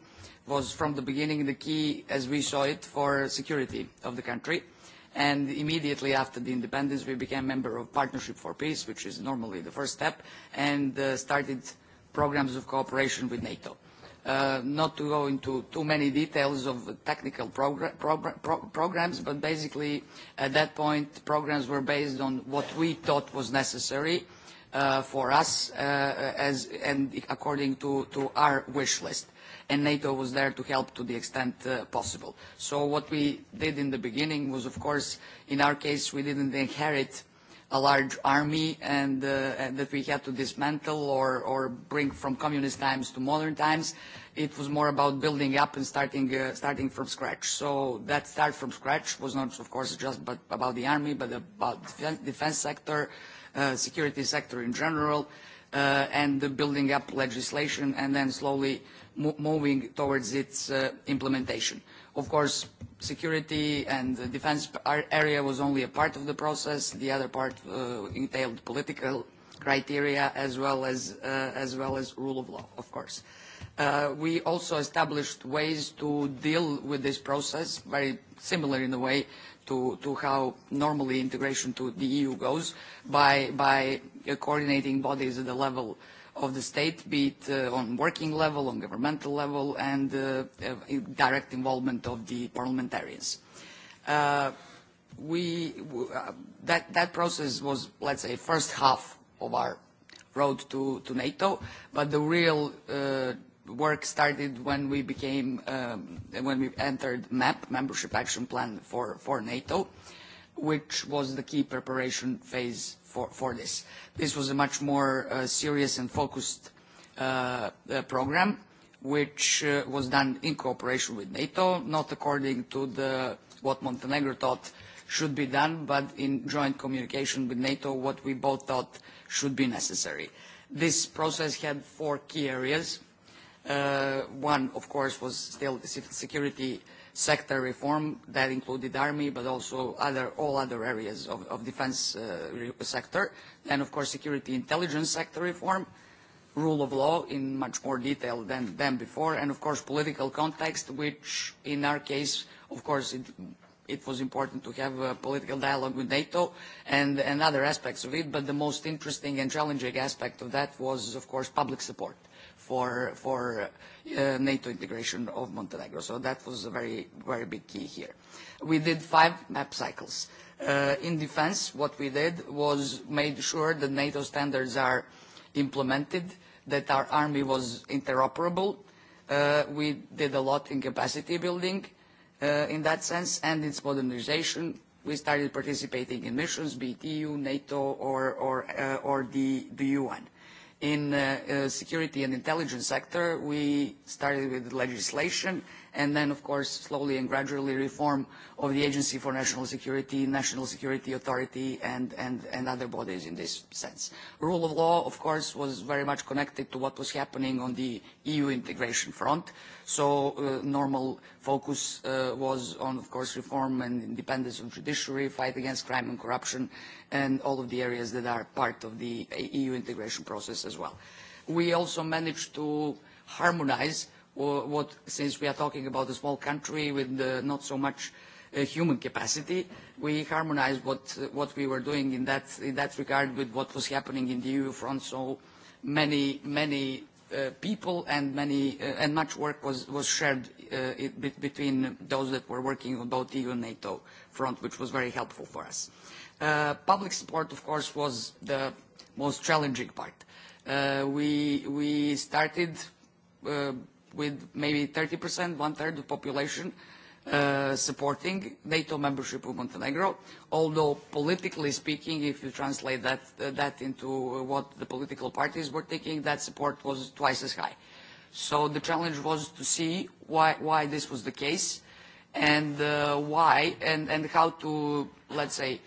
was from the beginning the key, as we saw it, for security of the country. And immediately after the independence, we became member of Partnership for Peace, which is normally the first step, and uh, started programs of cooperation with NATO. Uh, not to go into too many details of technical progr pro programs, but basically at that point programs were based on what we thought was necessary uh, for us uh, as, and according to, to our wish list. And NATO was there to help to the extent uh, possible. So what we did in the beginning was, of course, in our case, we didn't inherit a large army and, uh, and that we had to dismantle or, or bring from communist times to modern times. It was more about building up and starting, uh, starting from scratch. So that start from scratch was not, of course, just but about the army, but about defense, sector, uh, Uh, security sector in general, uh, and the building up legislation and then slowly mo moving towards its uh, implementation. Of course, security and the defense area was only a part of the process. The other part uh, entailed political criteria as well as, uh, as well as rule of law, of course. Uh, we also established ways to deal with this process, very similar in a way to, to how normally integration to the EU goes by, by uh, coordinating bodies at the level of the state, be it uh, on working level, on governmental level, and uh, uh direct involvement of the parliamentarians. Uh, we, uh, that, that process was, let's say, first half of our road to, to NATO, but the real uh, work started when we became, um, when we entered MAP, Membership Action Plan for, for NATO, which was the key preparation phase for, for this. This was a much more uh, serious and focused uh, uh, program, which uh, was done in cooperation with NATO, not according to the, what Montenegro thought should be done, but in joint communication with NATO, what we both thought should be necessary. This process had four key areas Uh, one, of course, was still the security sector reform that included army, but also other, all other areas of, of defense uh, sector. Then, of course, security intelligence sector reform, rule of law in much more detail than, than before, and, of course, political context, which in our case, of course, it, it was important to have a political dialogue with NATO and, and other aspects of it, but the most interesting and challenging aspect of that was, of course, public support for, for uh, NATO integration of Montenegro. So that was a very, very big key here. We did five map cycles. Uh, in defense, what we did was made sure that NATO standards are implemented, that our army was interoperable. Uh, we did a lot in capacity building uh, in that sense and its modernization, we started participating in missions, be it EU, NATO, or, or, uh, or the, the UN in uh, uh, security and intelligence sector, we started with legislation and then, of course, slowly and gradually reform of the Agency for National Security, National Security Authority, and, and, and other bodies in this sense. Rule of law, of course, was very much connected to what was happening on the EU integration front. So uh, normal focus uh, was on, of course, reform and independence of judiciary, fight against crime and corruption, and all of the areas that are part of the EU integration process as well. We also managed to harmonize what, since we are talking about a small country with uh, not so much uh, human capacity, we harmonized what, uh, what we were doing in that, in that regard with what was happening in the EU front. So many, many uh, people and, many, uh, and much work was, was shared uh, it, be between those that were working on both EU and NATO front, which was very helpful for us. Uh, public support, of course, was the most challenging part. Uh, we, we started uh, with maybe 30%, one-third of the population uh, supporting NATO membership of Montenegro, although politically speaking, if you translate that, uh, that into what the political parties were thinking, that support was twice as high. So the challenge was to see why, why this was the case and uh, why and, and how to, let's say,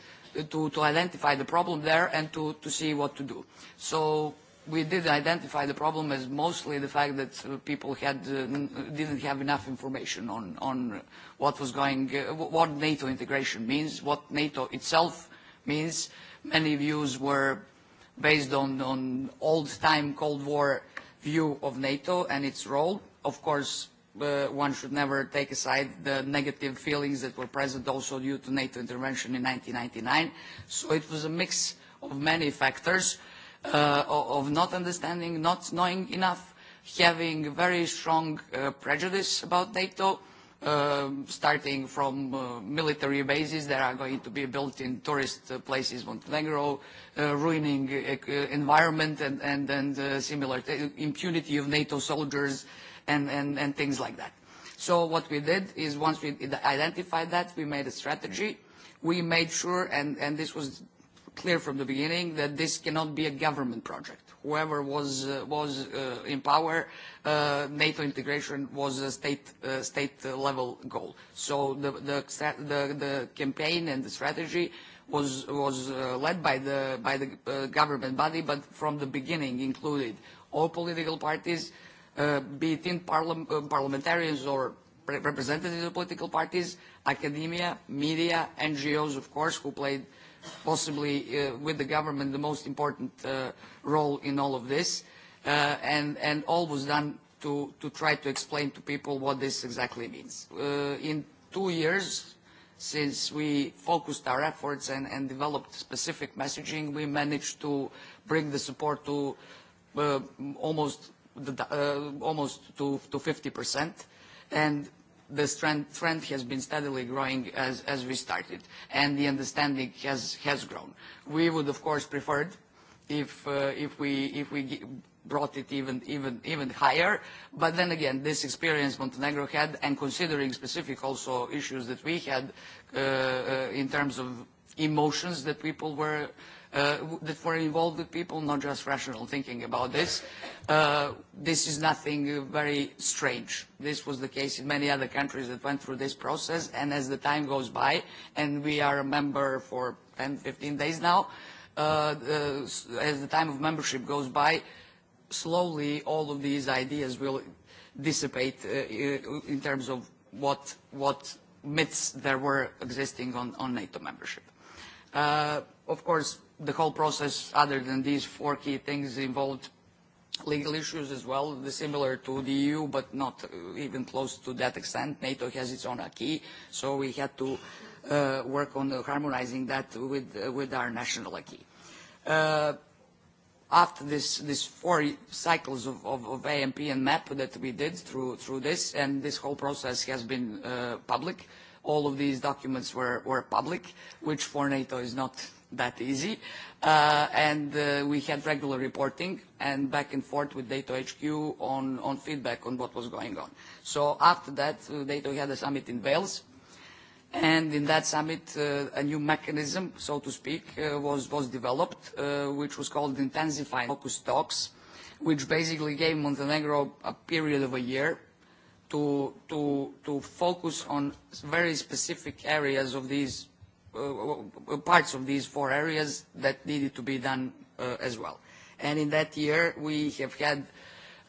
to, to identify the problem there and to, to see what to do. So we did identify the problem as mostly the fact that uh, people had uh, uh didn't have enough information on on what was going, uh, what NATO integration means, what NATO itself means. Many views were based on on old-time Cold War view of NATO and its role. Of course, uh, one should never take aside the negative feelings that were present also due to NATO intervention in 1999. So it was a mix of many factors uh, of not understanding, not knowing enough, having very strong uh, prejudice about NATO, uh, starting from uh, military bases that are going to be built in tourist uh, places, Montenegro, uh, ruining uh, uh, environment and, and, and uh, similar uh, impunity of NATO soldiers and, and, and things like that. So what we did is once we identified that, we made a strategy. We made sure, and, and this was clear from the beginning that this cannot be a government project. Whoever was, uh, was uh, in power, uh, NATO integration was a state, uh, state level goal. So the, the, the, the campaign and the strategy was, was uh, led by the, by the uh, government body, but from the beginning included all political parties, uh, be it in parliament, uh, parliamentarians or representatives of political parties, academia, media, NGOs, of course, who played – possibly uh, with the government the most important uh, role in all of this, uh, and, and all was done to, to try to explain to people what this exactly means. Uh, in two years, since we focused our efforts and, and developed specific messaging, we managed to bring the support to uh, almost, the, uh, almost to, to 50%. And this trend, trend has been steadily growing as, as we started, and the understanding has, has grown. We would, of course, preferred if, uh, if we, if we brought it even, even, even higher. But then again, this experience Montenegro had, and considering specific also issues that we had uh, uh, in terms of emotions that people were uh, that were involved with people, not just rational thinking about this. Uh, this is nothing very strange. This was the case in many other countries that went through this process, and as the time goes by, and we are a member for 10, 15 days now, uh, as the time of membership goes by, slowly all of these ideas will dissipate uh, in terms of what, what myths there were existing on, on NATO membership. Uh, of course, the whole process, other than these four key things, involved legal issues as well, similar to the EU, but not uh, even close to that extent. NATO has its own acquis, so we had to uh, work on harmonizing that with, uh, with our national acquis. Uh, after this, this four cycles of, of, of AMP and MAP that we did through, through this, and this whole process has been uh, public. All of these documents were, were public, which for NATO is not that easy. Uh, and uh, we had regular reporting and back and forth with Data HQ on, on feedback on what was going on. So after that, uh, had a summit in Wales. And in that summit, uh, a new mechanism, so to speak, uh, was, was developed, uh, which was called intensifying focus talks, which basically gave Montenegro a period of a year to, to, to focus on very specific areas of these Uh, uh, parts of these four areas that needed to be done uh, as well. And in that year, we have had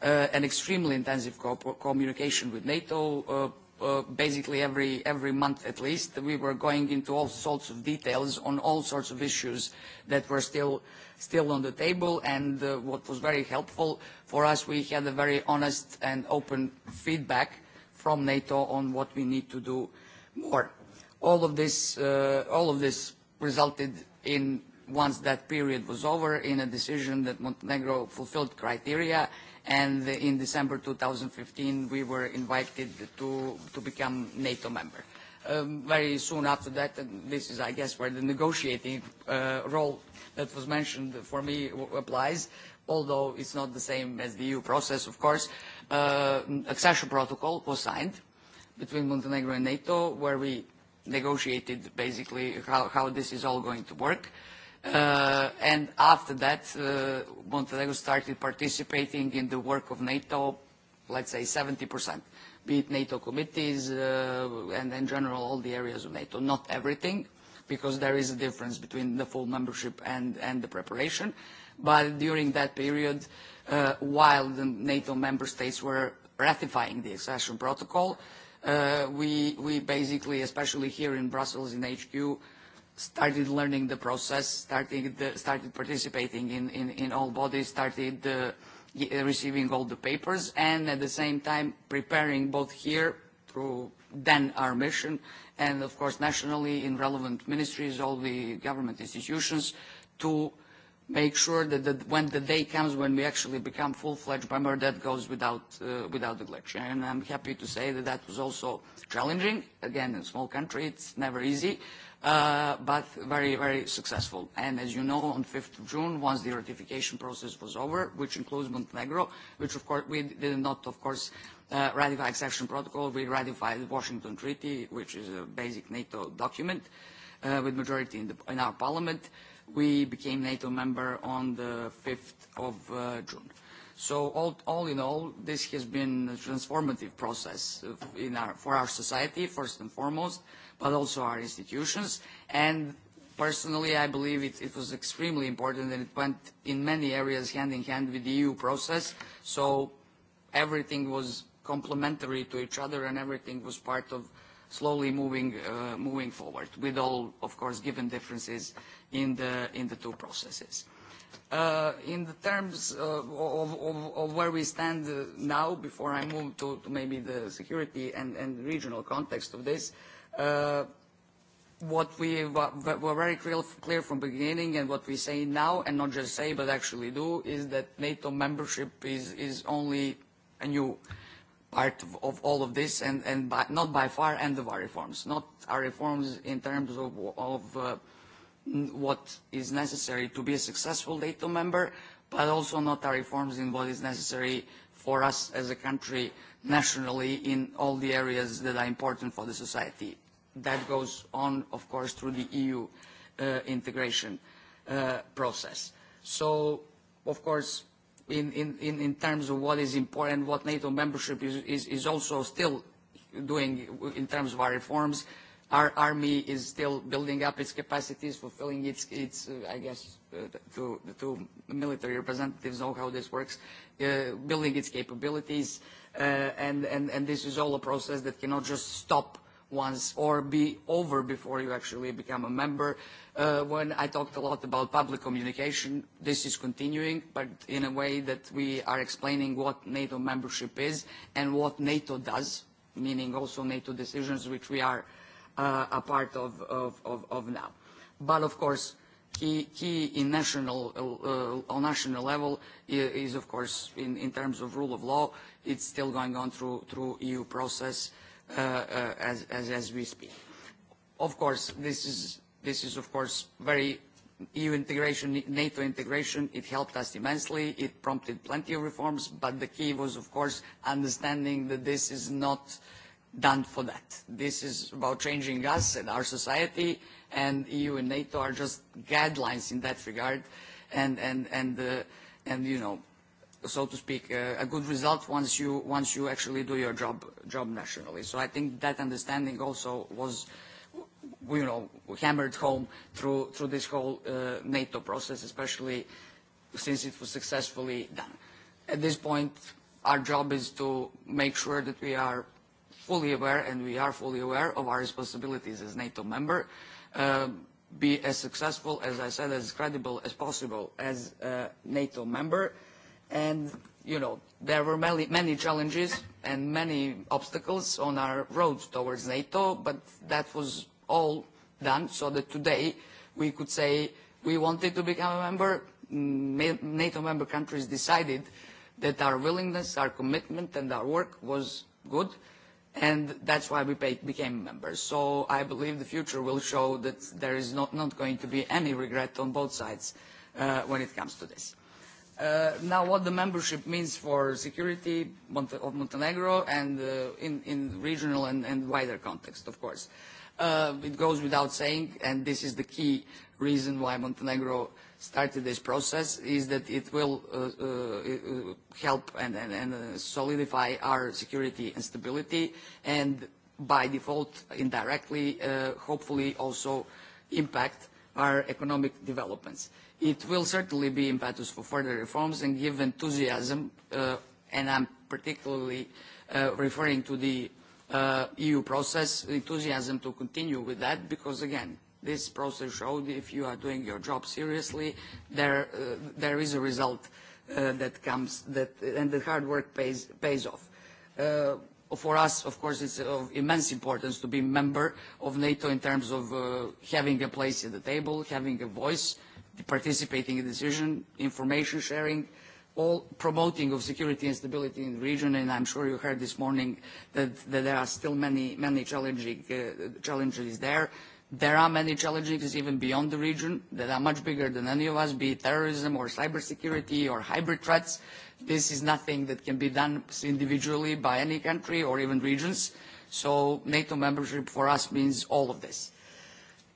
uh, an extremely intensive co communication with NATO. Uh, uh, basically, every every month at least, we were going into all sorts of details on all sorts of issues that were still still on the table. And uh, what was very helpful for us, we had a very honest and open feedback from NATO on what we need to do more. All of this, uh, all of this resulted in, once that period was over, in a decision that Montenegro fulfilled criteria, and in December 2015 we were invited to, to become NATO member. Um, very soon after that, and this is, I guess, where the negotiating uh, role that was mentioned for me applies, although it's not the same as the EU process, of course. Uh, accession protocol was signed between Montenegro and NATO, where we negotiated basically how, how this is all going to work. Uh, and after that, uh, Montenegro started participating in the work of NATO, let's say 70%, be it NATO committees uh, and in general all the areas of NATO, not everything, because there is a difference between the full membership and, and the preparation. But during that period, uh, while the NATO member states were ratifying the accession protocol, uh, Uh, we, we basically, especially here in Brussels in HQ, started learning the process, started, the, started participating in, in, in all bodies, started uh, uh, receiving all the papers, and at the same time preparing both here through then our mission, and of course nationally in relevant ministries, all the government institutions, to make sure that, when the day comes when we actually become full-fledged member, that goes without, uh, without neglection. And I'm happy to say that that was also challenging. Again, in a small country, it's never easy, uh, but very, very successful. And as you know, on 5th of June, once the ratification process was over, which includes Montenegro, which of course we did not, of course, uh, ratify accession protocol, we ratified the Washington Treaty, which is a basic NATO document uh, with majority in, the, in our parliament. We became NATO member on the 5th of uh, June. So all, all in all, this has been a transformative process in our, for our society, first and foremost, but also our institutions. And personally, I believe it, it was extremely important and it went in many areas hand in hand with the EU process. So everything was complementary to each other and everything was part of slowly moving, uh, moving forward with all, of course, given differences in the, in the two processes. Uh, in the terms uh, of, of, of where we stand uh, now, before I move to, to maybe the security and, and regional context of this, uh, what we were very clear from the beginning and what we say now, and not just say, but actually do, is that NATO membership is, is only a new part of, of all of this, and, and by, not by far end of our reforms. Not our reforms in terms of, of what is necessary to be a successful NATO member, but also not our reforms in what is necessary for us as a country nationally in all the areas that are important for the society. That goes on, of course, through the EU uh, integration uh, process. So, of course, in, in, in terms of what is important, what NATO membership is, is, is also still doing in terms of our reforms, uh, Our army is still building up its capacities, fulfilling its, its uh, I guess, uh, to, to military representatives know how this works, uh, building its capabilities, uh, and, and, and this is all a process that cannot just stop once or be over before you actually become a member. Uh, when I talked a lot about public communication, this is continuing, but in a way that we are explaining what NATO membership is and what NATO does, meaning also NATO decisions which we are uh, uh, a part of, of, of, of now. But of course, he, key in national, uh, on national level is, of course, in, in terms of rule of law, it's still going on through, through EU process uh, uh, as, as, as we speak. Of course, this is, this is, of course, very EU integration, NATO integration, it helped us immensely. It prompted plenty of reforms, but the key was, of course, understanding that this is not uh, done for that. This is about changing us and our society, and EU and NATO are just guidelines in that regard. And, and, and, uh, and you know, so to speak, uh, a good result once you, once you actually do your job, job nationally. So I think that understanding also was, you know, hammered home through, through this whole uh, NATO process, especially since it was successfully done. At this point, our job is to make sure that we are fully aware, and we are fully aware of our responsibilities as NATO member, uh, be as successful, as I said, as credible as possible as a NATO member. And, you know, there were many, many challenges and many obstacles on our road towards NATO, but that was all done so that today we could say we wanted to become a member. Mm, NATO member countries decided that our willingness, our commitment and our work was good and that's why we became members. So I believe the future will show that there is not, not going to be any regret on both sides uh, when it comes to this. Uh, now, what the membership means for security of Montenegro and uh, in, in regional and, and wider context, of course. Uh, it goes without saying, and this is the key reason why Montenegro started this process is that it will uh, uh, help and, and, and uh, solidify our security and stability and by default indirectly uh, hopefully also impact our economic developments. It will certainly be impetus for further reforms and give enthusiasm uh, and I'm particularly uh, referring to the uh, EU process, enthusiasm to continue with that because again this process showed if you are doing your job seriously, there, uh, there is a result uh, that comes, that, and the hard work pays, pays off. Uh, for us, of course, it's of immense importance to be a member of NATO in terms of uh, having a place at the table, having a voice, participating in decision, information sharing, all promoting of security and stability in the region, and I'm sure you heard this morning that, that there are still many, many challenging, uh, challenges there. There are many challenges even beyond the region that are much bigger than any of us, be it terrorism or cybersecurity or hybrid threats. This is nothing that can be done individually by any country or even regions. So NATO membership for us means all of this.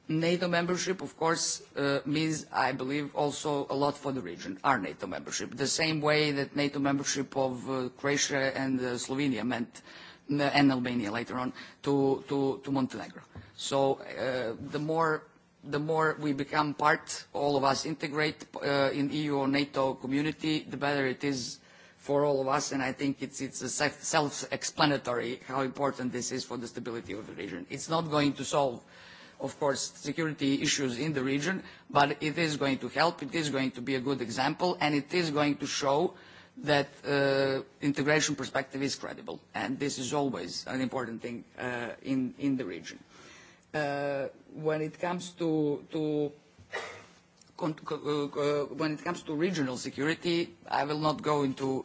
NATO membership, of course, uh, means, I believe, also a lot for the region, our NATO membership, the same way that NATO membership of uh, Croatia and uh, Slovenia meant, uh, and Albania later on, to, to, to Montenegro. Uh, So uh, the more the more we become part, all of us integrate uh, in EU or NATO community, the better it is for all of us. And I think it's, it's a self-explanatory how important this is for the stability of the region. It's not going to solve, of course, security issues in the region, but it is going to help. It is going to be a good example, and it is going to show that uh, integration perspective is credible. And this is always an important thing uh, in, in the region. Uh, when it comes to, to uh, uh, when it comes to regional security, I will not go into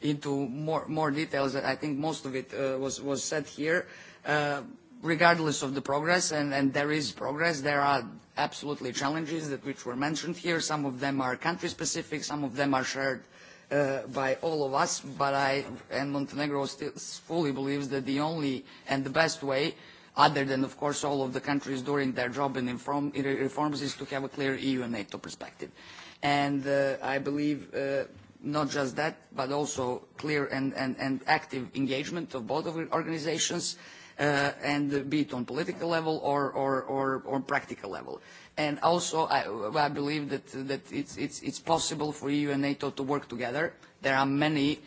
into more more details. I think most of it uh, was was said here. Uh, regardless of the progress, and, and there is progress, there are absolutely challenges that which were mentioned here. Some of them are country-specific, some of them are shared Uh, by all of us, but I and Montenegro still fully believes that the only and the best way other than, of course, all of the countries doing their job in inform, reforms, is to have a clear EU and NATO perspective. And uh, I believe uh, not just that, but also clear and, and, and active engagement of both of organizations, uh, and be it on political level or, or, or, or practical level. And also, I, I believe that, that it's, it's, it's possible for EU and NATO to work together. There are many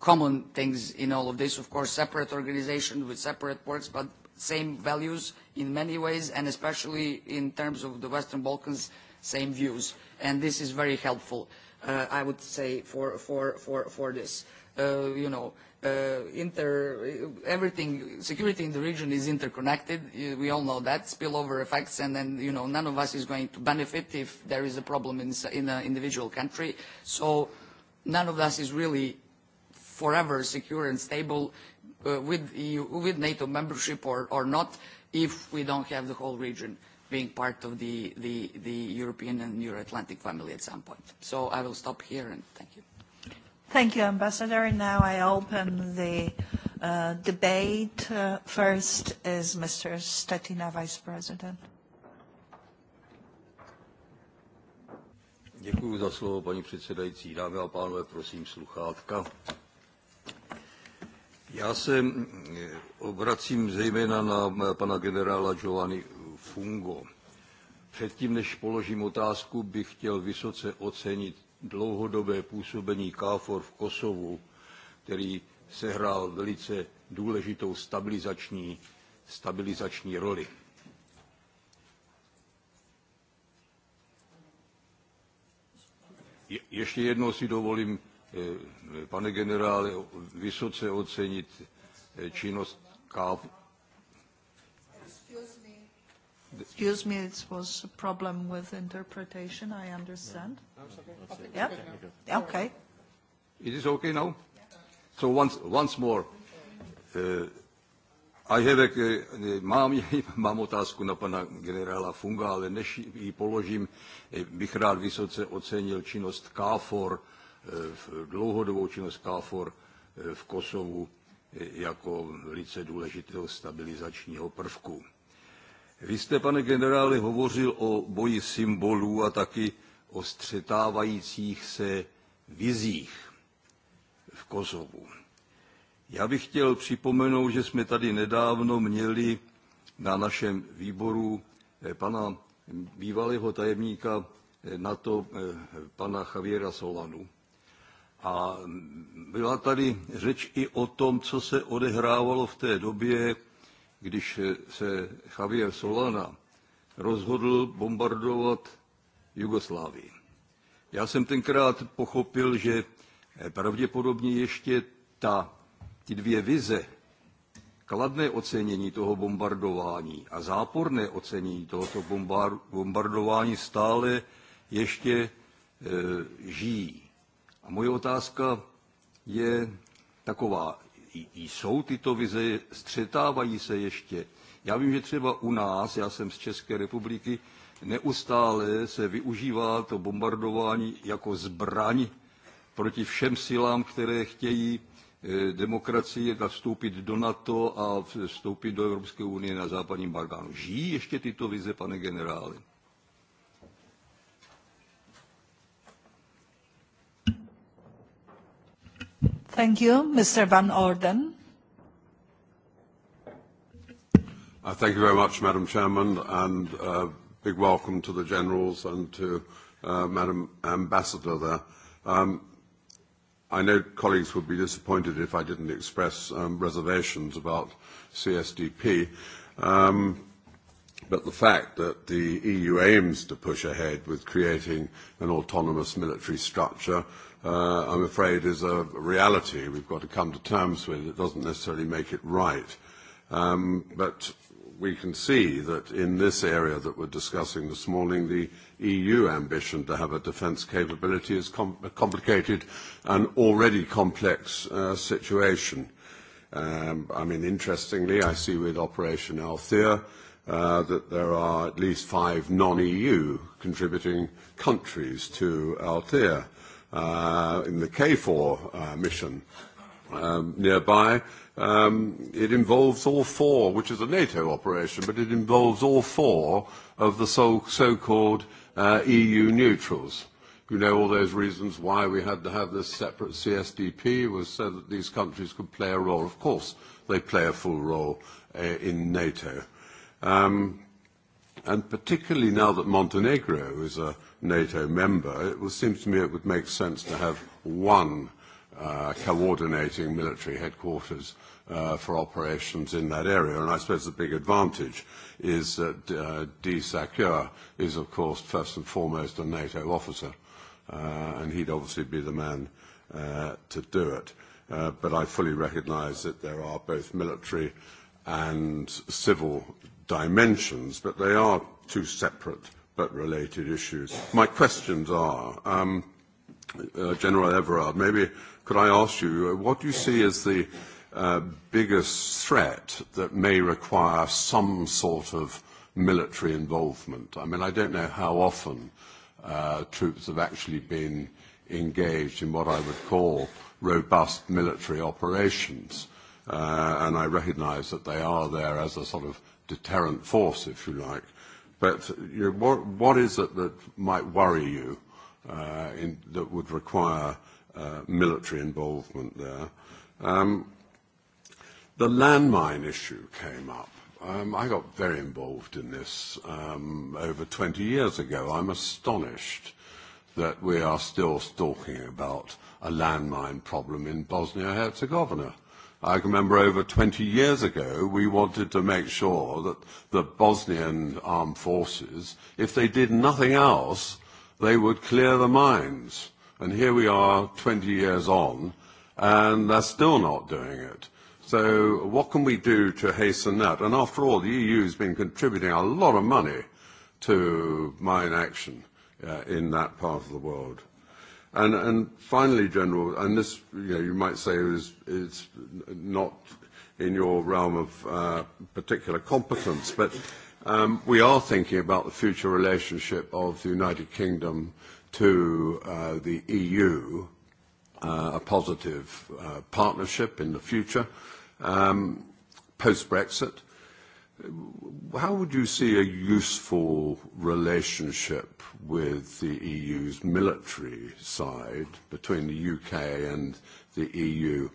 common things in all of this. Of course, separate organizations with separate works, but same values in many ways, and especially in terms of the Western Balkans, same views. And this is very helpful, uh, I would say, for, for, for, for this. Uh, you know, uh, inter, uh, everything, security in the region is interconnected. Uh, we all know that, spillover effects, and then, you know, none of us is going to benefit if there is a problem in, in an individual country. So none of us is really forever secure and stable Uh, with, EU, with NATO membership or, or not if we don't have the whole region being part of the, the, the European and Euro-Atlantic family at some point. So I will stop here and thank you. Thank you, Ambassador. Now I open the uh, debate. Uh, first is Mr. Stetina, Vice President. Děkuji za slovo, paní předsedající. Dámy a pánové, prosím sluchátka. Uh, Já se eh, obracím zejména na eh, pana generála Giovanni Fungo. Předtím, než položím otázku, bych chtěl vysoce ocenit dlouhodobé působení KFOR v Kosovu, který sehrál velice důležitou stabilizační, stabilizační roli. Je, ještě jednou si dovolím eh, Pane generále, vysoce ocenit eh, činnost KAV. Excuse me, it was a problem with interpretation, I understand. okay. Yeah? yeah, okay. It is okay now? So once, once more, uh, I have a, mám, mám otázku na pana generála Funga, ale než ji položím, eh, bych rád vysoce ocenil činnost KFOR, v dlouhodobou činnost KFOR eh, v Kosovu eh, jako velice důležitého stabilizačního prvku. Vy jste, pane generále, hovořil o boji symbolů a taky o střetávajících se vizích v Kosovu. Já bych chtěl připomenout, že jsme tady nedávno měli na našem výboru eh, pana bývalého tajemníka NATO, pana Javiera Solanu. A byla tady řeč i o tom, co se odehrávalo v té době, když se Javier Solana rozhodl bombardovat Jugoslávii. Já jsem tenkrát pochopil, že pravděpodobně ještě ta, ty dvě vize, kladné ocenění toho bombardování a záporné ocenění tohoto bombardování stále ještě e, eh, žijí. A moje otázka je taková. Jsou tyto vize, střetávají se ještě? Já vím, že třeba u nás, já jsem z České republiky, neustále se využívá to bombardování jako zbraň proti všem silám, které chtějí eh, demokracii a vstoupit do NATO a vstoupit do Evropské unie na západním Balkánu. Žijí ještě tyto vize, pane generále? Thank you. Mr. Van Orden. Uh, thank you very much, Madam Chairman, and a uh, big welcome to the generals and to uh, Madam Ambassador there. Um, I know colleagues would be disappointed if I didn't express um, reservations about CSDP, um, but the fact that the EU aims to push ahead with creating an autonomous military structure uh, I'm afraid, is a reality we've got to come to terms with. It doesn't necessarily make it right. Um, but we can see that in this area that we're discussing this morning, the EU ambition to have a defence capability is com a complicated and already complex uh, situation. Um, I mean, interestingly, I see with Operation Althea uh, that there are at least five non-EU contributing countries to Althea uh, in the KFOR uh, mission um, nearby. Um, it involves all four, which is a NATO operation, but it involves all four of the so- so-called uh, EU neutrals. You know all those reasons why we had to have this separate CSDP was so that these countries could play a role. Of course, they play a full role uh, in NATO. Um, And particularly now that Montenegro is a NATO member, it seems to me it would make sense to have one uh, coordinating military headquarters uh, for operations in that area. And I suppose the big advantage is that uh, D. DSACUR is, of course, first and foremost a NATO officer, uh, and he'd obviously be the man uh, to do it. Uh, but I fully recognize that there are both military and civil dimensions, but they are two separate but related issues. My questions are, um, uh, General Everard, maybe could I ask you, uh, what do you see as the uh, biggest threat that may require some sort of military involvement? I mean, I don't know how often uh, troops have actually been engaged in what I would call robust military operations. Uh, and I recognize that they are there as a sort of deterrent force, if you like. But you know, what, what is it that might worry you uh, in, that would require uh, military involvement there? Um, the landmine issue came up. Um, I got very involved in this um, over 20 years ago. I'm astonished that we are still talking about a landmine problem in Bosnia-Herzegovina. I can remember over 20 years ago, we wanted to make sure that the Bosnian armed forces, if they did nothing else, they would clear the mines. And here we are 20 years on, and they're still not doing it. So what can we do to hasten that? And after all, the EU has been contributing a lot of money to mine action uh, in that part of the world. And, and finally, General, and this, you know, you might say is, is not in your realm of uh, particular competence, but um, we are thinking about the future relationship of the United Kingdom to uh, the EU, uh, a positive uh, partnership in the future, um, post-Brexit. Uh, How would you see a useful relationship with the EU's military side between the UK and the EU?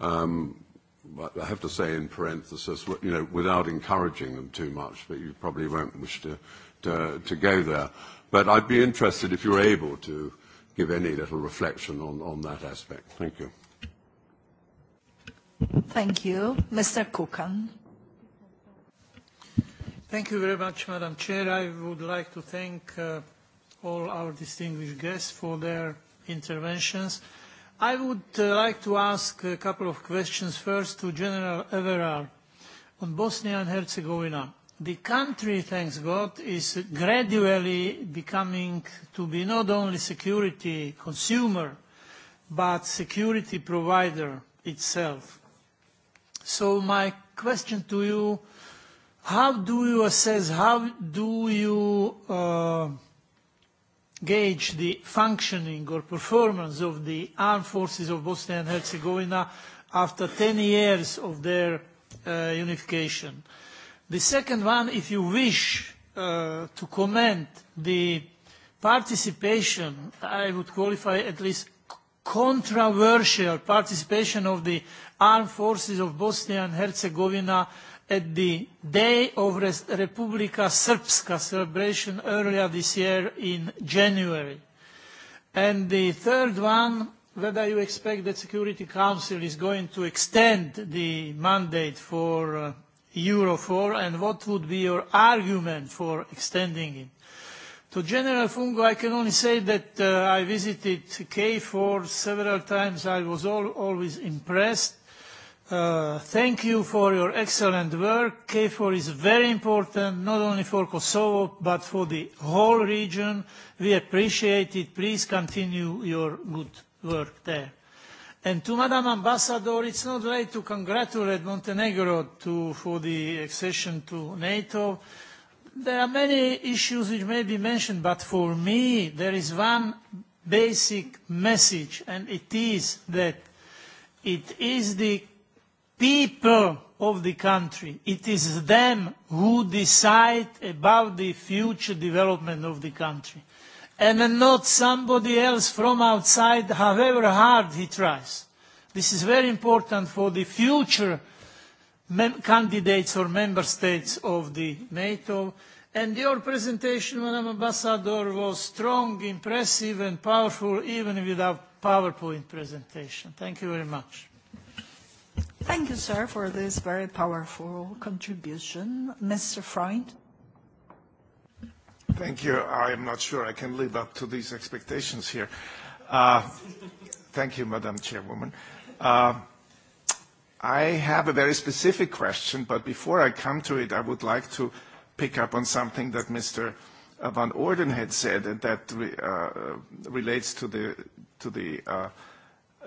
Um, I have to say in parenthesis, you know, without encouraging them too much, but you probably won't wish to, to, to go there. But I'd be interested if you're able to give any little reflection on, on that aspect. Thank you. Thank you. Mr. Kukan. Thank you very much, Madam Chair. I would like to thank uh, all our distinguished guests for their interventions. I would uh, like to ask a couple of questions first to General Everard on Bosnia and Herzegovina. The country, thanks God, is gradually becoming to be not only security consumer, but security provider itself. So my question to you How do you assess, how do you uh, gauge the functioning or performance of the armed forces of Bosnia and Herzegovina after 10 years of their uh, unification? The second one, if you wish uh, to comment the participation, I would qualify at least controversial participation of the armed forces of Bosnia and Herzegovina at the Day of Republika Srpska celebration earlier this year in January. And the third one, whether you expect that Security Council is going to extend the mandate for uh, Eurofor and what would be your argument for extending it. To General Fungo, I can only say that uh, I visited K4 several times. I was all, always impressed Uh, thank you for your excellent work. KFOR is very important, not only for Kosovo, but for the whole region. We appreciate it. Please continue your good work there. And to Madam Ambassador, it's not late to congratulate Montenegro to, for the accession to NATO. There are many issues which may be mentioned, but for me, there is one basic message, and it is that it is the people of the country. It is them who decide about the future development of the country. And not somebody else from outside, however hard he tries. This is very important for the future candidates or member states of the NATO. And your presentation, Madam Ambassador, was strong, impressive and powerful, even without PowerPoint presentation. Thank you very much. Thank you, sir, for this very powerful contribution. Mr. Freund? Thank you. I am not sure I can live up to these expectations here. Uh, thank you, Madam Chairwoman. Uh, I have a very specific question, but before I come to it, I would like to pick up on something that Mr. van Orden had said, and that uh, relates to the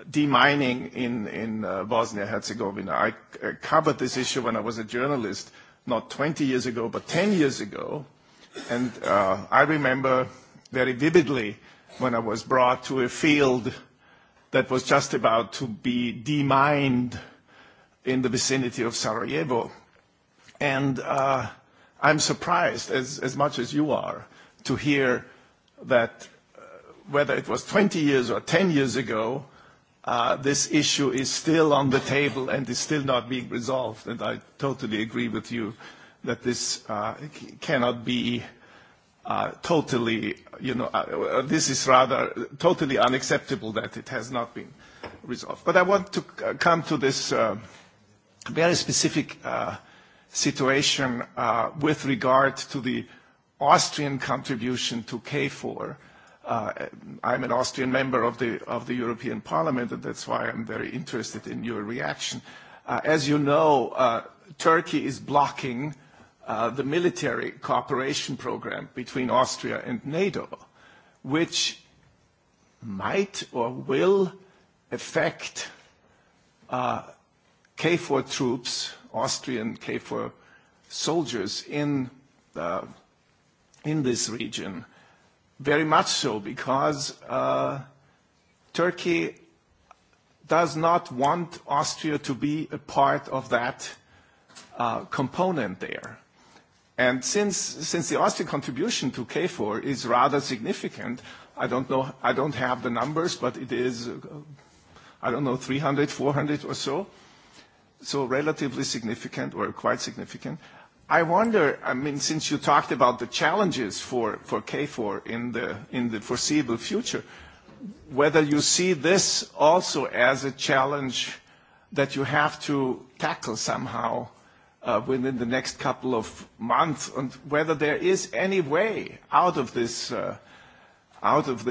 demining in, in uh, Bosnia-Herzegovina. I uh, covered this issue when I was a journalist, not 20 years ago, but 10 years ago. And uh, I remember very vividly when I was brought to a field that was just about to be demined in the vicinity of Sarajevo. And uh, I'm surprised, as, as much as you are, to hear that uh, whether it was 20 years or 10 years ago, Uh, this issue is still on the table and is still not being resolved. And I totally agree with you that this uh, cannot be uh, totally, you know, uh, uh, this is rather totally unacceptable that it has not been resolved. But I want to come to this very specific situation with regard to the Austrian contribution to KFOR Uh, I'm an Austrian member of the, of the European Parliament, and that's why I'm very interested in your reaction. Uh, as you know, uh, Turkey is blocking uh, the military cooperation program between Austria and NATO, which might or will affect uh, KFOR troops, Austrian KFOR soldiers in, uh, in this region. Very much so, because uh, Turkey does not want Austria to be a part of that uh, component there. And since, since the Austrian contribution to KFOR is rather significant, I don't know, I don't have the numbers, but it is, uh, I don't know, 300, 400 or so, so relatively significant or quite significant. I wonder, I mean, since you talked about the challenges for, for K4 in the, foreseeable future, whether you see this also as a challenge that you have to tackle somehow uh, within the next couple of months, and whether there is any way out of this, uh,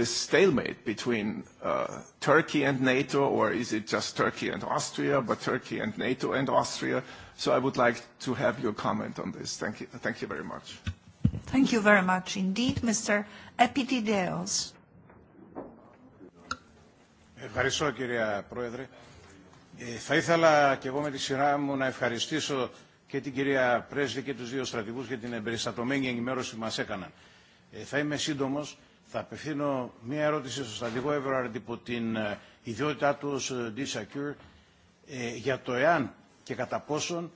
stalemate between uh, Turkey and NATO, or is it just Turkey and Austria, but Turkey and NATO and Austria? So I would like to have your comment on this. Thank you, thank you very much. Thank you very much indeed, Mr. Epitideos. Ευχαριστώ κυρία Πρόεδρε. Ε, θα ήθελα και εγώ με τη σειρά μου να ευχαριστήσω και την κυρία Πρέσβη και τους δύο στρατηγούς για την εμπεριστατωμένη ενημέρωση που μας έκαναν. Ε, θα είμαι σύντομος. Θα απευθύνω μία ερώτηση στον στρατηγό Everard υπό την ιδιότητά του ως D-Secure ε, για το εάν και κατά πόσον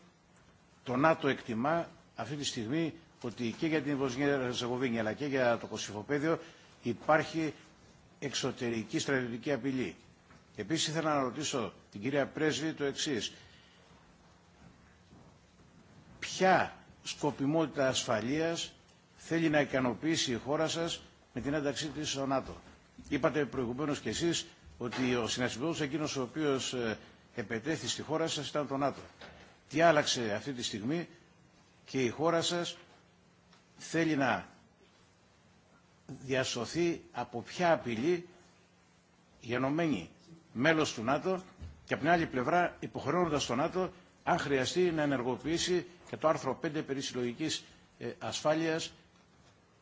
το ΝΑΤΟ εκτιμά αυτή τη στιγμή ότι και για την Βοσνία Ερζεγοβίνη αλλά και για το Κωσυφοπαίδιο υπάρχει εξωτερική στρατιωτική απειλή. Επίσης ήθελα να ρωτήσω την κυρία Πρέσβη το εξής. Ποια σκοπιμότητα ασφαλείας θέλει να ικανοποιήσει η χώρα σας με την ένταξή της στο ΝΑΤΟ. Είπατε προηγουμένως και εσείς ότι ο συνασπισμός εκείνος ο οποίος επετέθη στη χώρα σας ήταν το ΝΑΤΟ. Τι άλλαξε αυτή τη στιγμή και η χώρα σας θέλει να διασωθεί από ποια απειλή γενομένη μέλος του ΝΑΤΟ και από την άλλη πλευρά υποχρεώνοντας το ΝΑΤΟ αν χρειαστεί να ενεργοποιήσει και το άρθρο 5 περί συλλογικής ασφάλειας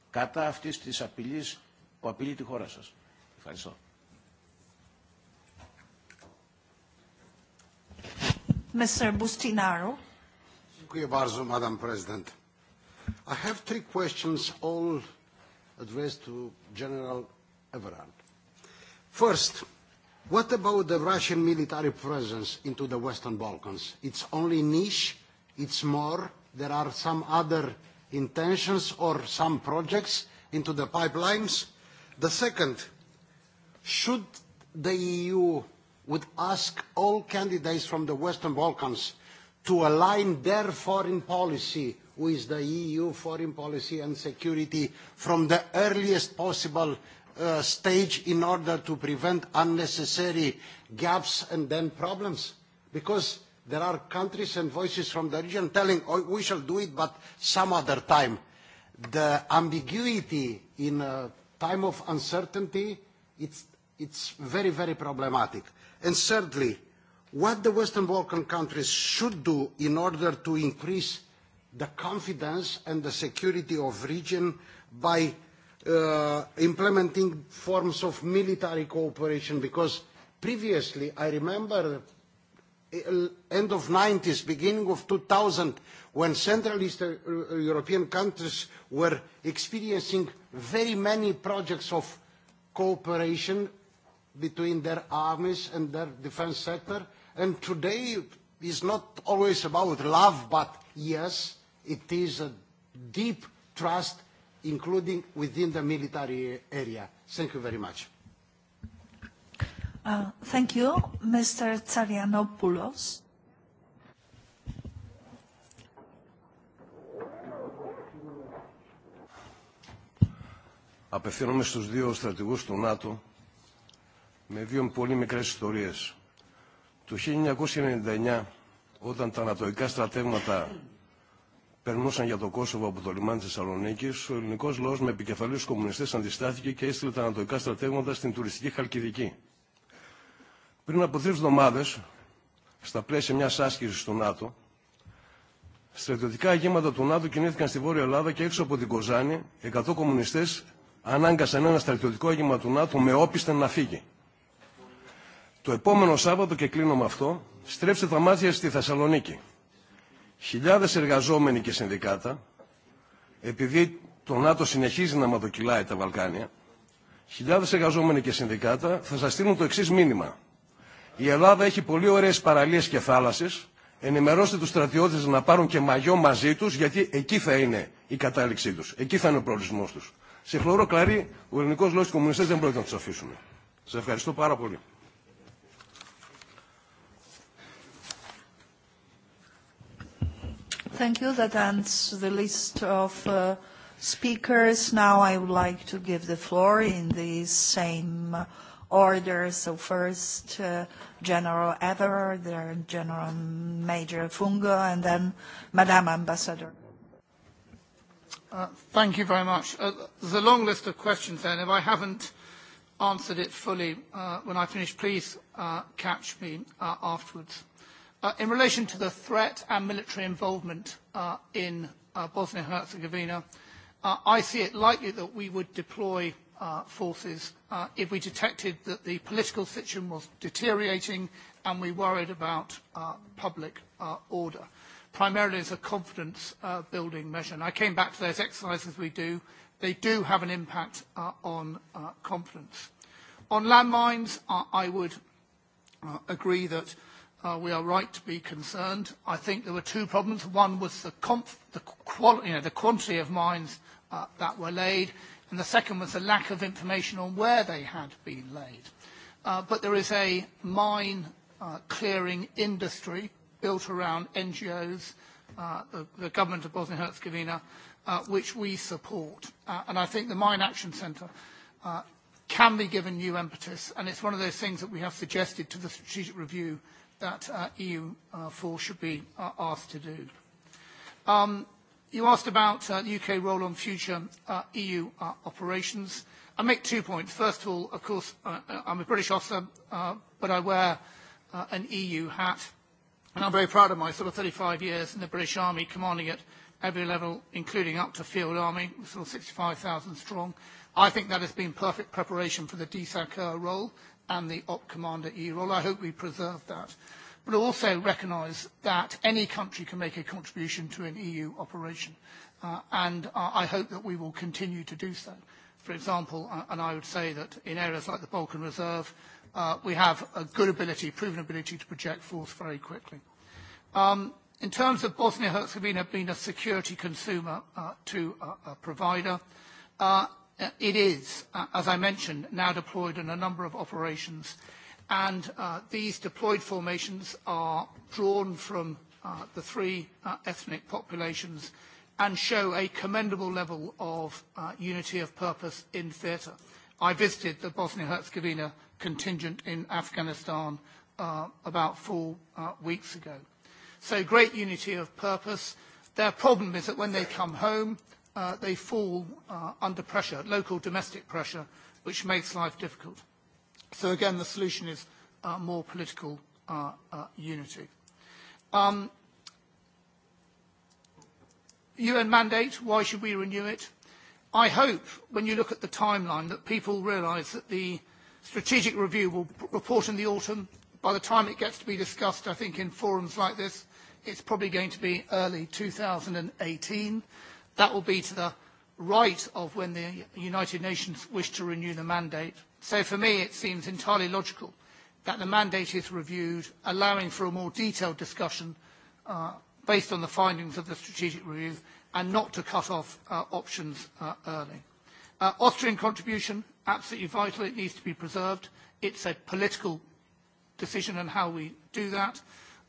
κατά αυτής της απειλής που απειλεί τη χώρα σας. Ευχαριστώ. Mr. Bustinaro. Madam President. I have three questions, all addressed to General Everard. First, what about the Russian military presence into the Western Balkans? It's only niche, it's more, there are some other intentions or some projects into the pipelines. The second, should the EU would ask all candidates from the Western Balkans to align their foreign policy with the EU foreign policy and security from the earliest possible uh, stage in order to prevent unnecessary gaps and then problems? Because there are countries and voices from the region telling, oh, we shall do it, but some other time. The ambiguity in a time of uncertainty, it's, it's very, very problematic. And thirdly, what the Western Balkan countries should do in order to increase the confidence and the security of region by uh, implementing forms of military cooperation because previously I remember uh, end of 90s, beginning of 2000, when Central Eastern uh, European countries were experiencing very many projects of cooperation between their armies and their defense sector. And today is not always about love, but yes, it is a deep trust, including within the military area. Thank you very much. Uh, thank you. Mr. Tsarianopoulos. Απευθύνομαι στους δύο στρατηγούς του ΝΑΤΟ με δύο πολύ μικρές ιστορίες. Το 1999, όταν τα ανατολικά στρατεύματα περνούσαν για το Κόσοβο από το λιμάνι της Θεσσαλονίκης, ο ελληνικός λαός με επικεφαλής κομμουνιστές αντιστάθηκε και έστειλε τα ανατολικά στρατεύματα στην τουριστική Χαλκιδική. Πριν από τρεις εβδομάδες, στα πλαίσια μιας άσκησης του ΝΑΤΟ, στρατιωτικά αγήματα του ΝΑΤΟ κινήθηκαν στη Βόρεια Ελλάδα και έξω από την Κοζάνη, 100 κομμουνιστές ανάγκασαν ένα στρατιωτικό αγήμα του ΝΑΤΟ με όπισθεν να φύγει. Το επόμενο Σάββατο, και κλείνω με αυτό, στρέψτε τα μάτια στη Θεσσαλονίκη. Χιλιάδες εργαζόμενοι και συνδικάτα, επειδή το ΝΑΤΟ συνεχίζει να μαδοκυλάει τα Βαλκάνια, χιλιάδες εργαζόμενοι και συνδικάτα θα σας στείλουν το εξής μήνυμα. Η Ελλάδα έχει πολύ ωραίες παραλίες και θάλασσες, ενημερώστε τους στρατιώτες να πάρουν και μαγιό μαζί τους, γιατί εκεί θα είναι η κατάληξή τους, εκεί θα είναι ο προορισμός τους. Σε χλωρό κλαρί, ο ελληνικός λόγος κομμουνιστές δεν πρόκειται να τους αφήσουμε. Σας ευχαριστώ πάρα πολύ. thank you. That ends the list of uh, speakers. Now I would like to give the floor in the same order. So first, uh, General Everard, then General Major Fungo, and then Madam Ambassador. Uh, thank you very much. Uh, there's a long list of questions and If I haven't answered it fully uh, when I finish, please uh, catch me uh, afterwards. Uh, in relation to the threat and military involvement uh, in uh, Bosnia Herzegovina, uh, I see it likely that we would deploy uh, forces uh, if we detected that the political situation was deteriorating and we worried about uh, public uh, order, primarily as a confidence uh, building measure. And I came back to those exercises we do. They do have an impact uh, on uh, confidence. On landmines, uh, I would uh, agree that Uh, we are right to be concerned. I think there were two problems. One was the, comf- the, qual- you know, the quantity of mines uh, that were laid, and the second was the lack of information on where they had been laid. Uh, but there is a mine uh, clearing industry built around NGOs, uh, the, the government of Bosnia-Herzegovina, uh, which we support. Uh, and I think the Mine Action Centre uh, can be given new impetus, and it's one of those things that we have suggested to the strategic review that uh, EU4 uh, should be uh, asked to do. Um, you asked about uh, the UK role on future uh, EU uh, operations. I make two points. First of all, of course, uh, uh I'm a British officer, uh, but I wear uh, an EU hat, and I'm very proud of my sort of 35 years in the British Army, commanding at every level, including up to Field Army, sort of 65,000 strong. I think that has been perfect preparation for the DSACR role, and the op commander E role. I hope we preserve that. But also recognise that any country can make a contribution to an EU operation. Uh, and uh, I hope that we will continue to do so. For example, uh, and I would say that in areas like the Balkan Reserve, uh, we have a good ability, proven ability to project force very quickly. Um, in terms of Bosnia-Herzegovina being a security consumer uh, to a, a provider, uh, Uh, it is, uh, as I mentioned, now deployed in a number of operations, and uh, these deployed formations are drawn from uh, the three uh, ethnic populations and show a commendable level of uh, unity of purpose in theatre. I visited the Bosnia-Herzegovina contingent in Afghanistan about four weeks ago. So great unity of purpose. Their problem is that when they come home, Uh, they fall uh, under pressure, local domestic pressure, which makes life difficult. So again, the solution is uh, more political uh, uh, unity. Um, UN mandate, why should we renew it? I hope, when you look at the timeline, that people realise that the strategic review will report in the autumn. By the time it gets to be discussed, I think, in forums like this, it's probably going to be early 2018. That will be to the right of when the United Nations wish to renew the mandate. So for me, it seems entirely logical that the mandate is reviewed, allowing for a more detailed discussion uh, based on the findings of the strategic review and not to cut off uh, options uh, early. Uh, Austrian contribution, absolutely vital. It needs to be preserved. It's a political decision on how we do that.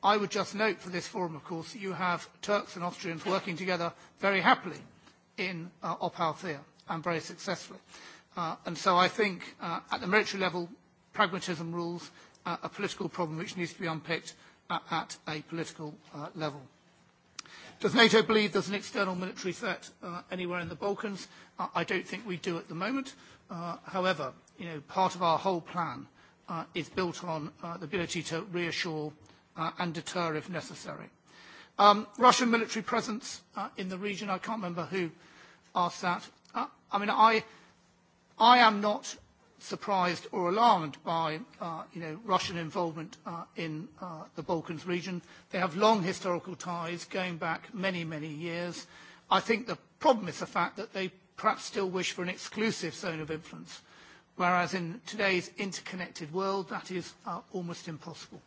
I would just note for this forum, of course, that you have Turks and Austrians working together very happily in uh, Opalthea and very successfully. Uh, and so I think uh, at the military level, pragmatism rules uh, a political problem which needs to be unpicked uh, at a political uh, level. Does NATO believe there's an external military threat uh, anywhere in the Balkans? Uh, I don't think we do at the moment. Uh, however, you know, part of our whole plan uh, is built on uh, the ability to reassure uh, uh, and deter if necessary. Um, Russian military presence uh, in the region, I can't remember who asked that. Uh, I mean, I, I am not surprised or alarmed by uh, you know, Russian involvement uh, in uh, the Balkans region. They have long historical ties going back many, many years. I think the problem is the fact that they perhaps still wish for an exclusive zone of influence, whereas in today's interconnected world, that is uh, almost impossible.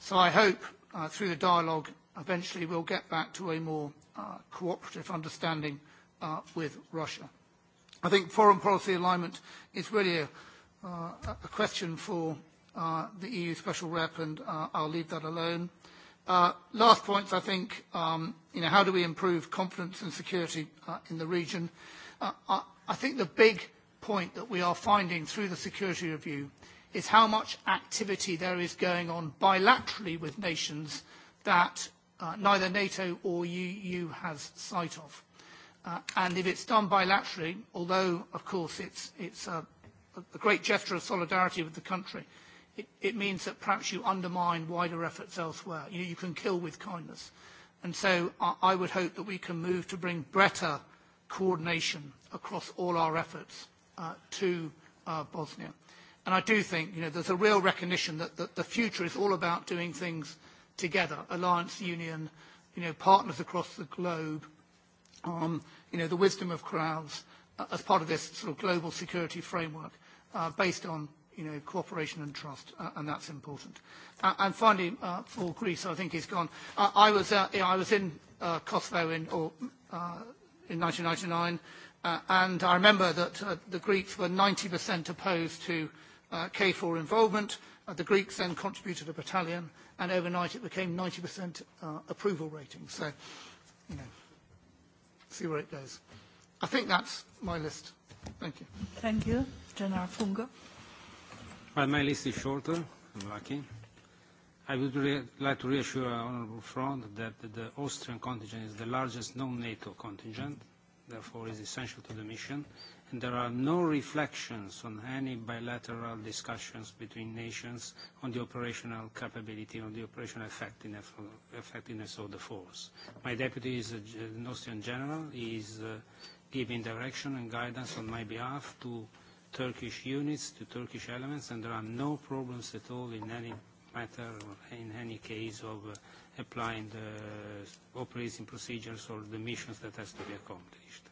So I hope uh, through the dialogue eventually we'll get back to a more uh, cooperative understanding uh, with Russia. I think foreign policy alignment is really a, uh, a question for uh, the EU Special Rep, and uh, I'll leave that alone. Uh, last point, I think, um, you know, how do we improve confidence and security uh, in the region? Uh, I, I think the big point that we are finding through the security review is how much activity there is going on bilaterally with nations that uh, neither NATO or EU has sight of. Uh, and if it's done bilaterally, although, of course, it's, it's a, a great gesture of solidarity with the country, it, it means that perhaps you undermine wider efforts elsewhere. You, you can kill with kindness. And so I, I would hope that we can move to bring better coordination across all our efforts uh, to uh, Bosnia. And I do think you know, there's a real recognition that, that the future is all about doing things together, alliance, union, you know, partners across the globe, um, you know, the wisdom of crowds uh, as part of this sort of global security framework uh, based on you know, cooperation and trust, uh, and that's important. Uh, and finally, uh, for Greece, I think he's gone. Uh, I, was, uh, you know, I was in uh, Kosovo in, or, uh, in 1999, uh, and I remember that uh, the Greeks were 90% opposed to uh, K4 involvement. Uh, the Greeks then contributed a battalion, and overnight it became 90% uh, approval rating. So, you know, see where it goes. I think that's my list. Thank you. Thank you. General Funga. Well, my list is shorter. I'm lucky. I would re like to reassure Honourable Front that the Austrian contingent is the largest non-NATO contingent, therefore is essential to the mission and there are no reflections on any bilateral discussions between nations on the operational capability, on the operational effectiveness, of the force. My deputy is a Austrian general. He is uh, giving direction and guidance on my behalf to Turkish units, to Turkish elements, and there are no problems at all in any matter or in any case of uh, applying the operating procedures or the missions that has to be accomplished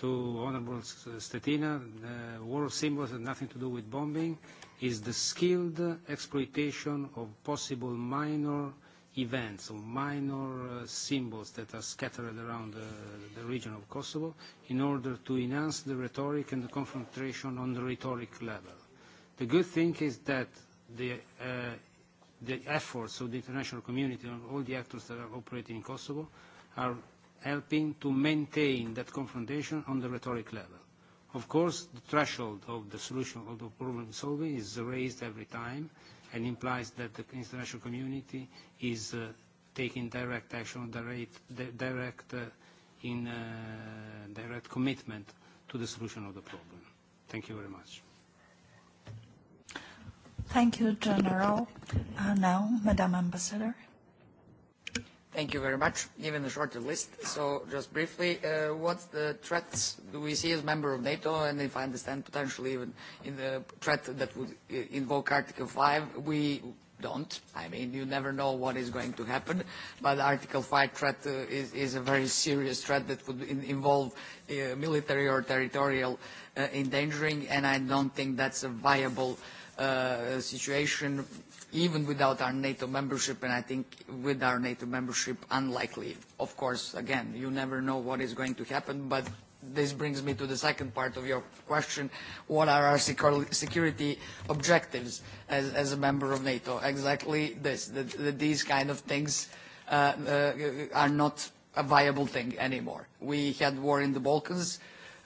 to Honorable Stetina, the war of symbols had nothing to do with bombing, is the skilled exploitation of possible minor events or minor uh, symbols that are scattered around uh, the region of Kosovo in order to enhance the rhetoric and the confrontation on the rhetoric level. The good thing is that the, uh, the efforts of the international community and all the actors that are operating in Kosovo are helping to maintain that confrontation on the rhetoric level. Of course, the threshold of the solution of the problem solving is raised every time and implies that the international community is uh, taking direct action, direct, direct, uh, in, uh, direct commitment to the solution of the problem. Thank you very much. Thank you, General. Uh, now, Madam Ambassador. Thank you very much. Given the shorter list, so just briefly, uh, what the threats do we see as member of NATO, and if I understand, potentially even in the threat that would uh, invoke Article 5, we don't. I mean, you never know what is going to happen, but Article 5 threat uh, is, is a very serious threat that would in, involve uh, military or territorial uh, endangering, and I don't think that's a viable uh, situation even without our NATO membership, and I think with our NATO membership, unlikely. Of course, again, you never know what is going to happen, but this brings me to the second part of your question. What are our security objectives as, as a member of NATO? Exactly this, that, that these kind of things uh, uh, are not a viable thing anymore. We had war in the Balkans.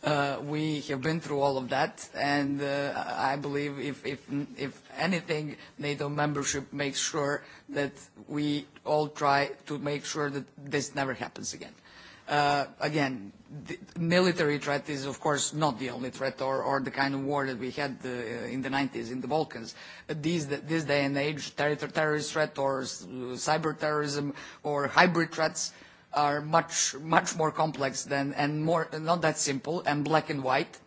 Uh, we have been through all of that, and uh, I believe if, if, if anything, NATO membership makes sure that we all try to make sure that this never happens again. Uh, again, the military threat is, of course, not the only threat or, or the kind of war that we had uh, in the 90s in the Balkans. These, this day and age, ter ter terrorist threat or cyber terrorism or hybrid threats are much, much more complex than, and more, not that simple and black and white.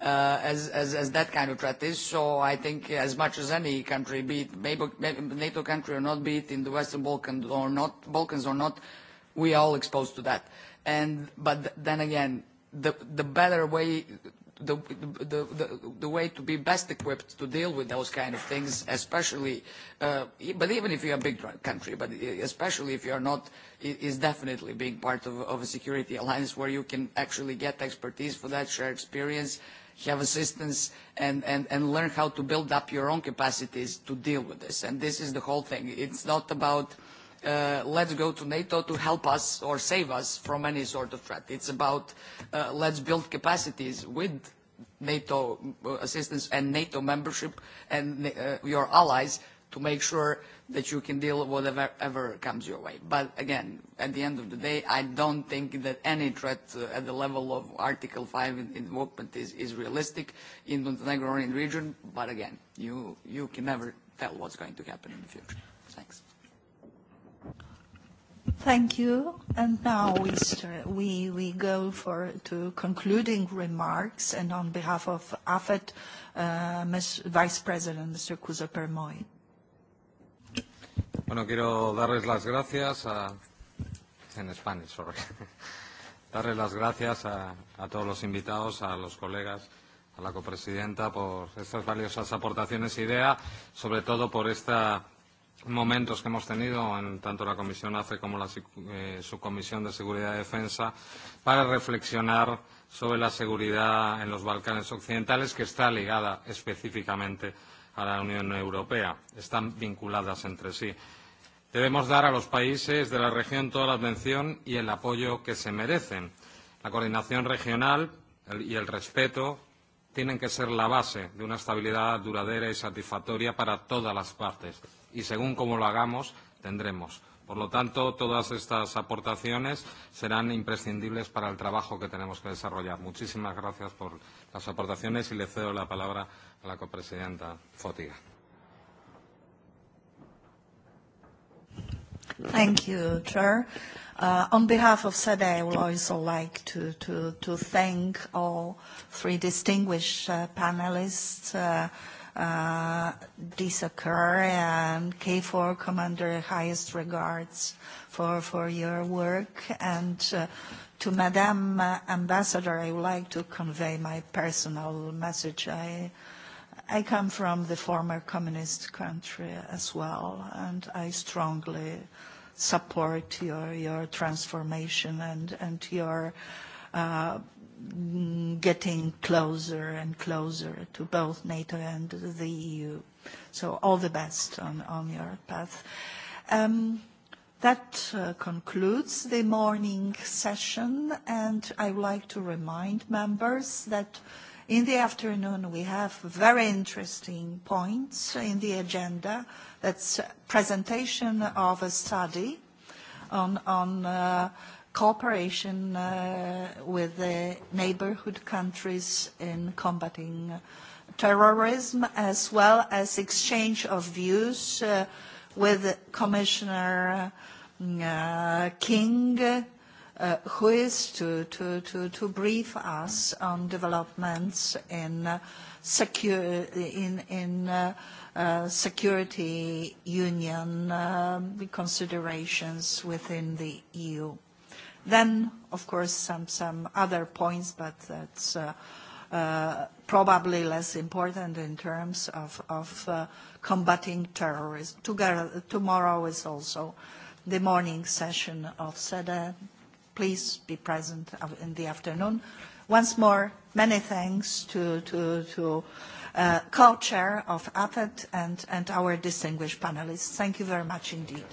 Uh, as, as, as that kind of threat is. So I think as much as any country, be it maybe, maybe NATO country or not, be it in the Western Balkans or not, Balkans or not, we are all exposed to that. Uh, and but then again, the the better way. The, the, the, the way to be best equipped to deal with those kind of things, especially, uh, but even if you're a big country, but especially if you're not, is definitely being part of, of a security alliance where you can actually get expertise for that, share experience, have assistance and, and, and learn how to build up your own capacities to deal with this. And this is the whole thing. It's not about uh, let's go to NATO to help us or save us from any sort of threat. It's about uh, let's build capacities with NATO uh, assistance and NATO membership and uh, your allies to make sure that you can deal with whatever ever comes your way. But again, at the end of the day, I don't think that any threat uh, at the level of Article 5 involvement is, is realistic in Montenegro or in the region. But again, you, you can never tell what's going to happen in the future. Thanks. Thank you. And now we, we, we go for to concluding remarks, and on behalf of AFET, uh, Ms. Vice President, Mr. Couso Permoy. Bueno, quiero darles las gracias a, en español, sorry. Darles las gracias a, a todos los invitados, a los colegas, a la copresidenta por estas valiosas aportaciones e ideas, sobre todo por esta momentos que hemos tenido en tanto la Comisión AFE como la eh, Subcomisión de Seguridad y Defensa para reflexionar sobre la seguridad en los Balcanes Occidentales, que está ligada específicamente a la Unión Europea. Están vinculadas entre sí. Debemos dar a los países de la región toda la atención y el apoyo que se merecen. La coordinación regional y el respeto tienen que ser la base de una estabilidad duradera y satisfactoria para todas las partes y según cómo lo hagamos, tendremos. Por lo tanto, todas estas aportaciones serán imprescindibles para el trabajo que tenemos que desarrollar. Muchísimas gracias por las aportaciones y le cedo la palabra a la copresidenta Fotiga. Thank you, Chair. Uh, on behalf of SEDE, I would also like to, to, to thank all three distinguished uh, panelists uh, this uh, occur. And K4 Commander, highest regards for, for your work. And uh, to Madame Ambassador, I would like to convey my personal message. I, I come from the former communist country as well, and I strongly support your, your transformation and, and your uh, getting closer and closer to both NATO and the EU. So all the best on, on your path. Um, that uh, concludes the morning session, and I would like to remind members that in the afternoon we have very interesting points in the agenda. That's presentation of a study on, on uh, cooperation uh, with the neighborhood countries in combating uh, terrorism, as well as exchange of views uh, with Commissioner uh, King, uh, who is to, to, to, to brief us on developments in, uh, secure, in, in uh, Uh, security union uh, considerations within the EU. Then, of course, some, some other points, but that's uh, uh, probably less important in terms of, of uh, combating terrorism. Together, tomorrow is also the morning session of SEDA. Please be present in the afternoon. Once more, many thanks to, to, to uh, co-chair of APET and, and our distinguished panelists. Thank you very much indeed.